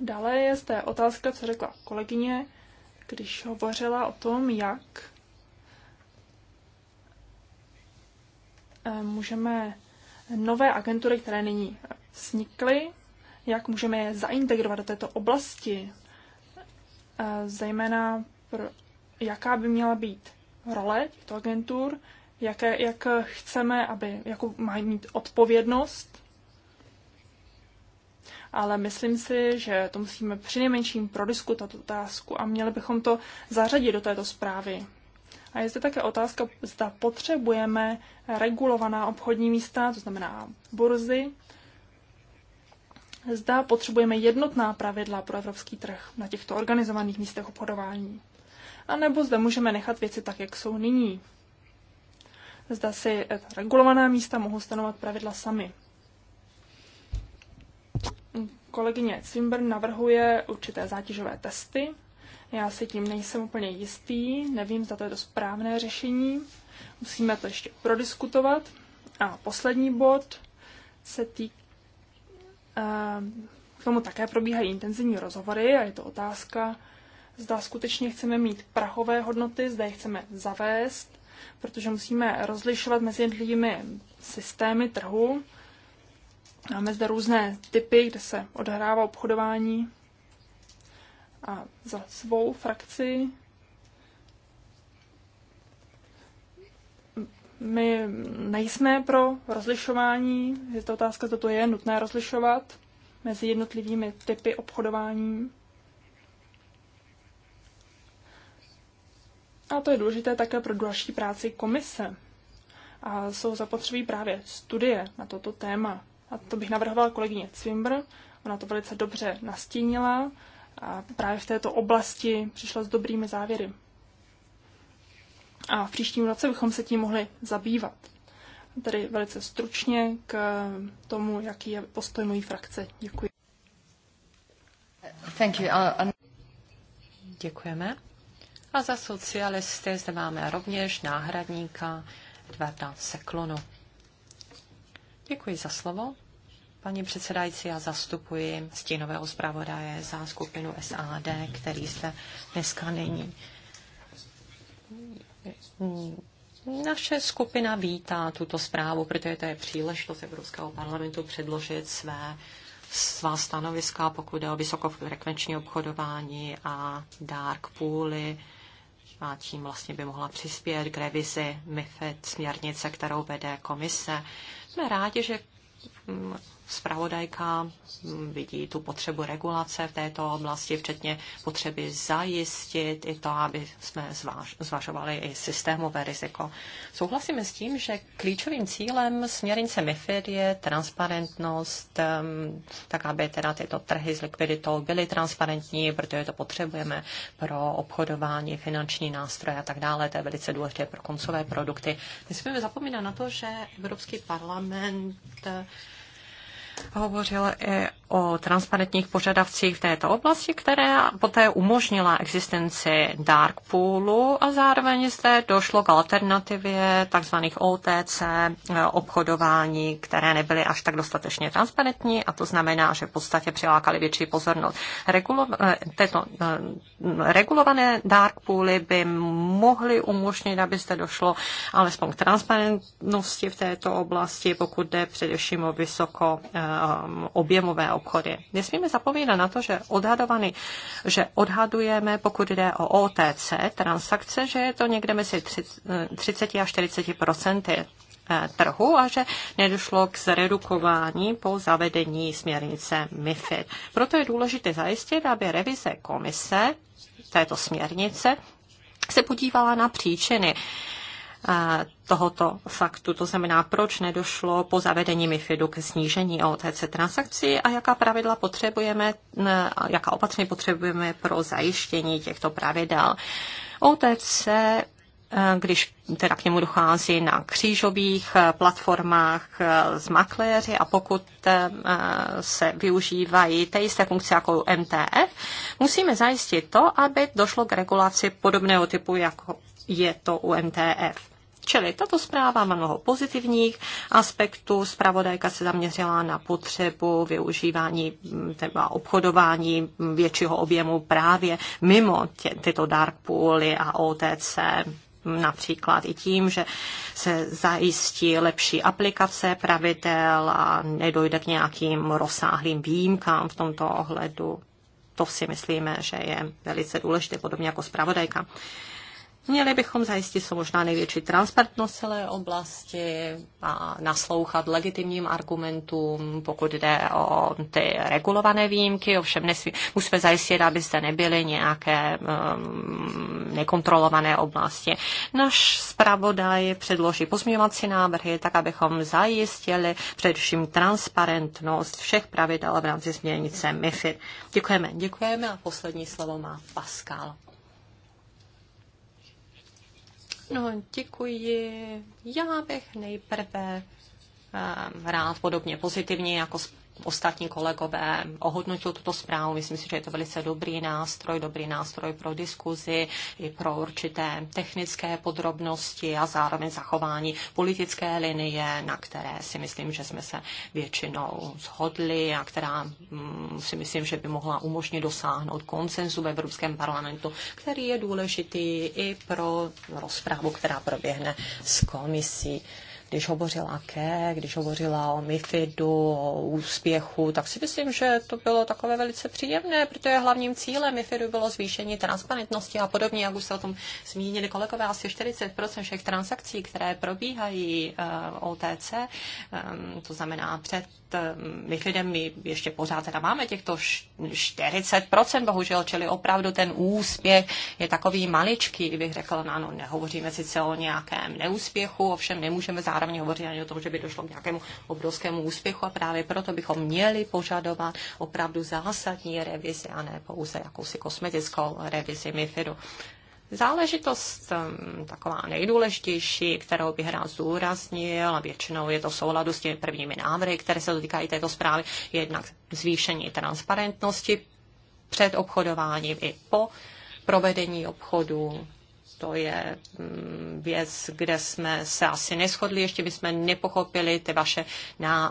Dále je zde otázka, co řekla kolegyně, když hovořila o tom, jak eh, můžeme nové agentury, které nyní vznikly, jak můžeme je zaintegrovat do této oblasti, eh, zejména pro, jaká by měla být role těchto agentur, jaké, jak chceme, aby, jakou mají mít odpovědnost ale myslím si, že to musíme přinejmenším prodiskutovat otázku a měli bychom to zařadit do této zprávy. A je zde také otázka, zda potřebujeme regulovaná obchodní místa, to znamená burzy, zda potřebujeme jednotná pravidla pro evropský trh na těchto organizovaných místech obchodování. A nebo zda můžeme nechat věci tak, jak jsou nyní. Zda si regulovaná místa mohou stanovat pravidla sami kolegyně Cimbrn navrhuje určité zátěžové testy. Já si tím nejsem úplně jistý, nevím, zda to je to správné řešení. Musíme to ještě prodiskutovat. A poslední bod se týká. Eh, k tomu také probíhají intenzivní rozhovory a je to otázka, zda skutečně chceme mít prahové hodnoty, zda je chceme zavést, protože musíme rozlišovat mezi jednotlivými systémy trhu Máme zde různé typy, kde se odhrává obchodování a za svou frakci my nejsme pro rozlišování. Je to otázka, zda to je nutné rozlišovat mezi jednotlivými typy obchodování. A to je důležité také pro další práci komise. A jsou zapotřebí právě studie na toto téma a to bych navrhovala kolegyně Cvimbr, ona to velice dobře nastínila a právě v této oblasti přišla s dobrými závěry. A v příštím roce bychom se tím mohli zabývat. Tedy velice stručně k tomu, jaký je postoj mojí frakce. Děkuji. Thank you. Děkujeme. A za socialisty zde máme rovněž náhradníka Edvarda Seklonu. Děkuji za slovo. Paní předsedající, já zastupuji stínového zpravodaje za skupinu SAD, který zde dneska není. Naše skupina vítá tuto zprávu, protože to je příležitost Evropského parlamentu předložit své svá stanoviska, pokud jde o vysokofrekvenční obchodování a dark pooly a tím vlastně by mohla přispět k revizi MIFID směrnice, kterou vede komise. Jsme rádi, že zpravodajka vidí tu potřebu regulace v této oblasti, včetně potřeby zajistit i to, aby jsme zvaž, zvažovali i systémové riziko. Souhlasíme s tím, že klíčovým cílem směrnice MIFID je transparentnost, tak aby teda tyto trhy s likviditou byly transparentní, protože to potřebujeme pro obchodování, finanční nástroje a tak dále. To je velice důležité pro koncové produkty. Nesmíme zapomínat na to, že Evropský parlament hovořil i o transparentních požadavcích v této oblasti, které poté umožnila existenci dark poolu a zároveň zde došlo k alternativě tzv. OTC eh, obchodování, které nebyly až tak dostatečně transparentní a to znamená, že v podstatě přilákali větší pozornost. Regulo, eh, této, eh, regulované dark pooly by mohly umožnit, aby zde došlo alespoň k transparentnosti v této oblasti, pokud jde především o vysoko Eh, objemové obchody. Nesmíme zapomínat na to, že odhadovaný, že odhadujeme, pokud jde o OTC transakce, že je to někde mezi 30 a 40 procenty eh, trhu a že nedošlo k zredukování po zavedení směrnice MIFID. Proto je důležité zajistit, aby revize komise této směrnice se podívala na příčiny tohoto faktu. To znamená, proč nedošlo po zavedení MIFIDu ke snížení OTC transakcí a jaká pravidla potřebujeme, jaká opatření potřebujeme pro zajištění těchto pravidel. OTC e, když teda k němu dochází na křížových e, platformách e, s makléři a pokud se využívají té jisté funkce jako MTF, musíme zajistit to, aby došlo k regulaci podobného typu, jako je to u MTF. Čili tato zpráva má mnoho pozitivních aspektů. Spravodajka se zaměřila na potřebu využívání třeba obchodování většího objemu právě mimo tě, tyto dark pooly a OTC například i tím, že se zajistí lepší aplikace pravidel a nedojde k nějakým rozsáhlým výjimkám v tomto ohledu. To si myslíme, že je velice důležité, podobně jako zpravodajka. Měli bychom zajistit co možná největší transparentnost celé oblasti a naslouchat legitimním argumentům, pokud jde o ty regulované výjimky. Ovšem nesmí, musíme zajistit, aby zde nebyly nějaké um, nekontrolované oblasti. Náš zpravodaj předloží pozměňovací návrhy, tak abychom zajistili především transparentnost všech pravidel v rámci směrnice MIFID. Děkujeme. Děkujeme a poslední slovo má Pascal. No, děkuji. Já bych nejprve eh, rád podobně pozitivně jako ostatní kolegové ohodnotil tuto zprávu. Myslím si, že je to velice dobrý nástroj, dobrý nástroj pro diskuzi i pro určité technické podrobnosti a zároveň zachování politické linie, na které si myslím, že jsme se většinou shodli a která mm, si myslím, že by mohla umožnit dosáhnout konsenzu ve Evropském parlamentu, který je důležitý i pro rozprávu, která proběhne s komisí když hovořila Ke, když hovořila o MIFIDu, o úspěchu, tak si myslím, že to bylo takové velice příjemné, protože hlavním cílem MIFIDu bylo zvýšení transparentnosti a podobně, jak už se o tom zmínili kolegové, asi 40% všech transakcí, které probíhají uh, eh, OTC, um, eh, to znamená před eh, MIFIDem my ještě pořád teda máme těchto 40%, bohužel, čili opravdu ten úspěch je takový maličký, bych řekl, no, no nehovoříme sice o nějakém neúspěchu, ovšem nemůžeme zároveň zároveň hovoří ani o tom, že by došlo k nějakému obrovskému úspěchu a právě proto bychom měli požadovat opravdu zásadní revizi a ne pouze jakousi kosmetickou revizi MIFIDu. Záležitost taková nejdůležitější, kterou bych rád zdůraznil, a většinou je to v souladu s těmi prvními návrhy, které se dotýkají této zprávy, je jednak zvýšení transparentnosti před obchodováním i po provedení obchodu, to je mm, věc, kde jsme se asi neschodli, ještě bychom nepochopili ty vaše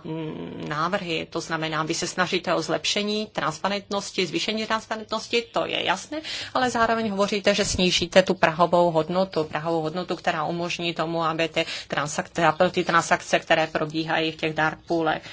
mm, návrhy. To znamená, vy se snažíte o zlepšení transparentnosti, zvýšení transparentnosti, to je jasné, ale zároveň hovoříte, že snížíte tu prahovou hodnotu, prahovou hodnotu, která umožní tomu, aby ty transakce, ty transakce, které probíhají v těch dark poolech,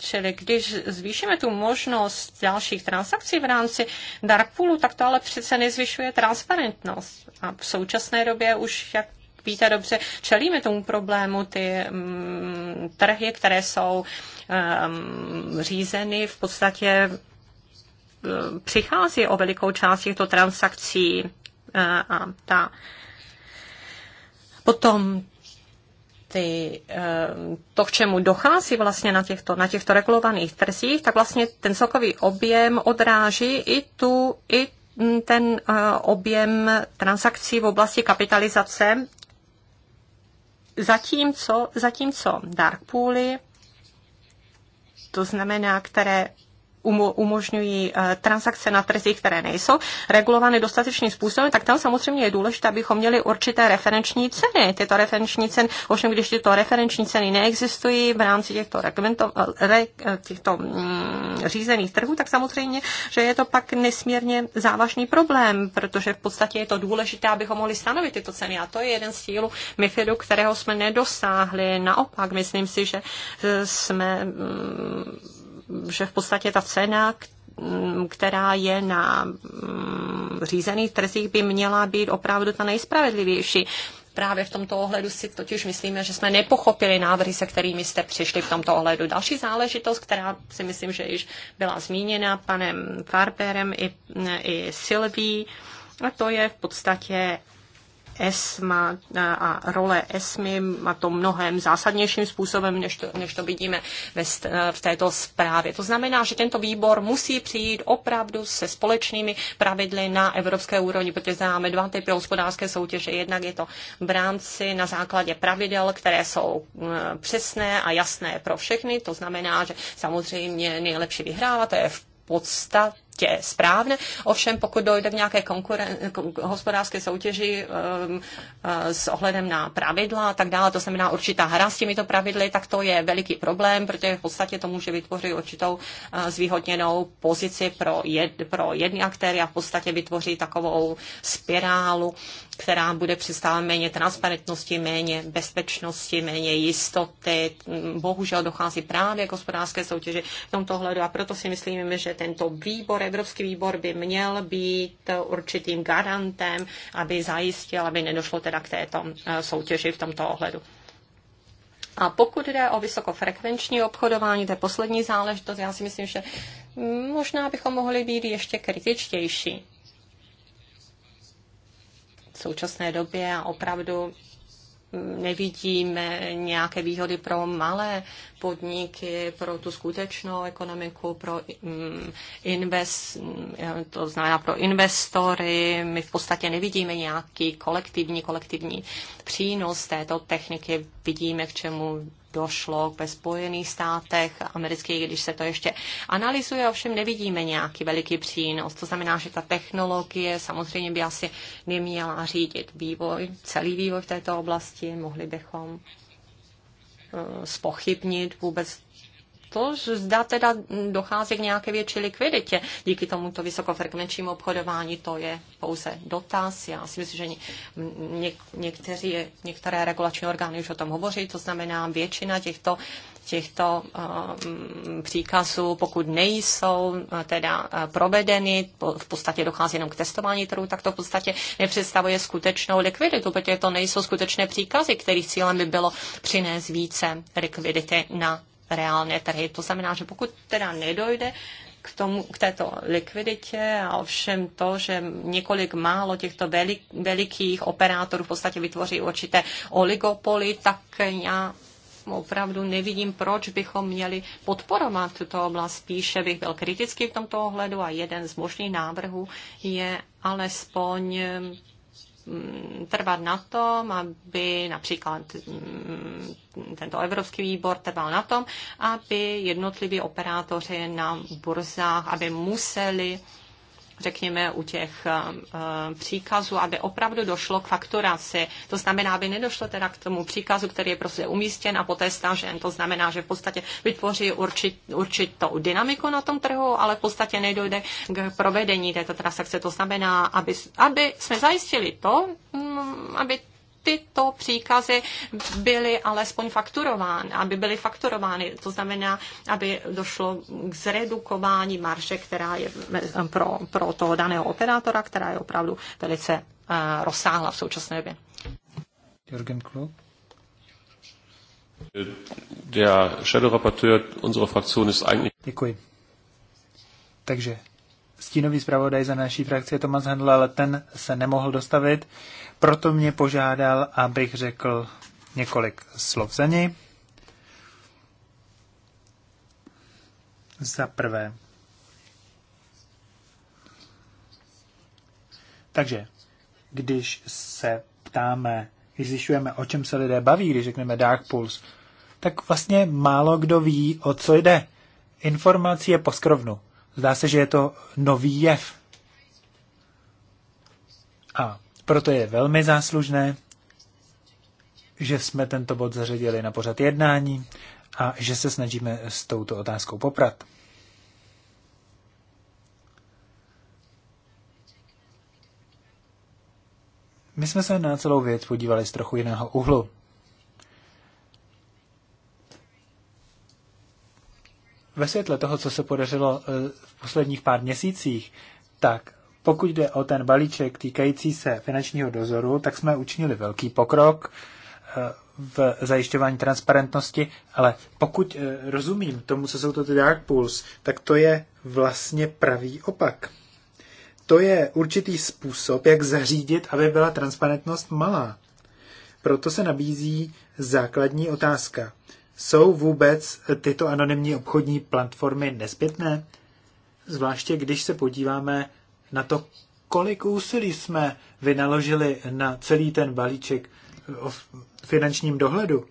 Čili když zvýšíme tu možnost dalších transakcí v rámci dark poolu, tak to ale přece nezvyšuje transparentnost. A v současné době už, jak víte dobře, čelíme tomu problému, ty mm, trhy, které jsou mm, řízeny v podstatě e, přichází o velikou část těchto transakcí e, a ta potom ty, eh, to, k čemu dochází vlastně na těchto, na těchto regulovaných trzích, tak vlastně ten celkový objem odráží i tu, i ten eh, objem transakcí v oblasti kapitalizace, zatímco, zatímco dark pooly, to znamená, které umožňují eh, transakce na trzích, které nejsou regulovány dostatečným způsobem, tak tam samozřejmě je důležité, abychom měli určité referenční ceny. Tyto referenční ceny, ovšem když tyto referenční ceny neexistují v rámci těchto, těchto mm, řízených trhů, tak samozřejmě, že je to pak nesmírně závažný problém, protože v podstatě je to důležité, abychom mohli stanovit tyto ceny. A to je jeden z cílů MIFIDu, kterého jsme nedosáhli. Naopak, myslím si, že eh, jsme mm, že v podstatě ta cena, která je na mm, řízených trzích, by měla být opravdu ta nejspravedlivější. Právě v tomto ohledu si totiž myslíme, že jsme nepochopili návrhy, se kterými jste přišli v tomto ohledu. Další záležitost, která si myslím, že již byla zmíněna panem Farberem i, i Silví, a to je v podstatě ESMA a role ESMI a to mnohem zásadnějším způsobem, než to, než to vidíme ve, eh, v této zprávě. To znamená, že tento výbor musí přijít opravdu se společnými pravidly na evropské úrovni, protože známe dva typy hospodářské soutěže. Jednak je to v rámci na základě pravidel, které jsou eh, přesné a jasné pro všechny. To znamená, že samozřejmě nejlepší vyhrává, to je v podstatě jistě správné, ovšem pokud dojde k nějaké konkuren- hospodářské soutěži um, uh, s ohledem na pravidla a tak dále, to znamená určitá hra s těmito pravidly, tak to je veliký problém, protože v podstatě to může vytvořit určitou uh, zvýhodněnou pozici pro, jed, pro jedny aktéry a v podstatě vytvoří takovou spirálu, která bude přistávat méně transparentnosti, méně bezpečnosti, méně jistoty. Bohužel dochází právě k hospodářské soutěži v tomto hledu a proto si myslíme, že tento výbor Evropský výbor by měl být určitým garantem, aby zajistil, aby nedošlo teda k této eh, soutěži v tomto ohledu. A pokud jde o vysokofrekvenční obchodování, to je poslední záležitost, já si myslím, že možná bychom mohli být ještě kritičtější. V současné době a opravdu nevidíme nějaké výhody pro malé podniky, pro tu skutečnou ekonomiku, pro mm, invest, to znamená pro investory. My v podstatě nevidíme nějaký kolektivní, kolektivní přínos této techniky. Vidíme, k čemu došlo ve Spojených státech amerických, když se to ještě analyzuje, ovšem nevidíme nějaký veliký přínos. To znamená, že ta technologie samozřejmě by asi neměla řídit vývoj, celý vývoj v této oblasti. Mohli bychom eh, spochybnit vůbec to, že zda teda dochází k nějaké větší likviditě díky tomuto vysokofrekvenčnímu obchodování. To je pouze dotaz. Já si myslím, že něk, někteří, některé regulační orgány už o tom hovoří, to znamená většina těchto těchto um, příkazů, pokud nejsou eh, teda eh, provedeny, v podstatě dochází jenom k testování trhu, tak to v podstatě nepředstavuje skutečnou likviditu, protože to nejsou skutečné příkazy, kterých cílem by bylo přinést více likvidity na reálné trhy. To znamená, že pokud teda nedojde k, tomu, k této likviditě a ovšem to, že několik málo těchto velik, velikých operátorů v podstatě vytvoří určité oligopoly, tak já opravdu nevidím, proč bychom měli podporovat tuto oblast. Spíše bych byl kritický v tomto ohledu a jeden z možných návrhů je alespoň Mm, trvat na tom, aby například mm, tento Evropský výbor trval na tom, aby jednotliví operátoři na burzách, aby museli řekněme, u těch eh, eh, příkazů, aby opravdu došlo k fakturaci. To znamená, aby nedošlo teda k tomu příkazu, který je prostě umístěn a poté stažen. To znamená, že v podstatě vytvoří určit, určitou dynamiku na tom trhu, ale v podstatě nedojde k provedení této transakce. To znamená, aby, aby jsme zajistili to, mm, aby tyto příkazy byly alespoň fakturovány, aby byly fakturovány. To znamená, aby došlo k zredukování marže, která je pro, pro toho daného operátora, která je opravdu velice uh, eh, rozsáhla v současné době. Jürgen Klub. Der Shadow Rapporteur unserer Fraktion ist eigentlich... Děkuji. Takže stínový zpravodaj za naší frakci je Tomas Hendl, ale ten se nemohl dostavit, proto mě požádal, abych řekl několik slov za něj. Za prvé. Takže, když se ptáme, když zjišťujeme, o čem se lidé baví, když řekneme Dark Pulse, tak vlastně málo kdo ví, o co jde. Informací je poskrovnu. Zdá se, že je to nový jev. A proto je velmi záslužné, že jsme tento bod zařadili na pořad jednání a že se snažíme s touto otázkou poprat. My jsme se na celou věc podívali z trochu jiného úhlu. ve světle toho, co se podařilo eh, v posledních pár měsících, tak pokud jde o ten balíček týkající se finančního dozoru, tak jsme učinili velký pokrok eh, v zajišťování transparentnosti, ale pokud eh, rozumím tomu, co jsou to ty dark pools, tak to je vlastně pravý opak. To je určitý způsob, jak zařídit, aby byla transparentnost malá. Proto se nabízí základní otázka. Jsou vůbec tyto anonymní obchodní platformy nezbytné? Zvláště když se podíváme na to, kolik úsilí jsme vynaložili na celý ten balíček o finančním dohledu.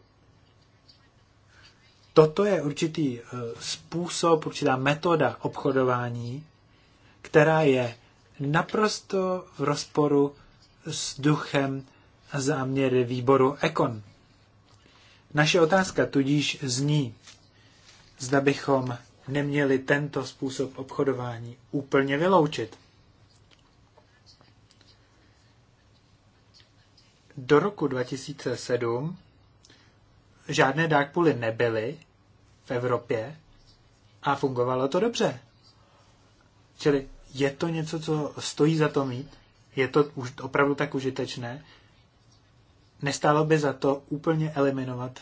Toto je určitý eh, způsob, určitá metoda obchodování, která je naprosto v rozporu s duchem a záměry výboru Ekon. Naše otázka tudíž zní, zda bychom neměli tento způsob obchodování úplně vyloučit. Do roku 2007 žádné dákpuly nebyly v Evropě a fungovalo to dobře. Čili je to něco, co stojí za to mít? Je to už opravdu tak užitečné? Nestálo by za to úplně eliminovat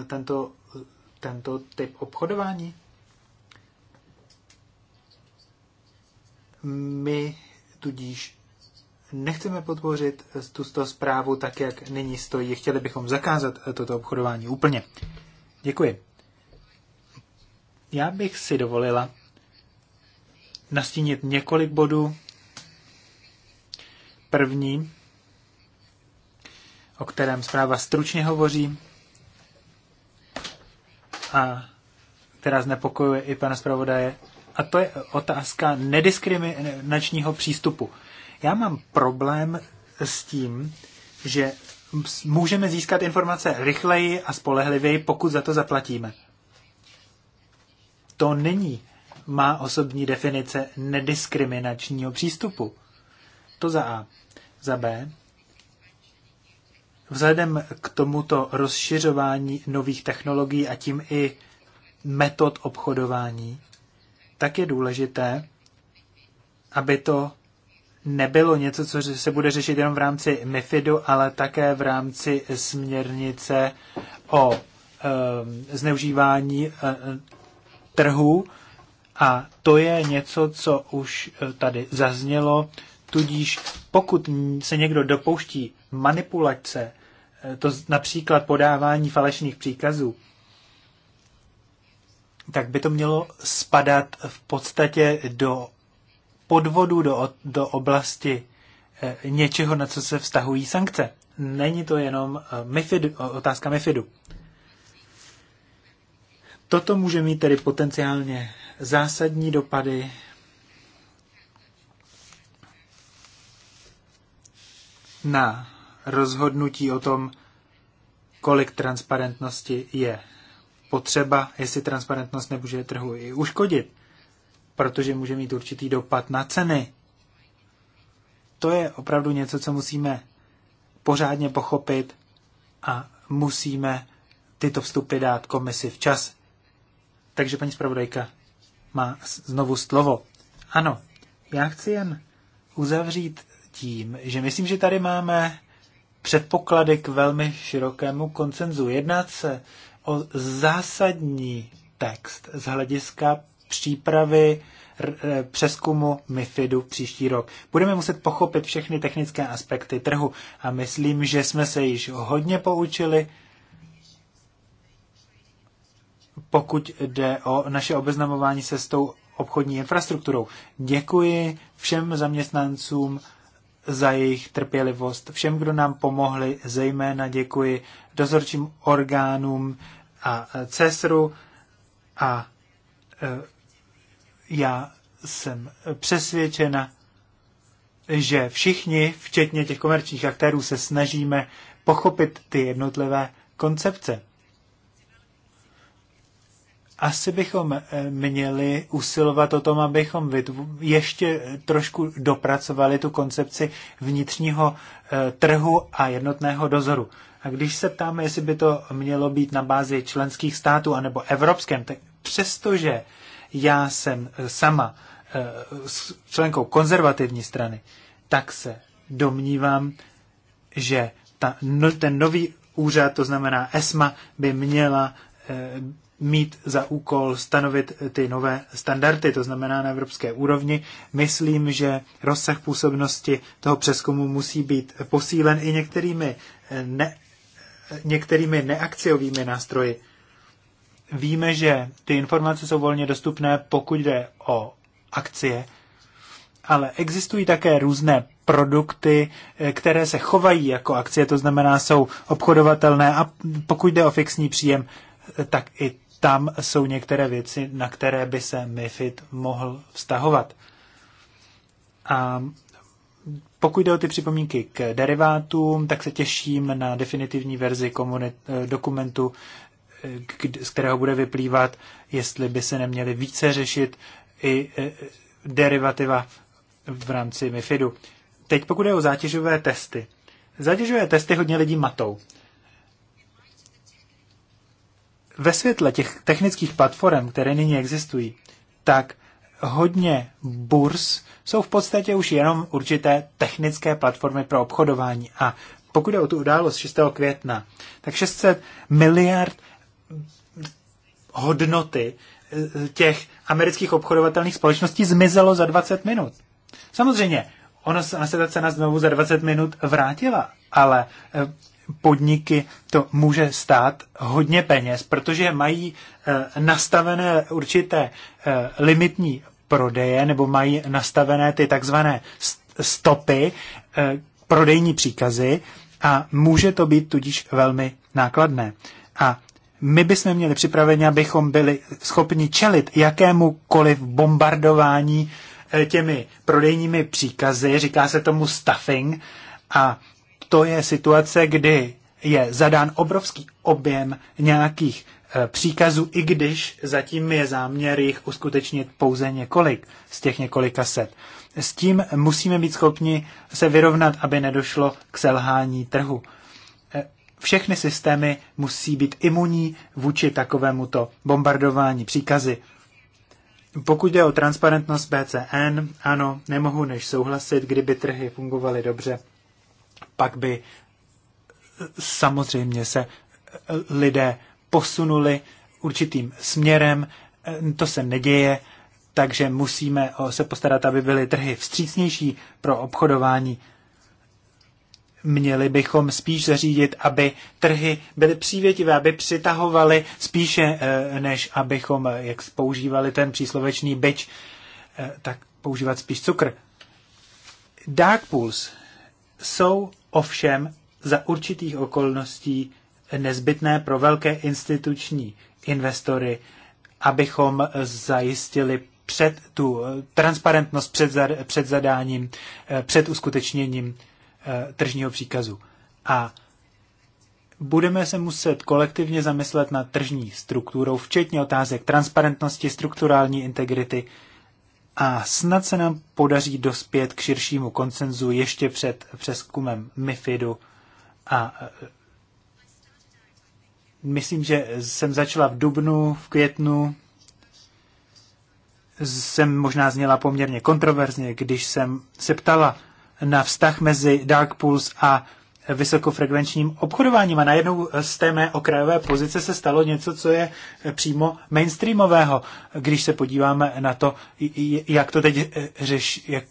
eh, tento, eh, tento typ obchodování? My tudíž nechceme podpořit eh, tuto zprávu tak, jak nyní stojí. Chtěli bychom zakázat toto obchodování úplně. Děkuji. Já bych si dovolila nastínit několik bodů. První o kterém zpráva stručně hovoří a která znepokojuje i pana zpravodaje, a to je otázka nediskriminačního přístupu. Já mám problém s tím, že můžeme získat informace rychleji a spolehlivěji, pokud za to zaplatíme. To není má osobní definice nediskriminačního přístupu. To za A. Za B. Vzhledem k tomuto rozšiřování nových technologií a tím i metod obchodování, tak je důležité, aby to nebylo něco, co se bude řešit jenom v rámci MIFIDu, ale také v rámci směrnice o ehm, e, zneužívání e, trhu. A to je něco, co už e, tady zaznělo. Tudíž pokud se někdo dopouští manipulace Eh, to například podávání falešných příkazů, tak by to mělo spadat v podstatě do podvodu, do, do oblasti eh, něčeho, na co se vztahují sankce. Není to jenom eh, MIFID, otázka MIFIDu. Toto může mít tedy potenciálně zásadní dopady na rozhodnutí o tom, kolik transparentnosti je potřeba, jestli transparentnost nemůže trhu i uškodit, protože může mít určitý dopad na ceny. To je opravdu něco, co musíme pořádně pochopit a musíme tyto vstupy dát komisi včas. Takže paní zpravodajka má znovu slovo. Ano, já chci jen uzavřít tím, že myslím, že tady máme předpoklady k velmi širokému koncenzu. Jedná se o zásadní text z hlediska přípravy e, přeskumu MIFIDu příští rok. Budeme muset pochopit všechny technické aspekty trhu a myslím, že jsme se již hodně poučili, pokud jde o naše obeznamování se s tou obchodní infrastrukturou. Děkuji všem zaměstnancům za jejich trpělivost. Všem, kdo nám pomohli, zejména děkuji dozorčím orgánům a e, CESRu a e, já jsem přesvědčena, že všichni, včetně těch komerčních aktérů, se snažíme pochopit ty jednotlivé koncepce asi bychom eh, měli usilovat o tom, abychom ještě trošku dopracovali tu koncepci vnitřního eh, trhu a jednotného dozoru. A když se ptáme, jestli by to mělo být na bázi členských států anebo evropském, tak přestože já jsem eh, sama členkou konzervativní strany, tak se domnívám, že ta, no-, ten nový úřad, to znamená ESMA, by měla mít za úkol stanovit ty nové standardy, to znamená na evropské úrovni. Myslím, že rozsah působnosti toho přeskumu musí být posílen i některými, ne, některými neakciovými nástroji. Víme, že ty informace jsou volně dostupné, pokud jde o akcie, ale existují také různé produkty, eh, které se chovají jako akcie, to znamená, jsou obchodovatelné a pokud jde o fixní příjem, eh, tak i tam jsou některé věci, na které by se MIFID mohl vztahovat. A pokud jde o ty připomínky k derivátům, tak se těším na definitivní verzi dokumentu, z kterého bude vyplývat, jestli by se neměly více řešit i e, derivativa v rámci MIFIDu. Teď pokud jde o zátěžové testy. Zátěžové testy hodně lidí matou ve světle těch technických platform, které nyní existují, tak hodně burs jsou v podstatě už jenom určité technické platformy pro obchodování. A pokud je o tu událost 6. května, tak 600 miliard hodnoty eh, těch amerických obchodovatelných společností zmizelo za 20 minut. Samozřejmě, ono, ona se ta cena znovu za 20 minut vrátila, ale eh, podniky to může stát hodně peněz, protože mají eh, nastavené určité eh, limitní prodeje nebo mají nastavené ty takzvané stopy, eh, prodejní příkazy a může to být tudíž velmi nákladné. A my bychom měli připraveni, abychom byli schopni čelit jakémukoliv bombardování těmi prodejními příkazy, říká se tomu stuffing, a to je situace, kdy je zadán obrovský objem nějakých eh, příkazů, i když zatím je záměr jich uskutečnit pouze několik z těch několika set. S tím musíme být schopni se vyrovnat, aby nedošlo k selhání trhu. Eh, všechny systémy musí být imunní vůči takovémuto bombardování příkazy. Pokud jde o transparentnost BCN, ano, nemohu než souhlasit, kdyby trhy fungovaly dobře pak by samozřejmě se lidé posunuli určitým směrem, to se neděje, takže musíme se postarat, aby byly trhy vstřícnější pro obchodování. Měli bychom spíš zařídit, aby trhy byly přívětivé, aby přitahovaly spíše, eh, než abychom, eh, jak používali ten příslovečný byč, eh, tak používat spíš cukr. Dark Pulse jsou ovšem za určitých okolností nezbytné pro velké instituční investory, abychom zajistili před tu eh, transparentnost před, za, před zadáním, eh, před uskutečněním eh, tržního příkazu. A budeme se muset kolektivně zamyslet nad tržní strukturou, včetně otázek transparentnosti, strukturální integrity a snad se nám podaří dospět k širšímu konsenzu ještě před přeskumem MIFIDu a e, myslím, že jsem začala v dubnu, v květnu, jsem možná zněla poměrně kontroverzně, když jsem se ptala na vztah mezi Dark Pulse a vysokofrekvenčním obchodováním a najednou z té mé okrajové pozice se stalo něco, co je přímo mainstreamového, když se podíváme na to, jak to teď eh, řeší, jak,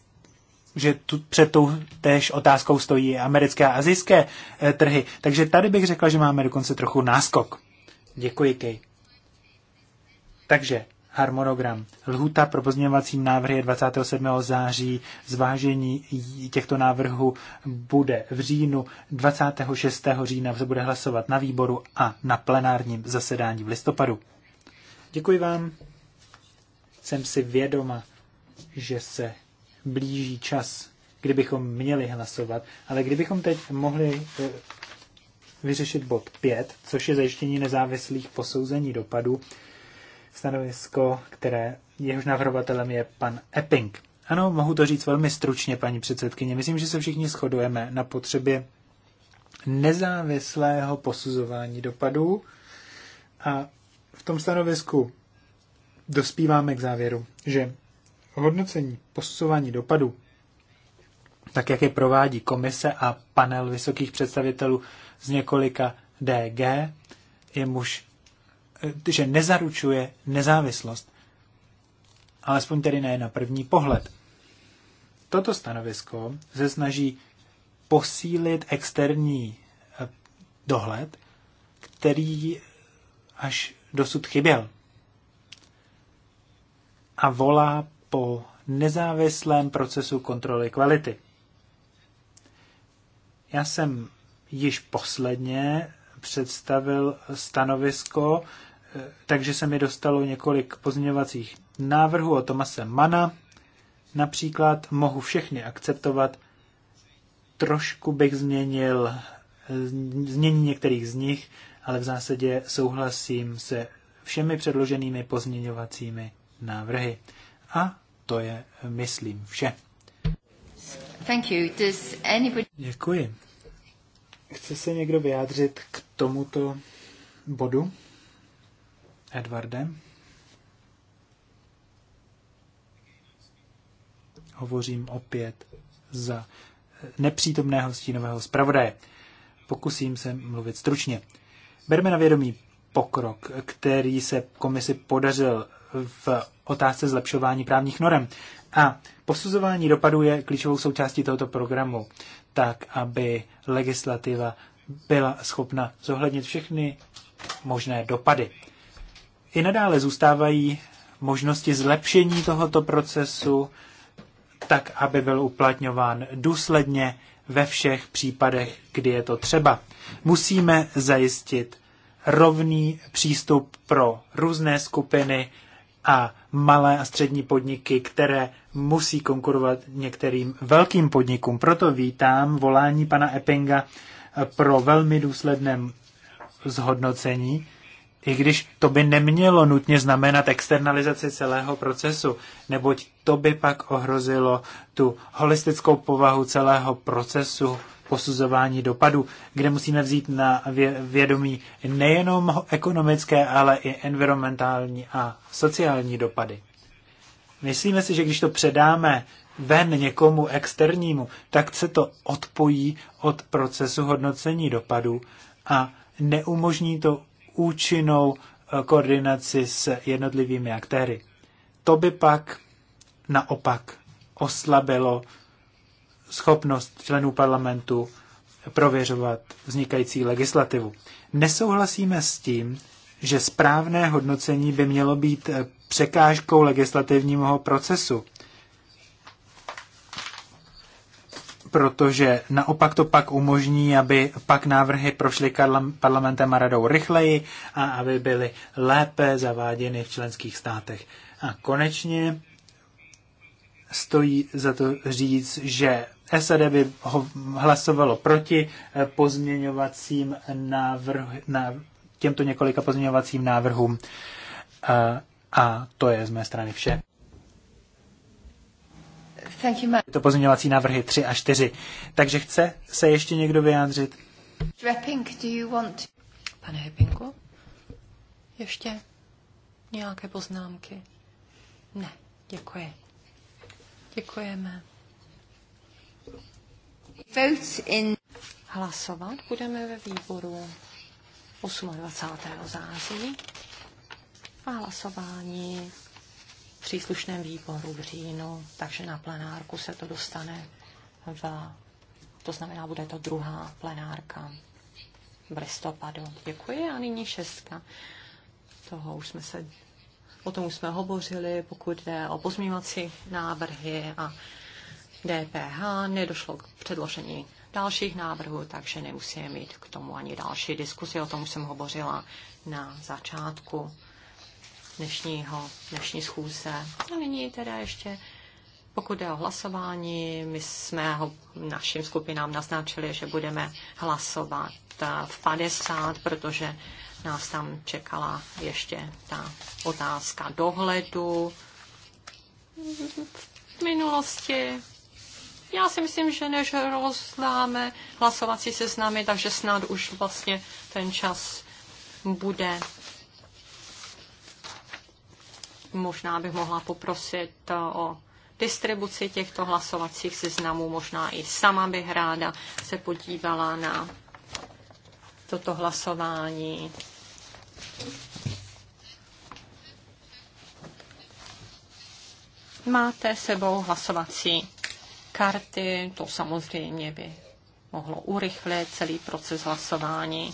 že tu, před tou též otázkou stojí americké a azijské eh, trhy. Takže tady bych řekla, že máme dokonce trochu náskok. Děkuji, Kej. Takže harmonogram. Lhuta pro pozměňovací návrhy je 27. září. Zvážení těchto návrhů bude v říjnu. 26. října se bude hlasovat na výboru a na plenárním zasedání v listopadu. Děkuji vám. Jsem si vědoma, že se blíží čas, kdybychom měli hlasovat, ale kdybychom teď mohli eh, vyřešit bod 5, což je zajištění nezávislých posouzení dopadu stanovisko, které jehož navrhovatelem je pan Epping. Ano, mohu to říct velmi stručně, paní předsedkyně. Myslím, že se všichni shodujeme na potřebě nezávislého posuzování dopadů a v tom stanovisku dospíváme k závěru, že hodnocení posuzování dopadů, tak jak je provádí komise a panel vysokých představitelů z několika DG, je muž E, že nezaručuje nezávislost. Alespoň tedy ne na první pohled. Toto stanovisko se snaží posílit externí e, dohled, který až dosud chyběl. A volá po nezávislém procesu kontroly kvality. Já jsem již posledně představil stanovisko takže se mi dostalo několik pozměňovacích návrhů o Tomase Mana. Například mohu všechny akceptovat, trošku bych změnil změní některých z nich, ale v zásadě souhlasím se všemi předloženými pozměňovacími návrhy. A to je, myslím, vše. Thank you. Does anybody... Děkuji. Chce se někdo vyjádřit k tomuto bodu? Edvarde. Hovořím opět za eh, nepřítomného stínového zpravodaje. Pokusím se mluvit stručně. Berme na vědomí pokrok, který se komisi podařil v otázce zlepšování právních norem. A posuzování dopadů je klíčovou součástí tohoto programu, tak aby legislativa byla schopna zohlednit všechny možné dopady i nadále zůstávají možnosti zlepšení tohoto procesu, tak aby byl uplatňován důsledně ve všech případech, kdy je to třeba. Musíme zajistit rovný přístup pro různé skupiny a malé a střední podniky, které musí konkurovat některým velkým podnikům. Proto vítám volání pana Eppinga pro velmi důsledné zhodnocení i když to by nemělo nutně znamenat externalizaci celého procesu, neboť to by pak ohrozilo tu holistickou povahu celého procesu posuzování dopadu, kde musíme vzít na vědomí nejenom ekonomické, ale i environmentální a sociální dopady. Myslíme si, že když to předáme ven někomu externímu, tak se to odpojí od procesu hodnocení dopadu a neumožní to účinnou eh, koordinaci s jednotlivými aktéry. To by pak naopak oslabilo schopnost členů parlamentu prověřovat vznikající legislativu. Nesouhlasíme s tím, že správné hodnocení by mělo být eh, překážkou legislativního procesu. protože naopak to pak umožní, aby pak návrhy prošly parlamentem a radou rychleji a aby byly lépe zaváděny v členských státech. A konečně stojí za to říct, že SAD by ho hlasovalo proti eh, pozměňovacím návrh, na těmto několika pozměňovacím návrhům. A, eh, a to je z mé strany vše. Thank to pozměňovací návrhy 3 a 4. Takže chce se ještě někdo vyjádřit? Repping, do you want... Pane Hepinku, ještě nějaké poznámky? Ne, děkuji. Děkujeme. Votes in... Hlasovat budeme ve výboru 28. září a hlasování příslušném výboru v říjnu, takže na plenárku se to dostane v, to znamená, bude to druhá plenárka v listopadu. Děkuji a nyní šestka. Toho už jsme se, o tom už jsme hovořili, pokud jde o pozměňovací návrhy a DPH. Nedošlo k předložení dalších návrhů, takže nemusíme mít k tomu ani další diskusi. O tom už jsem hovořila na začátku dnešního, dnešní schůze. A nyní teda ještě, pokud jde o hlasování, my jsme ho našim skupinám naznačili, že budeme hlasovat v 50, protože nás tam čekala ještě ta otázka dohledu. V minulosti já si myslím, že než rozdáme hlasovací seznamy, takže snad už vlastně ten čas bude Možná bych mohla poprosit eh, o distribuci těchto hlasovacích seznamů. Možná i sama bych ráda se podívala na toto hlasování. Máte sebou hlasovací karty, to samozřejmě by mohlo urychlit celý proces hlasování.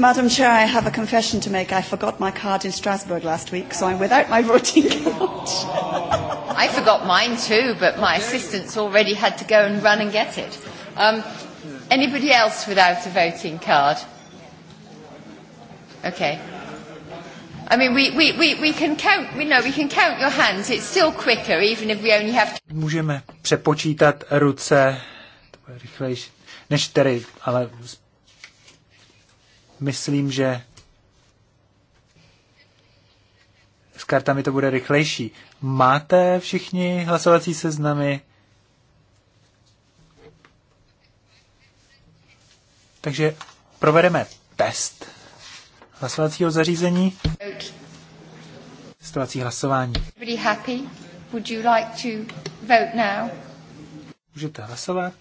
Madam Chair, I have a confession to make. I forgot my card in Strasbourg last week, so I'm without my voting card. I forgot mine too, but my assistants already had to go and run and get it. Um, anybody else without a voting card? Okay. I mean, we, we, we, we can count, we know, we can count your hands. It's still quicker, even if we only have... to... Můžeme přepočítat ruce, to bude rychlejší, než tedy, ale myslím, že s kartami to bude rychlejší. Máte všichni hlasovací seznamy? Takže provedeme test hlasovacího zařízení. Testovací hlasování. happy? Would you like to vote now? Můžete hlasovat.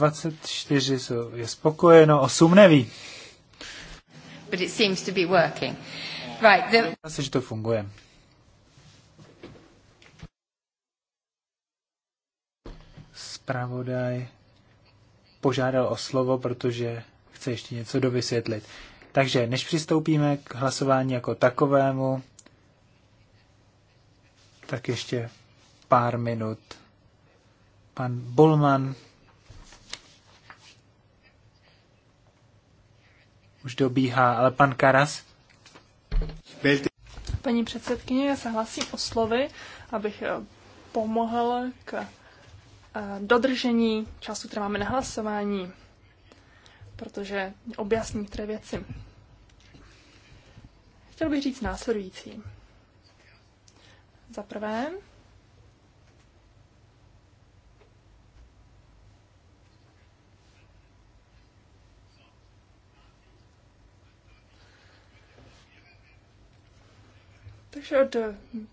24 jsou, je spokojeno, 8 neví. But it seems to be working. Right, the... Asi, že to funguje. Spravodaj požádal o slovo, protože chce ještě něco dovysvětlit. Takže než přistoupíme k hlasování jako takovému, tak ještě pár minut. Pan Bolman už dobíhá, ale pan Karas. Paní předsedkyně, já se hlasím o slovy, abych eh, pomohl k eh, dodržení času, které máme na hlasování, protože objasní které věci. Chtěl bych říct následující. Za prvé, Takže od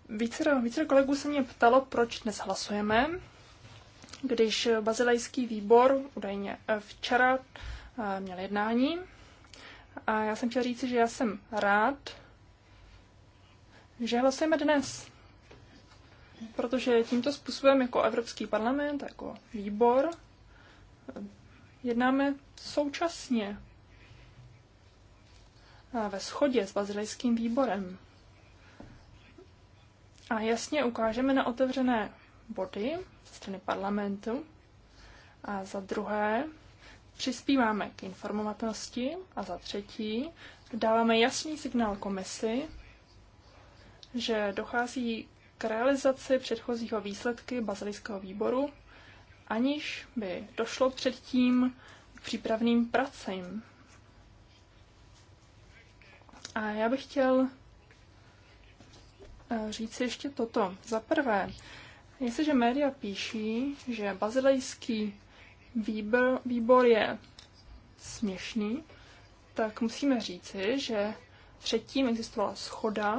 více, více kolegů se mě ptalo, proč dnes hlasujeme, když bazilejský výbor údajně eh, včera eh, měl jednání. A já jsem chtěla říct, že já jsem rád, že hlasujeme dnes. Protože tímto způsobem jako Evropský parlament, jako výbor, eh, jednáme současně ve shodě s bazilejským výborem a jasně ukážeme na otevřené body ze strany parlamentu. A za druhé, přispíváme k informovatnosti. A za třetí, dáváme jasný signál komisi, že dochází k realizaci předchozího výsledky bazilického výboru, aniž by došlo předtím k přípravným pracím. A já bych chtěl Eh, říci ještě toto. Za prvé, jestliže média píší, že bazilejský výbor, výbor je směšný, tak musíme říci, že předtím existovala schoda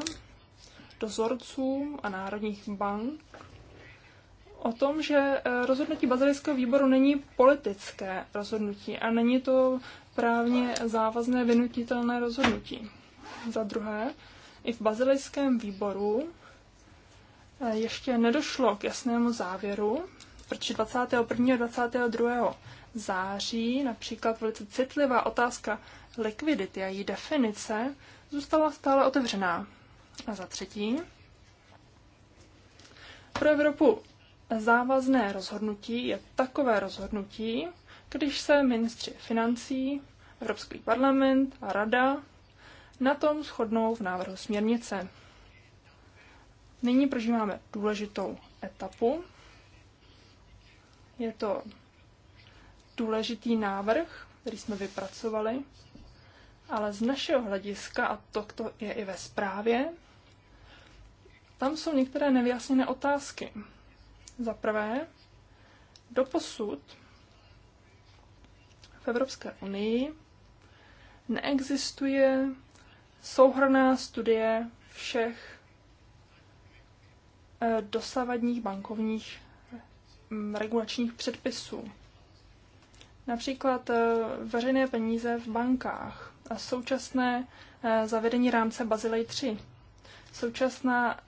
dozorců a národních bank o tom, že eh, rozhodnutí bazilejského výboru není politické rozhodnutí a není to právně závazné vynutitelné rozhodnutí. Za druhé, i v bazilejském výboru eh, ještě nedošlo k jasnému závěru, protože 21. a 22. září například velice citlivá otázka likvidity a její definice zůstala stále otevřená. A za třetí, pro Evropu závazné rozhodnutí je takové rozhodnutí, když se ministři financí, Evropský parlament a rada na tom shodnou v návrhu směrnice. Nyní prožíváme důležitou etapu. Je to důležitý návrh, který jsme vypracovali, ale z našeho hlediska, a to, to je i ve zprávě, tam jsou některé nevyjasněné otázky. Za prvé, doposud v Evropské unii neexistuje souhrná studie všech eh, dosavadních bankovních mm, regulačních předpisů. Například eh, veřejné peníze v bankách a současné eh, zavedení rámce Bazilej 3. Současná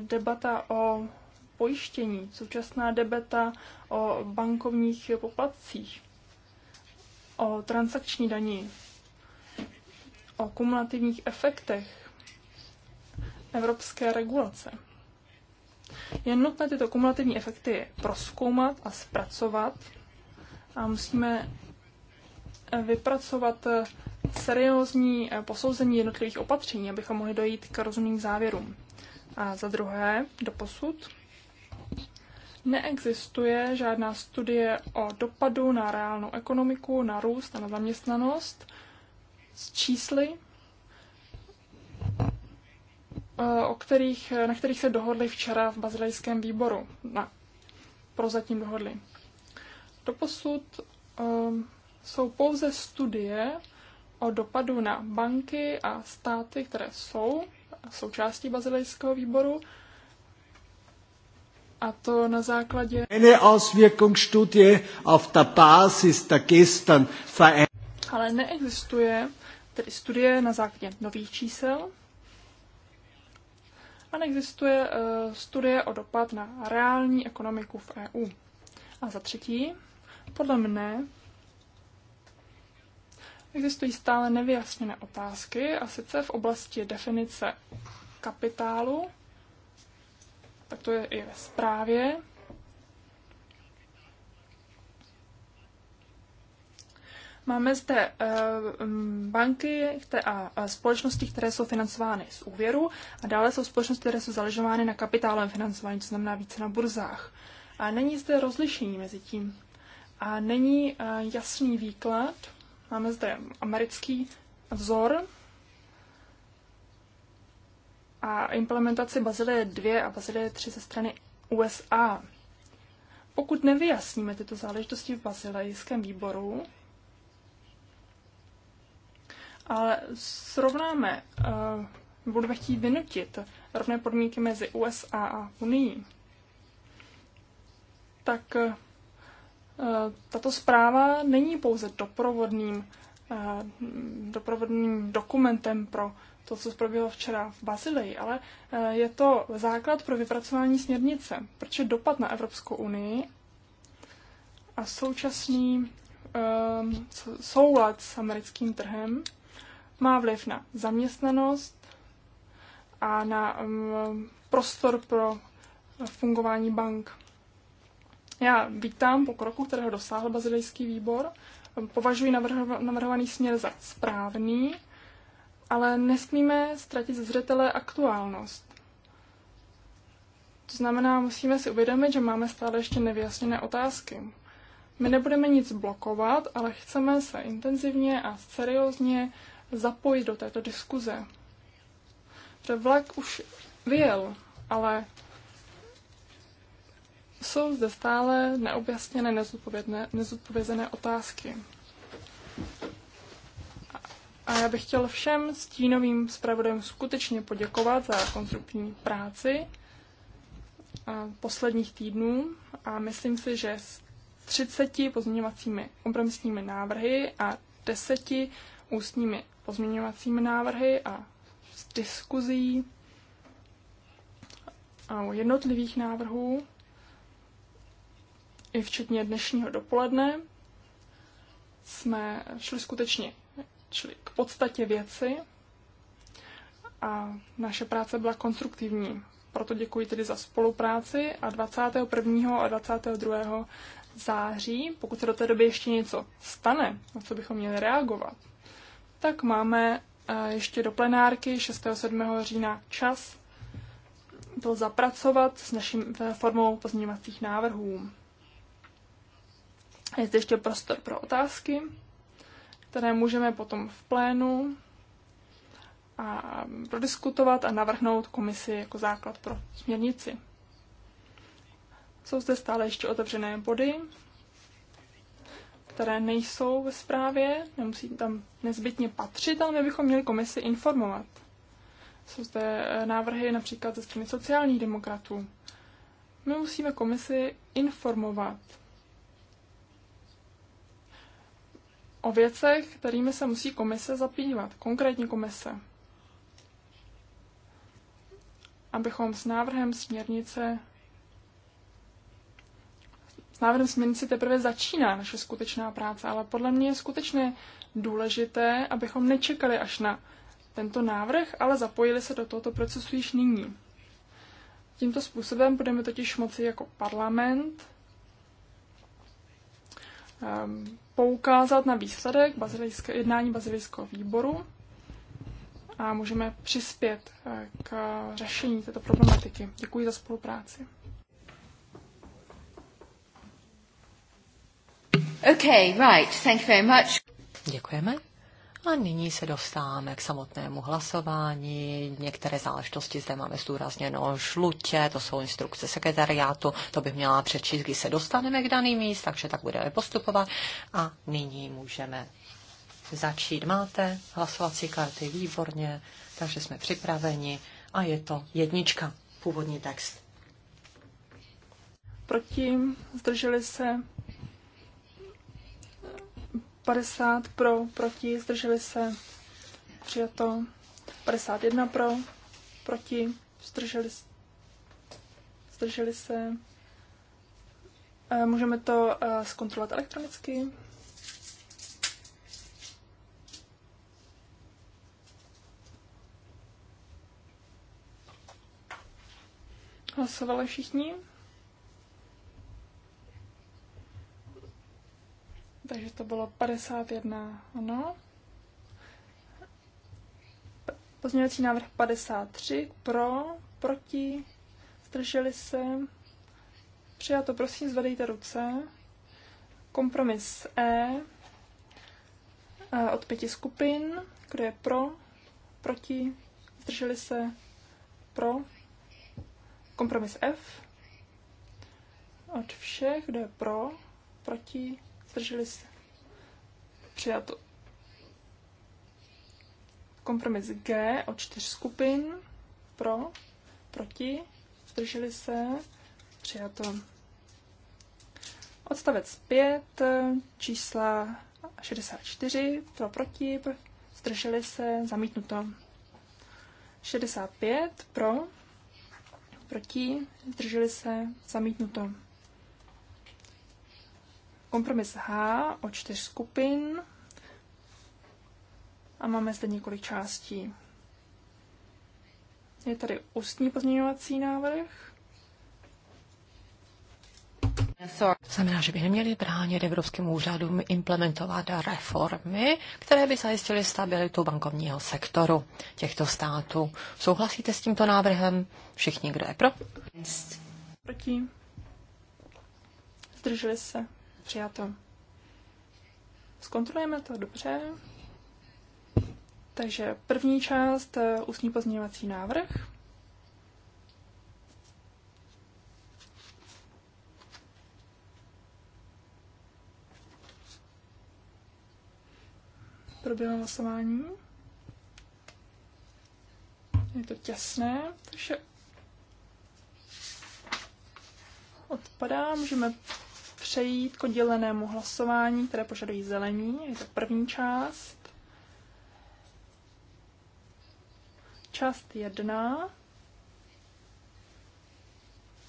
debata o pojištění, současná debata o bankovních poplatcích, o transakční daní, o kumulativních efektech evropské regulace. Je nutné tyto kumulativní efekty proskoumat a zpracovat a musíme vypracovat seriózní posouzení jednotlivých opatření, abychom mohli dojít k rozumným závěrům. A za druhé, do posud neexistuje žádná studie o dopadu na reálnou ekonomiku, na růst a na zaměstnanost s čísly, eh, o kterých, na kterých se dohodli včera v bazilejském výboru. Na, prozatím dohodli. Doposud um, jsou pouze studie o dopadu na banky a státy, které jsou součástí bazilejského výboru, a to na základě Eine Auswirkungsstudie auf der Basis der gestern Ale neexistuje tedy studie na základě nových čísel a neexistuje eh, studie o dopad na reální ekonomiku v EU. A za třetí, podle mne existují stále nevyjasněné otázky, a sice v oblasti definice kapitálu, tak to je i ve zprávě, Máme zde eh, banky a společnosti, které jsou financovány z úvěru a dále jsou společnosti, které jsou zaležovány na kapitálovém financování, co znamená více na burzách. A není zde rozlišení mezi tím. A není eh, jasný výklad. Máme zde americký vzor a implementaci Bazilie 2 a Bazilie 3 ze strany USA. Pokud nevyjasníme tyto záležitosti v bazilejském výboru, ale srovnáme, eh, budeme chtít vynutit rovné podmínky mezi USA a Unii, tak eh, tato zpráva není pouze doprovodným, eh, doprovodným dokumentem pro to, co se proběhlo včera v Bazileji, ale je to základ pro vypracování směrnice, protože dopad na Evropskou unii a současný um, soulad s americkým trhem má vliv na zaměstnanost a na um, prostor pro fungování bank. Já vítám pokroku, kterého dosáhl bazilejský výbor. Považuji navrhovaný směr za správný, ale nesmíme ztratit zřetele aktuálnost. To znamená, musíme si uvědomit, že máme stále ještě nevyjasněné otázky. My nebudeme nic blokovat, ale chceme se intenzivně a seriózně zapojit do této diskuze. Že vlak už vyjel, ale jsou zde stále neobjasněné, nezodpovězené otázky. A já bych chtěl všem stínovým zpravodajům skutečně poděkovat za konstruktivní práci posledních týdnů a myslím si, že s 30 pozměňovacími kompromisními návrhy a 10 ústními pozměňovacími návrhy a s diskuzí u jednotlivých návrhů, i včetně dnešního dopoledne, jsme šli skutečně šli k podstatě věci a naše práce byla konstruktivní. Proto děkuji tedy za spolupráci a 21. a 22. září, pokud se do té doby ještě něco stane, na co bychom měli reagovat, tak máme eh, ještě do plenárky 6. 7. října čas to zapracovat s naším eh, formou pozměňovacích návrhů. Je zde ještě prostor pro otázky, které můžeme potom v plénu a mm, prodiskutovat a navrhnout komisi jako základ pro směrnici. Jsou zde stále ještě otevřené body, které nejsou ve zprávě, nemusí tam nezbytně patřit, ale my bychom měli komisi informovat. Jsou zde návrhy například ze strany sociálních demokratů. My musíme komisi informovat o věcech, kterými se musí komise zabývat, konkrétní komise. Abychom s návrhem směrnice s návrhem směrnice teprve začíná naše skutečná práce, ale podle mě je skutečně důležité, abychom nečekali až na tento návrh, ale zapojili se do tohoto procesu již nyní. Tímto způsobem budeme totiž moci jako parlament ehm, poukázat na výsledek bazilejské, jednání bazilejského výboru a můžeme přispět eh, k řešení této problematiky. Děkuji za spolupráci. Okay, right. Thank you very much. Děkujeme. A nyní se dostáváme k samotnému hlasování. Některé záležitosti zde máme zdůrazněno žlutě, to jsou instrukce sekretariátu, to bych měla přečíst, když se dostaneme k daným míst, takže tak budeme postupovat. A nyní můžeme začít. Máte hlasovací karty výborně, takže jsme připraveni a je to jednička, původní text. Proti, zdrželi se, 50 pro, proti, zdrželi se, přijato. 51 pro, proti, zdrželi, zdrželi se. Eh, můžeme to eh, zkontrolovat elektronicky. Hlasovali všichni? Takže to bylo 51, ano. Pozměňovací návrh 53, pro, proti, zdrželi se. Přijato, prosím, zvedejte ruce. Kompromis e, e od pěti skupin. Kdo je pro, proti, zdrželi se, pro. Kompromis F od všech, kdo je pro, proti, zdrželi se, přijato. Kompromis G o čtyř skupin, pro, proti, zdrželi se, přijato. Odstavec 5, čísla 64, pro, proti, zdrželi se, zamítnuto. 65 pro, proti, zdrželi se, zamítnuto. Kompromis H o čtyř skupin. A máme zde několik částí. Je tady ústní pozměňovací návrh. Znamená, že by neměli bránit evropským úřadům implementovat reformy, které by zajistily stabilitu bankovního sektoru těchto států. Souhlasíte s tímto návrhem? Všichni, kdo je pro? Proti. Zdrželi se. Přijato. Zkontrolujeme to dobře. Takže první část eh, ústní pozměňovací návrh. Proběhlo hlasování. Je to těsné, takže odpadá. Můžeme přejít k oddělenému hlasování, které požadují zelení. Je to první část. Část jedna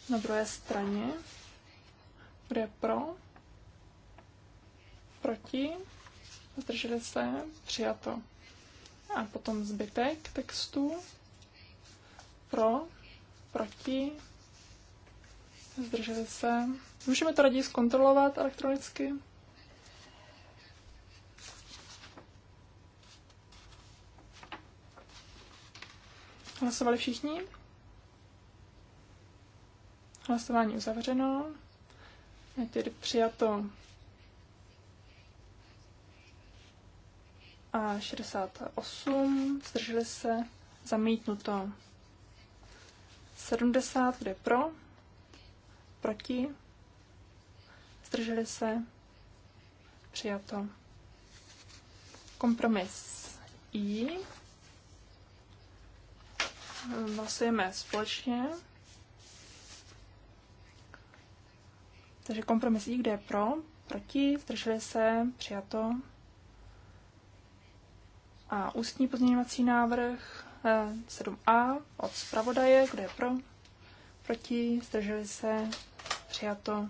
na druhé straně, kde je pro, proti, zdrželi se, přijato. A potom zbytek textu, pro, proti, zdrželi se, Můžeme to raději zkontrolovat elektronicky? Hlasovali všichni? Hlasování uzavřeno. Je tedy přijato a 68, zdrželi se, zamítnuto. 70, kde pro, proti, Zdrželi se? Přijato. Kompromis I. Hlasujeme společně. Takže kompromis I, kde je pro, proti, zdrželi se, přijato. A ústní pozměňovací návrh 7a eh, od zpravodaje, kde je pro, proti, zdrželi se, přijato.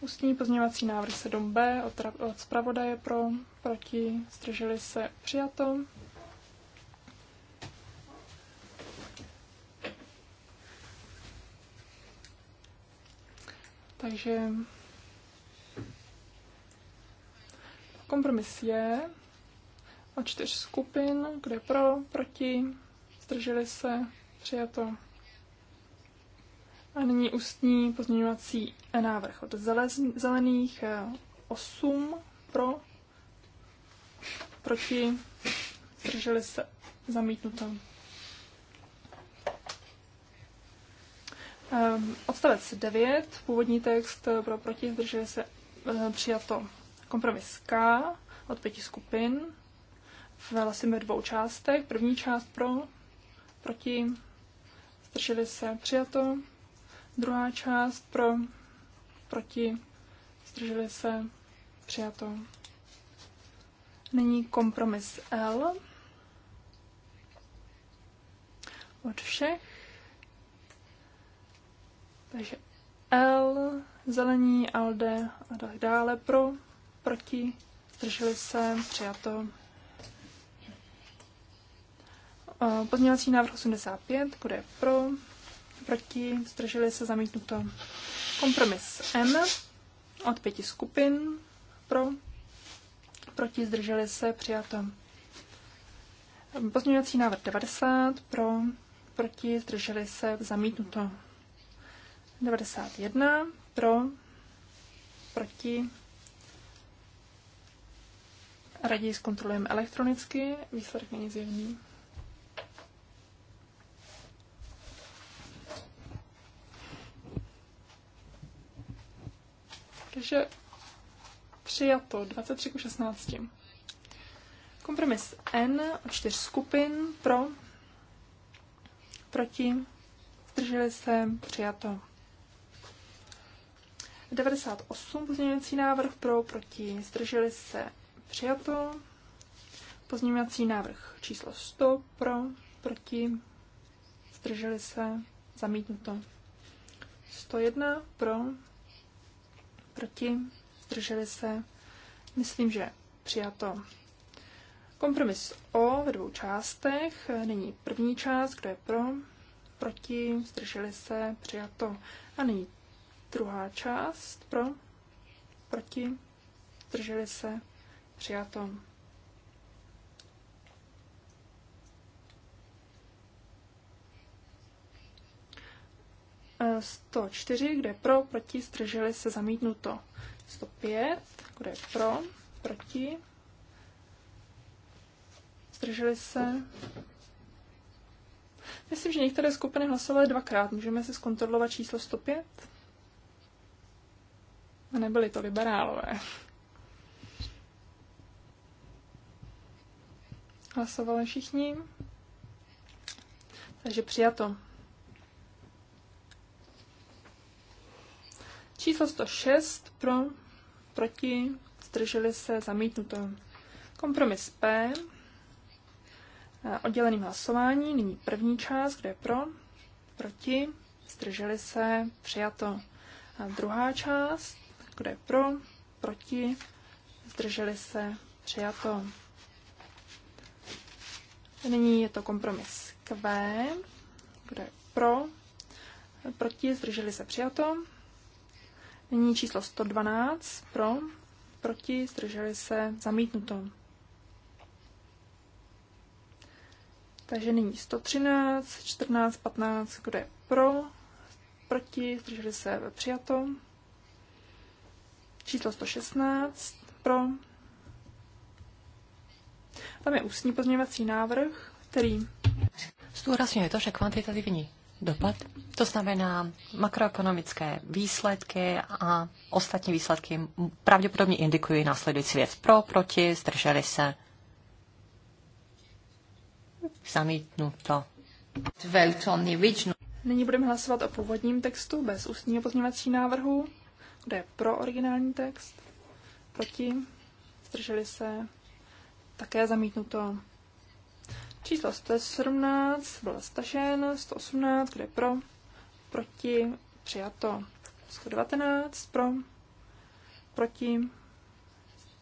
Ústní pozměňovací návrh 7b od, od zpravodaje pro, proti, střežili se přijato. Takže kompromis je o čtyř skupin, kde pro, proti, zdrželi se, přijato. A nyní ústní pozměňovací návrh od zelených 8 pro, proti, drželi eh, se zamítnuto. Odstavec 9, původní text pro proti, zdrželi se ehm, eh, eh, přijato kompromis K od pěti skupin. Vlastně dvou částek. První část pro, proti, zdrželi se přijato. Druhá část pro, proti, zdrželi se, přijato. Nyní kompromis L od všech. Takže L, zelení, alde a tak dále, pro, proti, zdrželi se, přijato. Eh, pozměňovací návrh 85, kde je pro, proti, zdrželi se zamítnuto. Kompromis M od pěti skupin pro, proti, zdrželi se přijato. Pozměňovací návrh 90 pro, proti, zdrželi se zamítnuto. 91 pro, proti. Raději zkontrolujeme elektronicky, výsledek není zjevný. Takže přijato 23 k 16. Kompromis N od čtyř skupin pro, proti, zdrželi se, přijato. 98 pozměňovací návrh pro, proti, zdrželi se, přijato. Pozměňovací návrh číslo 100 pro, proti, zdrželi se, zamítnuto. 101 pro, proti, zdrželi se, myslím, že přijato. Kompromis O ve dvou částech. Nyní první část, kdo je pro, proti, zdrželi se, přijato. A nyní druhá část, pro, proti, zdrželi se, přijato. 104, kde pro, proti, strželi se zamítnuto. 105, kde pro, proti, strželi se. Myslím, že některé skupiny hlasovaly dvakrát. Můžeme si zkontrolovat číslo 105? A nebyly to liberálové. Hlasovali všichni. Takže přijato. Číslo 106 pro, proti, zdrželi se, zamítnuto. Kompromis P, eh, odděleným hlasování, nyní první část, kde je pro, proti, zdrželi se, přijato. A druhá část, kde je pro, proti, zdrželi se, přijato. Nyní je to kompromis Q, kde je pro, proti, zdrželi se, přijato. Nyní číslo 112 pro, proti, zdrželi se, zamítnuto. Takže nyní 113, 14, 15, kdo je pro, proti, zdrželi se, přijato. Číslo 116 pro. Tam je ústní pozměňovací návrh, který Zdůrazňuje to, že kvantitativní dopad. To znamená makroekonomické výsledky a ostatní výsledky pravděpodobně indikují následující věc. Pro, proti, zdrželi se. Zamítnuto. Nyní budeme hlasovat o původním textu bez ústního pozměňovacího návrhu. Kde je pro originální text? Proti? Zdrželi se? Také zamítnuto. Číslo 117 byl stažen, 118, kde pro, proti, přijato. 119 pro, proti,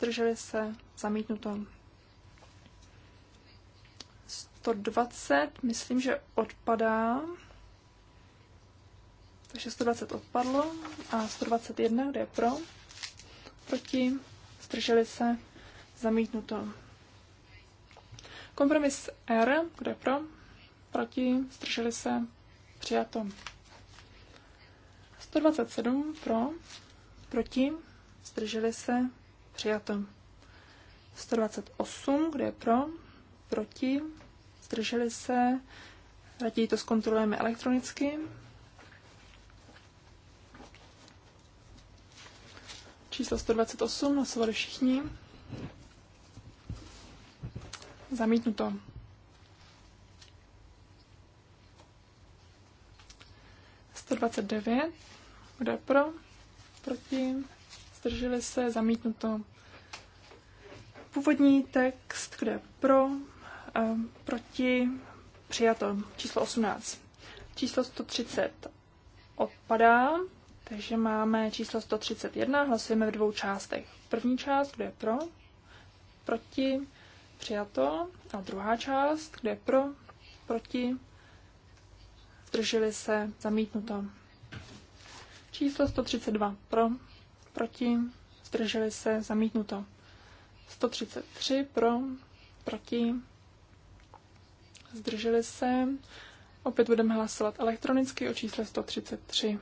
drželi se, zamítnuto. 120, myslím, že odpadá. Takže 120 odpadlo a 121, kde je pro, proti, zdrželi se, zamítnuto. Kompromis R, kde pro, proti, zdrželi se, přijato. 127 pro, proti, zdrželi se, přijato. 128, kde je pro, proti, zdrželi se, raději to zkontrolujeme elektronicky. Číslo 128, hlasovali všichni. Zamítnuto. Sto dvacet devět. Kdo je pro? Proti? Zdrželi se? Zamítnuto. Původní text, kde je pro, e, proti, přijato. Číslo 18. Číslo 130 odpadá, takže máme číslo 131, hlasujeme v dvou částech. První část, kdo je pro, proti, Přijato. A druhá část, kde je pro, proti, zdrželi se, zamítnuto. Číslo 132 pro, proti, zdrželi se, zamítnuto. 133 pro, proti, zdrželi se. Opět budeme hlasovat elektronicky o čísle 133.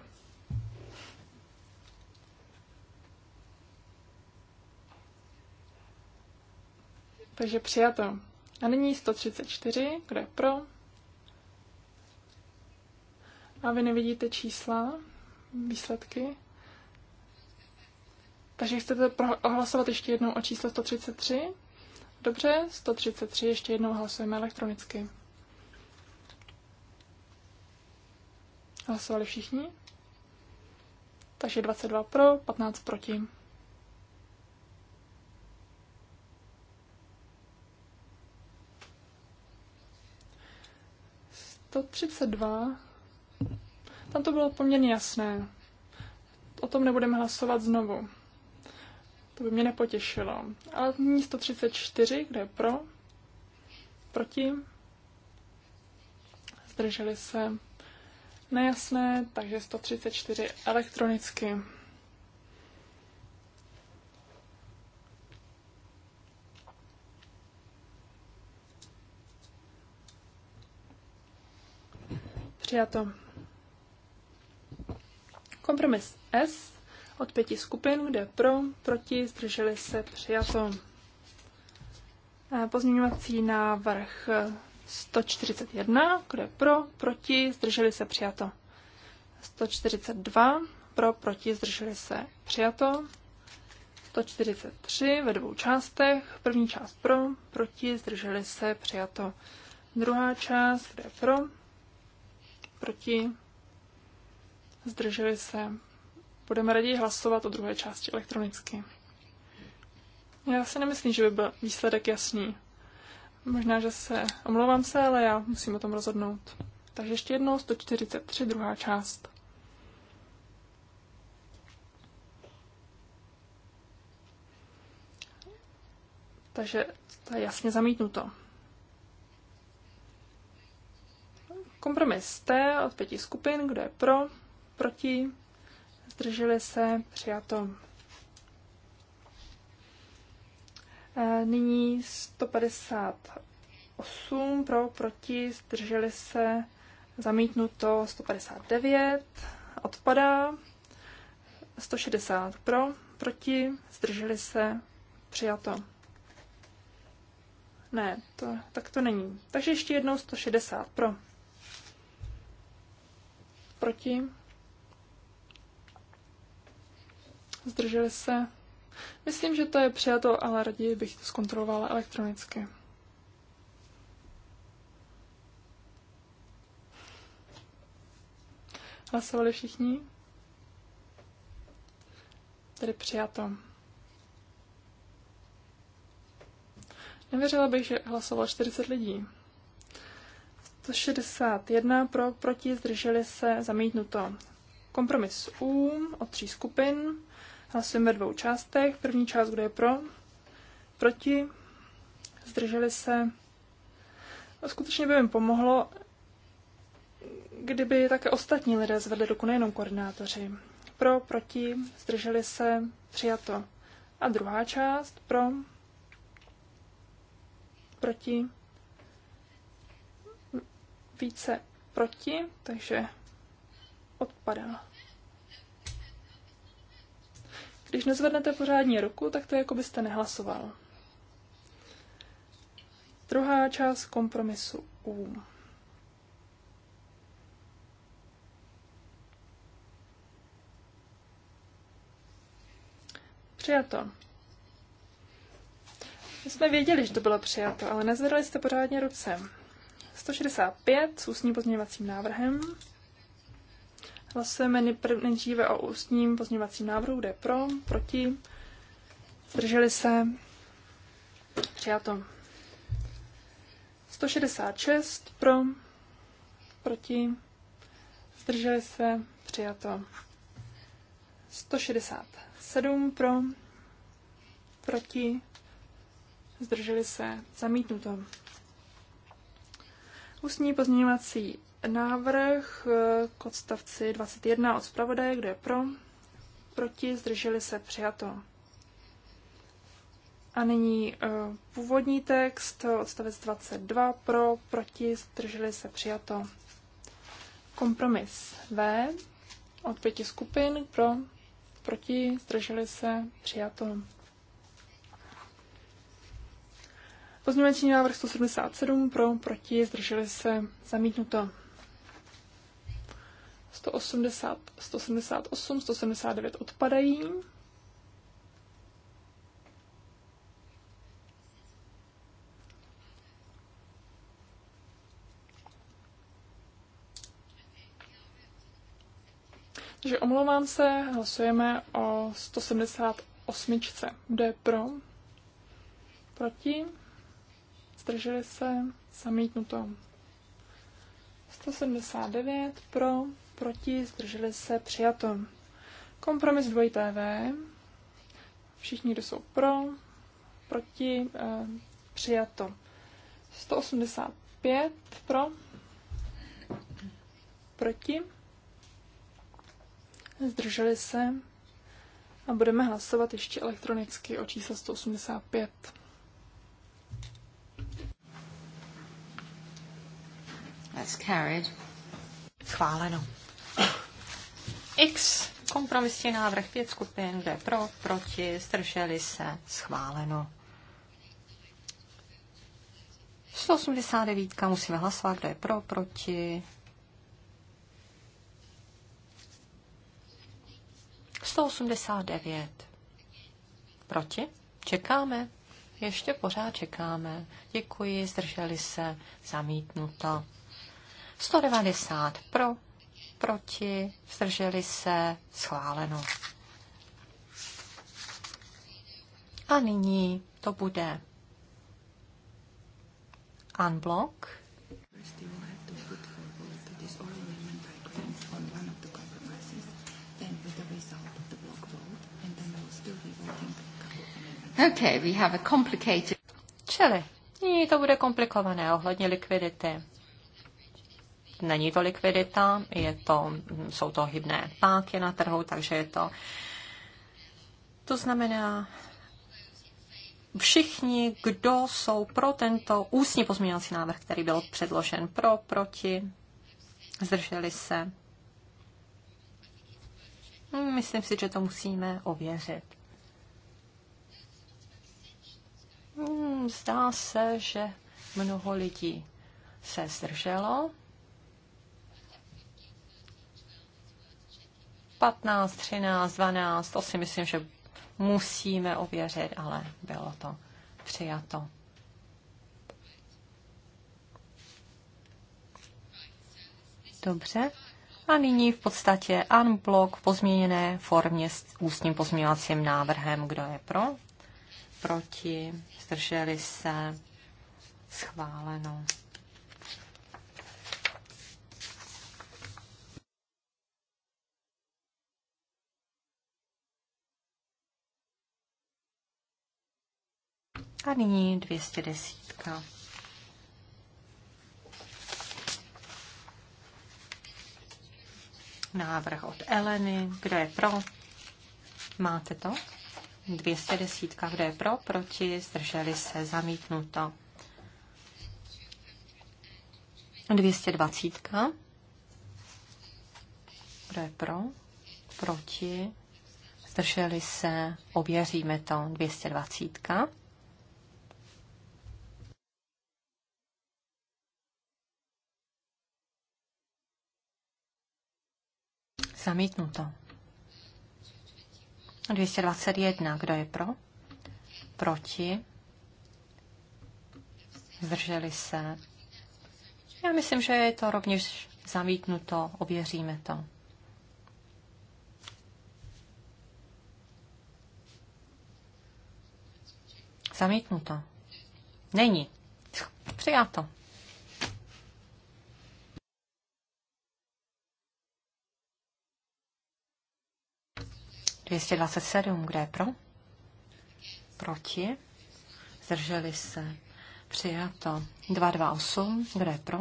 Takže přijato. A nyní 134, kdo je pro? A vy nevidíte čísla, výsledky. Takže chcete hlasovat ještě jednou o číslo 133? Dobře, 133 ještě jednou hlasujeme elektronicky. Hlasovali všichni? Takže 22 pro, 15 proti. 132. Tam to bylo poměrně jasné. O tom nebudeme hlasovat znovu. To by mě nepotěšilo. Ale nyní 134, kde je pro, proti, zdrželi se nejasné, takže 134 elektronicky. Přijato. Kompromis S od pěti skupin, kde pro, proti, zdrželi se, přijato. Pozměňovací návrh 141, kde pro, proti, zdrželi se, přijato. 142, pro, proti, zdrželi se, přijato. 143 ve dvou částech. První část pro, proti, zdrželi se, přijato. Druhá část, kde pro, proti, zdrželi se. Budeme raději hlasovat o druhé části elektronicky. Já si nemyslím, že by byl výsledek jasný. Možná, že se, omlouvám se, ale já musím o tom rozhodnout. Takže ještě jednou 143, druhá část. Takže to je jasně zamítnuto. Kompromis T od pěti skupin, kdo je pro, proti, zdrželi se, přijato. E, nyní 158 pro, proti, zdrželi se, zamítnuto 159, odpadá, 160 pro, proti, zdrželi se, přijato. Ne, to, tak to není. Takže ještě jednou 160 pro, proti, zdrželi se. Myslím, že to je přijato, ale raději bych to zkontrolovala elektronicky. Hlasovali všichni? Tedy přijato. Nevěřila bych, že hlasovalo 40 lidí. 161 pro, proti, zdrželi se, zamítnuto. Kompromis U od tří skupin. Hlasujeme ve dvou částech. První část, kdo je pro, proti, zdrželi se. Skutečně by mi pomohlo, kdyby také ostatní lidé zvedli ruku, nejenom koordinátoři. Pro, proti, zdrželi se, přijato. A druhá část, pro, proti, více proti, takže odpadá. Když nezvednete pořádně ruku, tak to je, jako byste nehlasoval. Druhá část kompromisu U. Přijato. My jsme věděli, že to bylo přijato, ale nezvedali jste pořádně ruce. 165 s ústním pozměňovacím návrhem. Hlasujeme nejdříve o ústním pozměňovacím návrhu, kde je pro, proti, zdrželi se, přijato. 166 pro, proti, zdrželi se, přijato. 167 pro, proti, zdrželi se, zamítnuto. Ústní pozměňovací návrh eh, k odstavci 21 od zpravodaje, kdo je pro, proti, zdrželi se, přijato. A nyní eh, původní text, eh, odstavec 22, pro, proti, zdrželi se, přijato. Kompromis V od pěti skupin, pro, proti, zdrželi se, přijato. Pozměňovací návrh 177 pro, proti, zdrželi se, zamítnuto. 180, 178, 179 odpadají. Takže omlouvám se, hlasujeme o 178. Kdo je pro? Proti? zdrželi se, zamítnuto. 179 pro, proti, zdrželi se, přijato. Kompromis 2 V. Všichni, kdo jsou pro, proti, eh, přijato. 185 pro, proti, zdrželi se a budeme hlasovat ještě elektronicky o čísle 185. That's carried. Schváleno. X. Kompromisní návrh pět skupin, kde pro, proti, zdrželi se, schváleno. 189. Musíme hlasovat, kdo je pro, proti. 189. Proti? Čekáme. Ještě pořád čekáme. Děkuji, zdrželi se, zamítnuto. 190 pro, proti, zdrželi se, schváleno. A nyní to bude unblock. Okay, we have a complicated... Čili nyní to bude komplikované ohledně likvidity není to likvidita, je to, jsou to hybné páky na trhu, takže je to. To znamená, všichni, kdo jsou pro tento ústní pozměňovací návrh, který byl předložen pro, proti, zdrželi se. No, myslím si, že to musíme ověřit. Hmm, zdá se, že mnoho lidí se zdrželo. 15, 13, 12, to si myslím, že musíme ověřit, ale bylo to přijato. Dobře. A nyní v podstatě unblock v pozměněné formě s ústním pozměňovacím návrhem. Kdo je pro? Proti? Zdrželi se? Schváleno. A nyní 210. Návrh od Eleny. Kdo je pro? Máte to? 210. Kdo je pro? Proti? Zdrželi se? Zamítnuto. 220. Kdo je pro? Proti? Zdrželi se? Ověříme to. 220. Zamítnuto. 221. Kdo je pro? Proti? Zdrželi se? Já myslím, že je to rovněž zamítnuto. Ověříme to. Zamítnuto. Není. Přijato. 227, kdo je pro? Proti? Zdrželi se. Přijato. 228, kdo je pro?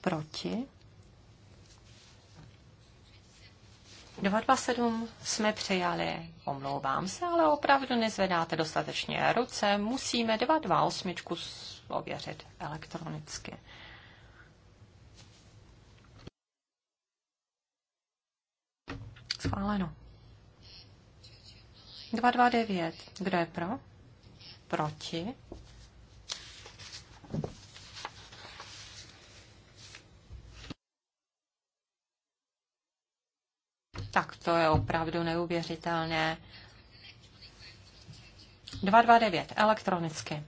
Proti? 227 jsme přijali, omlouvám se, ale opravdu nezvedáte dostatečně ruce, musíme 228 ověřit elektronicky. Schváleno. 229. Kdo je pro? Proti? Tak to je opravdu neuvěřitelné. 229. Elektronicky.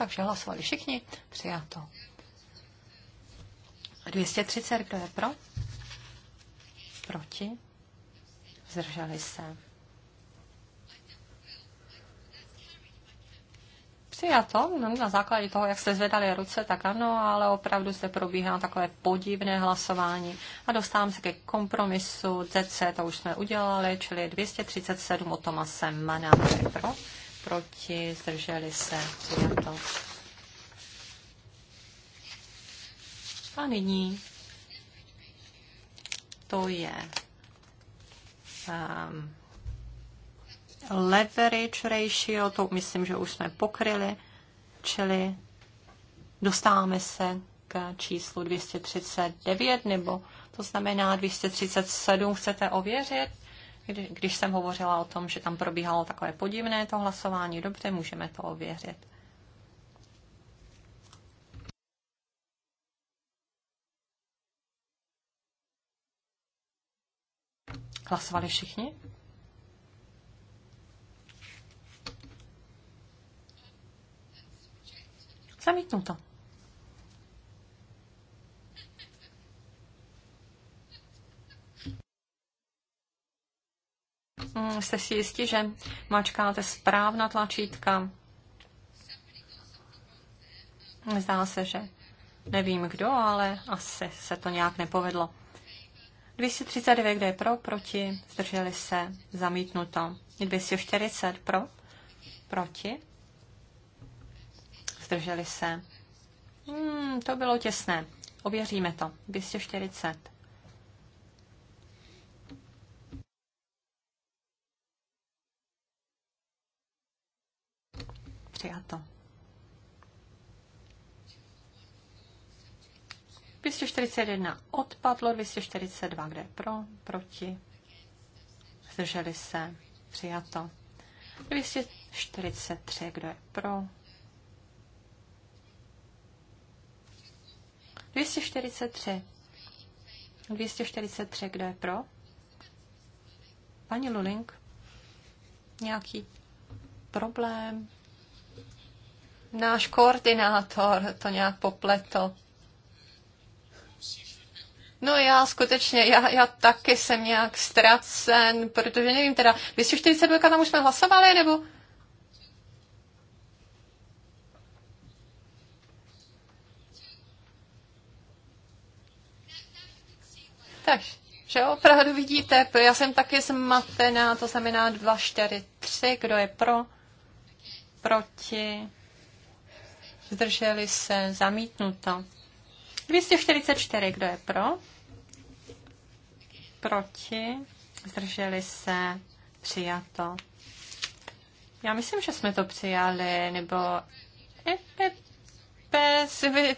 takže hlasovali všichni, přijato. 230, kdo je pro? Proti? Zdrželi se. Přijato, no, na základě toho, jak jste zvedali ruce, tak ano, ale opravdu zde probíhá takové podivné hlasování. A dostávám se ke kompromisu DC, to už jsme udělali, čili 237 o Tomase Manáře pro proti, zdrželi se, přijato. A nyní to je um, leverage ratio, to myslím, že už jsme pokryli, čili dostáváme se k číslu 239, nebo to znamená 237 chcete ověřit? když, když jsem hovořila o tom, že tam probíhalo takové podivné to hlasování. Dobře, můžeme to ověřit. Hlasovali všichni? Zamítnuto. Mm, jste si jistí, že mačkáte správná tlačítka. Zdá se, že nevím kdo, ale asi se to nějak nepovedlo. 239, kde je pro, proti, zdrželi se, zamítnuto. 240 pro, proti, zdrželi se. Hmm, to bylo těsné. Ověříme to. 240. Přijato. 241 odpadlo, 242 kde pro, proti, zdrželi se, přijato. 243 kdo je pro, 243. 243, kdo je pro? Paní Luling, nějaký problém? náš koordinátor to nějak popletl. No já skutečně, já, já taky jsem nějak ztracen, protože nevím, teda 242 tam už jsme hlasovali, nebo... Tak, že opravdu vidíte, já jsem taky zmatená, to znamená 2, 4, 3, kdo je pro, proti, zdrželi se, zamítnuto. 244, kdo je pro? Proti, zdrželi se, přijato. Já myslím, že jsme to přijali, nebo bez, vy,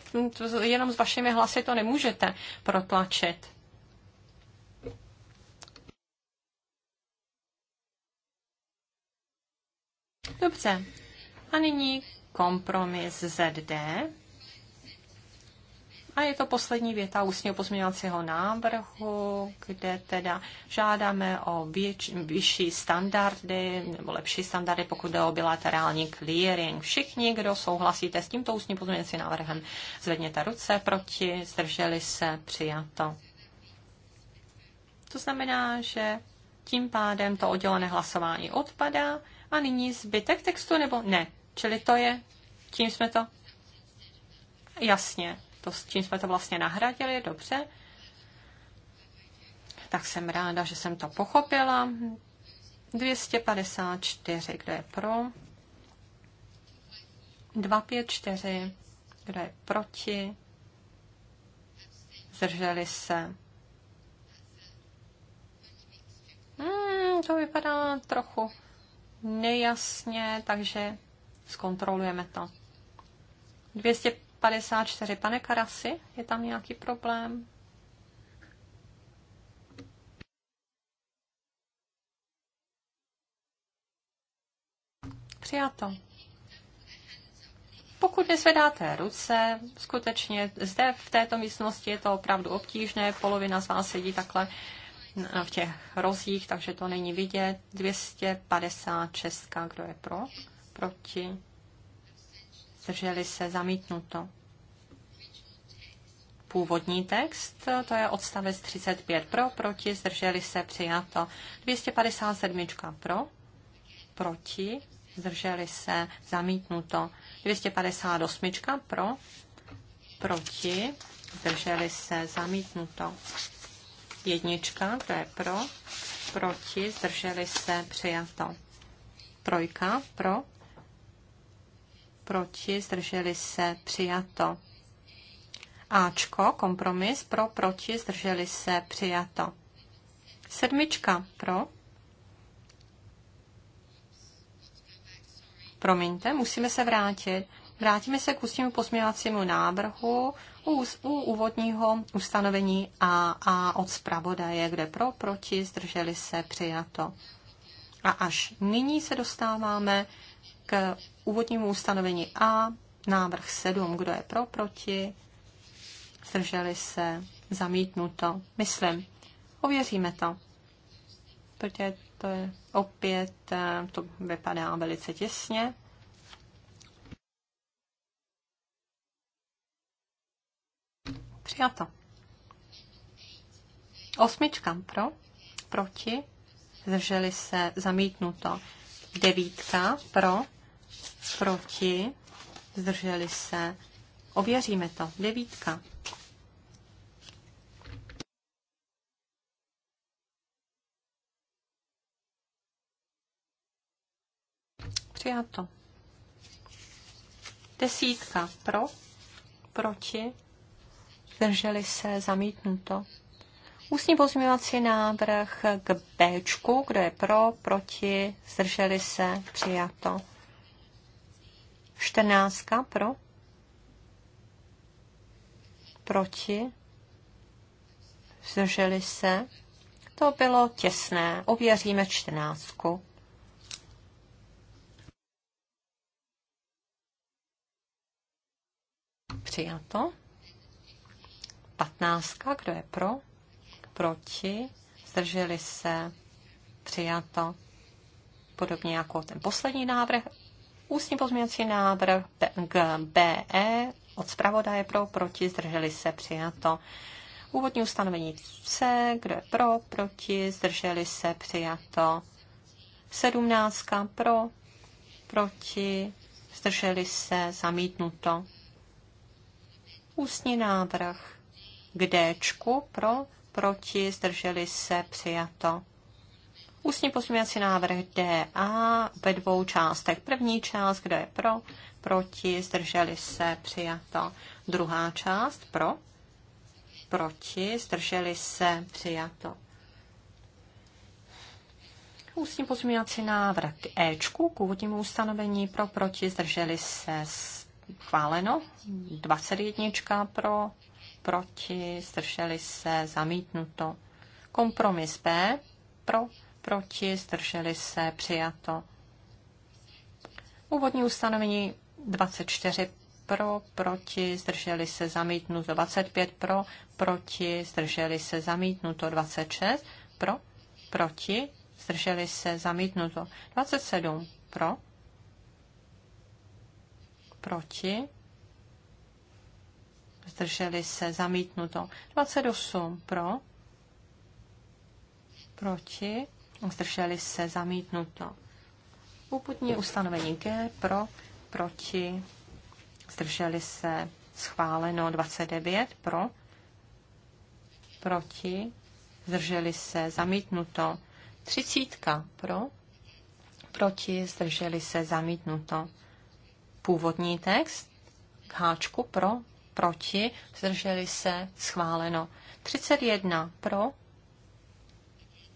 jenom s vašimi hlasy to nemůžete protlačit. Dobře. A nyní kompromis ZD. A je to poslední věta ústního pozměňovacího návrhu, kde teda žádáme o věč, vyšší standardy nebo lepší standardy, pokud jde o bilaterální clearing. Všichni, kdo souhlasíte s tímto ústním pozměňovacím návrhem, zvedněte ruce proti, zdrželi se, přijato. To znamená, že tím pádem to oddělené hlasování odpadá a nyní zbytek textu, nebo ne, Čili to je, čím jsme to, jasně, to, s čím jsme to vlastně nahradili, dobře. Tak jsem ráda, že jsem to pochopila. 254, kdo je pro? 254, kdo je proti? Zdrželi se. Hmm, to vypadá trochu nejasně, takže Zkontrolujeme to. 254. Pane Karasi, je tam nějaký problém? Přijato. Pokud nezvedáte ruce, skutečně zde v této místnosti je to opravdu obtížné, polovina z vás sedí takhle v těch rozích, takže to není vidět. 256, kdo je pro? proti, zdrželi se, zamítnuto. Původní text, to je odstavec 35 pro, proti, zdrželi se, přijato. 257 pro, proti, zdrželi se, zamítnuto. 258 pro, proti, zdrželi se, zamítnuto. Jednička, to je pro, proti, zdrželi se, přijato. Trojka, pro, proti, zdrželi se, přijato. Ačko, kompromis, pro, proti, zdrželi se, přijato. Sedmička, pro. Promiňte, musíme se vrátit. Vrátíme se k ústnímu posměvacímu návrhu u, u úvodního ustanovení a, a od zpravodaje, kde pro, proti, zdrželi se, přijato. A až nyní se dostáváme k úvodnímu ustanovení A, návrh 7, kdo je pro, proti, zdrželi se, zamítnuto. Myslím, ověříme to, protože to je opět, eh, to vypadá velice těsně. Přijato. Osmička pro, proti, zdrželi se, zamítnuto. Devítka pro, proti, zdrželi se. Ověříme to. Devítka. Přijato. Desítka pro, proti, zdrželi se, zamítnuto. Ústní pozměňovací návrh k B, kdo je pro, proti, zdrželi se, přijato. 14 pro, proti, zdrželi se. To bylo těsné, ověříme 14. Přijato. 15. Kdo je pro? proti, zdrželi se, přijato. Podobně jako ten poslední návrh, ústní pozměňovací návrh k BE od zpravodaje pro, proti, zdrželi se, přijato. Úvodní ustanovení C, kdo je pro, proti, zdrželi se, přijato. Sedmnáctka pro, proti, zdrželi se, zamítnuto. Ústní návrh k Dčku pro, proti, zdrželi se, přijato. Ústní pozměňovací návrh DA ve dvou částech. První část, kdo je pro, proti, zdrželi se, přijato. Druhá část, pro, proti, zdrželi se, přijato. Ústní pozměňovací návrh k Ečku, k úvodnímu ustanovení pro, proti, zdrželi se, schváleno. 21 pro, proti, zdrželi se, zamítnuto. Kompromis B, pro, proti, zdrželi se, přijato. Úvodní ustanovení 24 pro, proti, zdrželi se, zamítnuto. 25 pro, proti, zdrželi se, zamítnuto. 26 pro, proti, zdrželi se, zamítnuto. 27 pro, proti, zdrželi se, zamítnuto. 28 pro, proti, zdrželi se, zamítnuto. Úputní ustanovení G pro, proti, zdrželi se, schváleno 29 pro, proti, zdrželi se, zamítnuto. 30 pro, proti, zdrželi se, zamítnuto. Původní text k háčku pro, proti, zdrželi se, schváleno. 31 pro,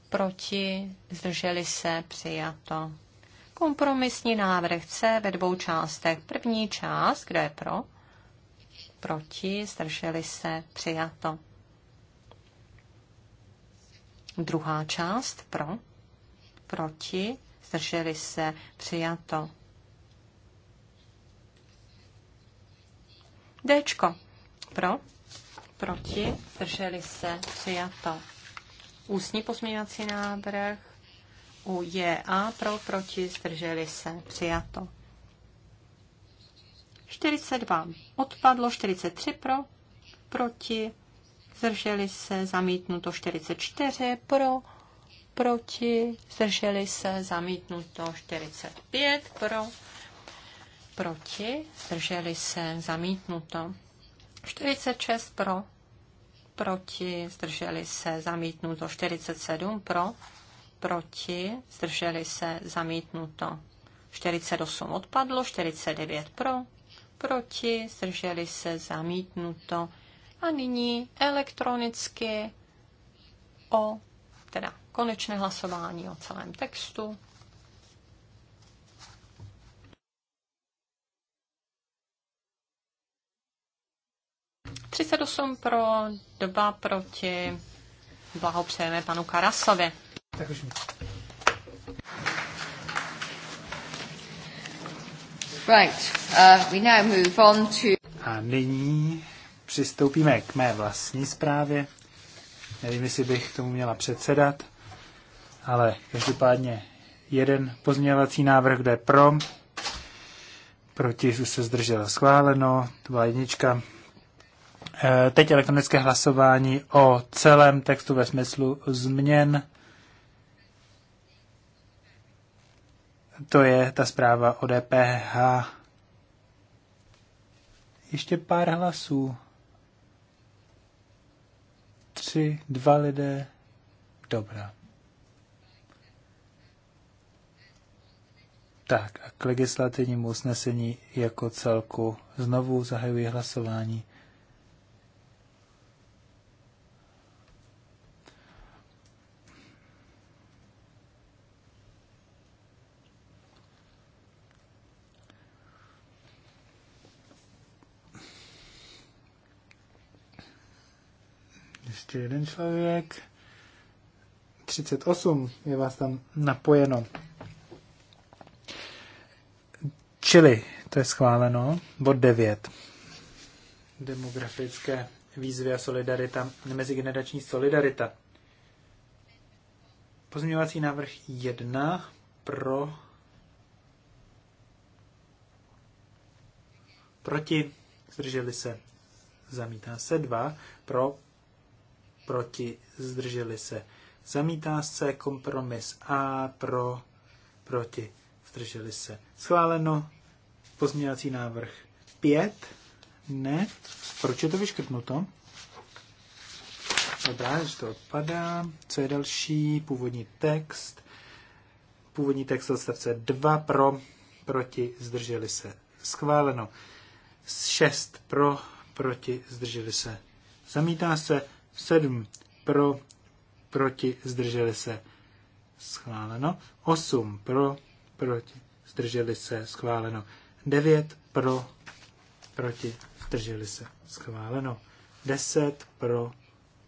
proti, zdrželi se, přijato. Kompromisní návrh C ve dvou částech. První část, kdo je pro, proti, zdrželi se, přijato. Druhá část pro, proti, zdrželi se, přijato. D. Pro, proti, zdrželi se, přijato. Ústní pozměňovací návrh u a pro, proti, zdrželi se, přijato. 42 odpadlo, 43 pro, proti, zdrželi se, zamítnuto 44 pro, proti, zdrželi se, zamítnuto 45 pro, proti, zdrželi se, zamítnuto. 46 pro, proti, zdrželi se, zamítnuto. 47 pro, proti, zdrželi se, zamítnuto. 48 odpadlo, 49 pro, proti, zdrželi se, zamítnuto. A nyní elektronicky o, teda konečné hlasování o celém textu. 38 pro, 2 proti. Blahopřejeme panu Karasovi. Tak už Right. Uh, we now move on to... A nyní přistoupíme k mé vlastní zprávě. Nevím, jestli bych tomu měla předsedat, ale každopádně jeden pozměňovací návrh, kde pro, proti se zdržela schváleno, to byla jednička, Eh, teď elektronické hlasování o celém textu ve smyslu změn. To je ta zpráva o DPH. Ještě pár hlasů. Tři, dva lidé. Dobrá. Tak a k legislativnímu usnesení jako celku znovu zahajuji hlasování. ještě jeden člověk. 38 je vás tam napojeno. Čili, to je schváleno, bod 9. Demografické výzvy a solidarita, mezigenerační solidarita. Pozměňovací návrh 1 pro proti, zdrželi se, zamítá se 2 pro proti, zdrželi se. Zamítá se kompromis A pro, proti, zdrželi se. Schváleno pozměňovací návrh 5. Ne. Proč je to vyškrtnuto? Dobrá, že to odpadá. Co je další? Původní text. Původní text odstavce 2 pro, proti, zdrželi se. Schváleno. 6 pro, proti, zdrželi se. Zamítá se 7 pro, proti, zdrželi se, schváleno. 8 pro, proti, zdrželi se, schváleno. 9 pro, proti, zdrželi se, schváleno. 10 pro,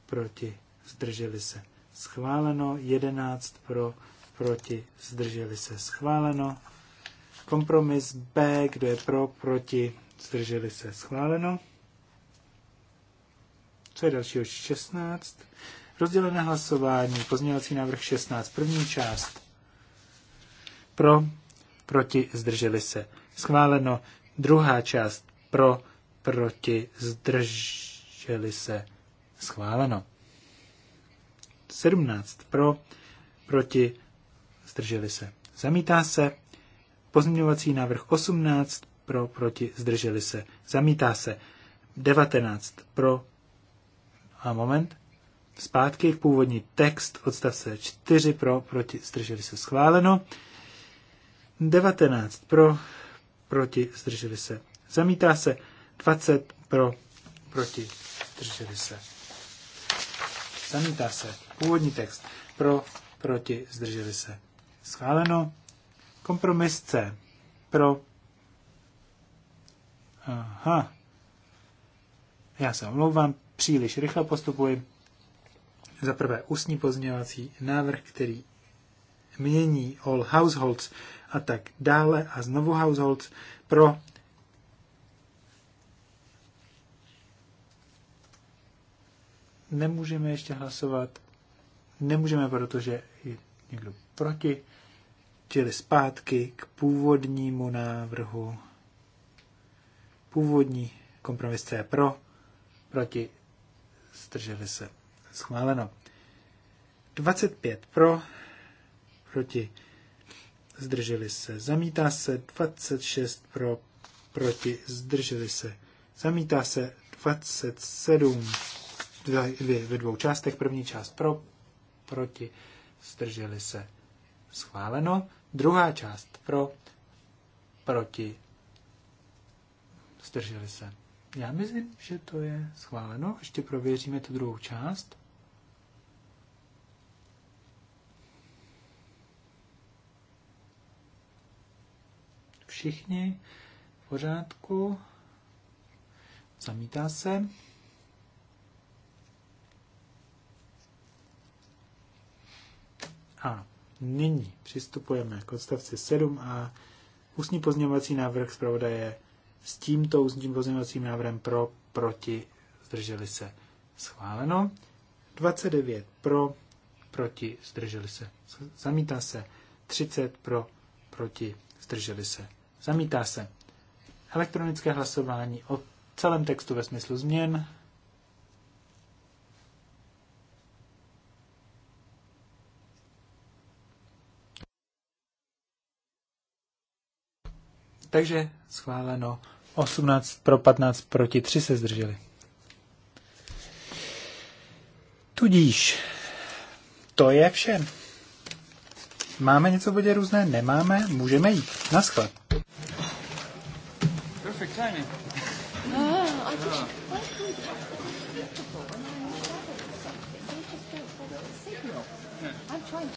proti, zdrželi se, schváleno. 11 pro, proti, zdrželi se, schváleno. Kompromis B, kdo je pro, proti, zdrželi se, schváleno. Co je dalšího? 16. Rozdělené hlasování. Pozměňovací návrh 16. První část. Pro. Proti. Zdrželi se. Schváleno. Druhá část. Pro. Proti. Zdrželi se. Schváleno. 17. Pro. Proti. Zdrželi se. Zamítá se. Pozměňovací návrh 18. Pro. Proti. Zdrželi se. Zamítá se. 19. Pro. A moment. Zpátky k původní text odstavce 4 pro, proti, zdrželi se schváleno. 19 pro, proti, zdrželi se. Zamítá se 20 pro, proti, zdrželi se. Zamítá se původní text pro, proti, zdrželi se. Schváleno. Kompromis C pro. Aha. Já se omlouvám, příliš rychle postupuji. Za prvé ústní pozměňovací návrh, který mění all households a tak dále a znovu households pro nemůžeme ještě hlasovat, nemůžeme, protože je někdo proti, čili zpátky k původnímu návrhu. Původní kompromis C pro, proti zdrželi se, schváleno. 25 pro, proti, zdrželi se, zamítá se, 26 pro, proti, zdrželi se, zamítá se, 27 dvě, ve dvou částech, první část pro, proti, zdrželi se, schváleno, druhá část pro, proti, zdrželi se, já myslím, že to je schváleno. Ještě prověříme tu druhou část. Všichni v pořádku. Zamítá se. A nyní přistupujeme k odstavci 7 a ústní pozměňovací návrh zpravodaje s tímto ústním pozměňovacím návrhem pro, proti, zdrželi se schváleno. 29 pro, proti, zdrželi se, zamítá se. 30 pro, proti, zdrželi se, zamítá se. Elektronické hlasování o celém textu ve smyslu změn. Takže schváleno 18 pro 15 proti 3 se zdrželi. Tudíž to je vše. Máme něco v bodě různé? Nemáme? Můžeme jít. Naschle. Perfect timing. Ah, I'm trying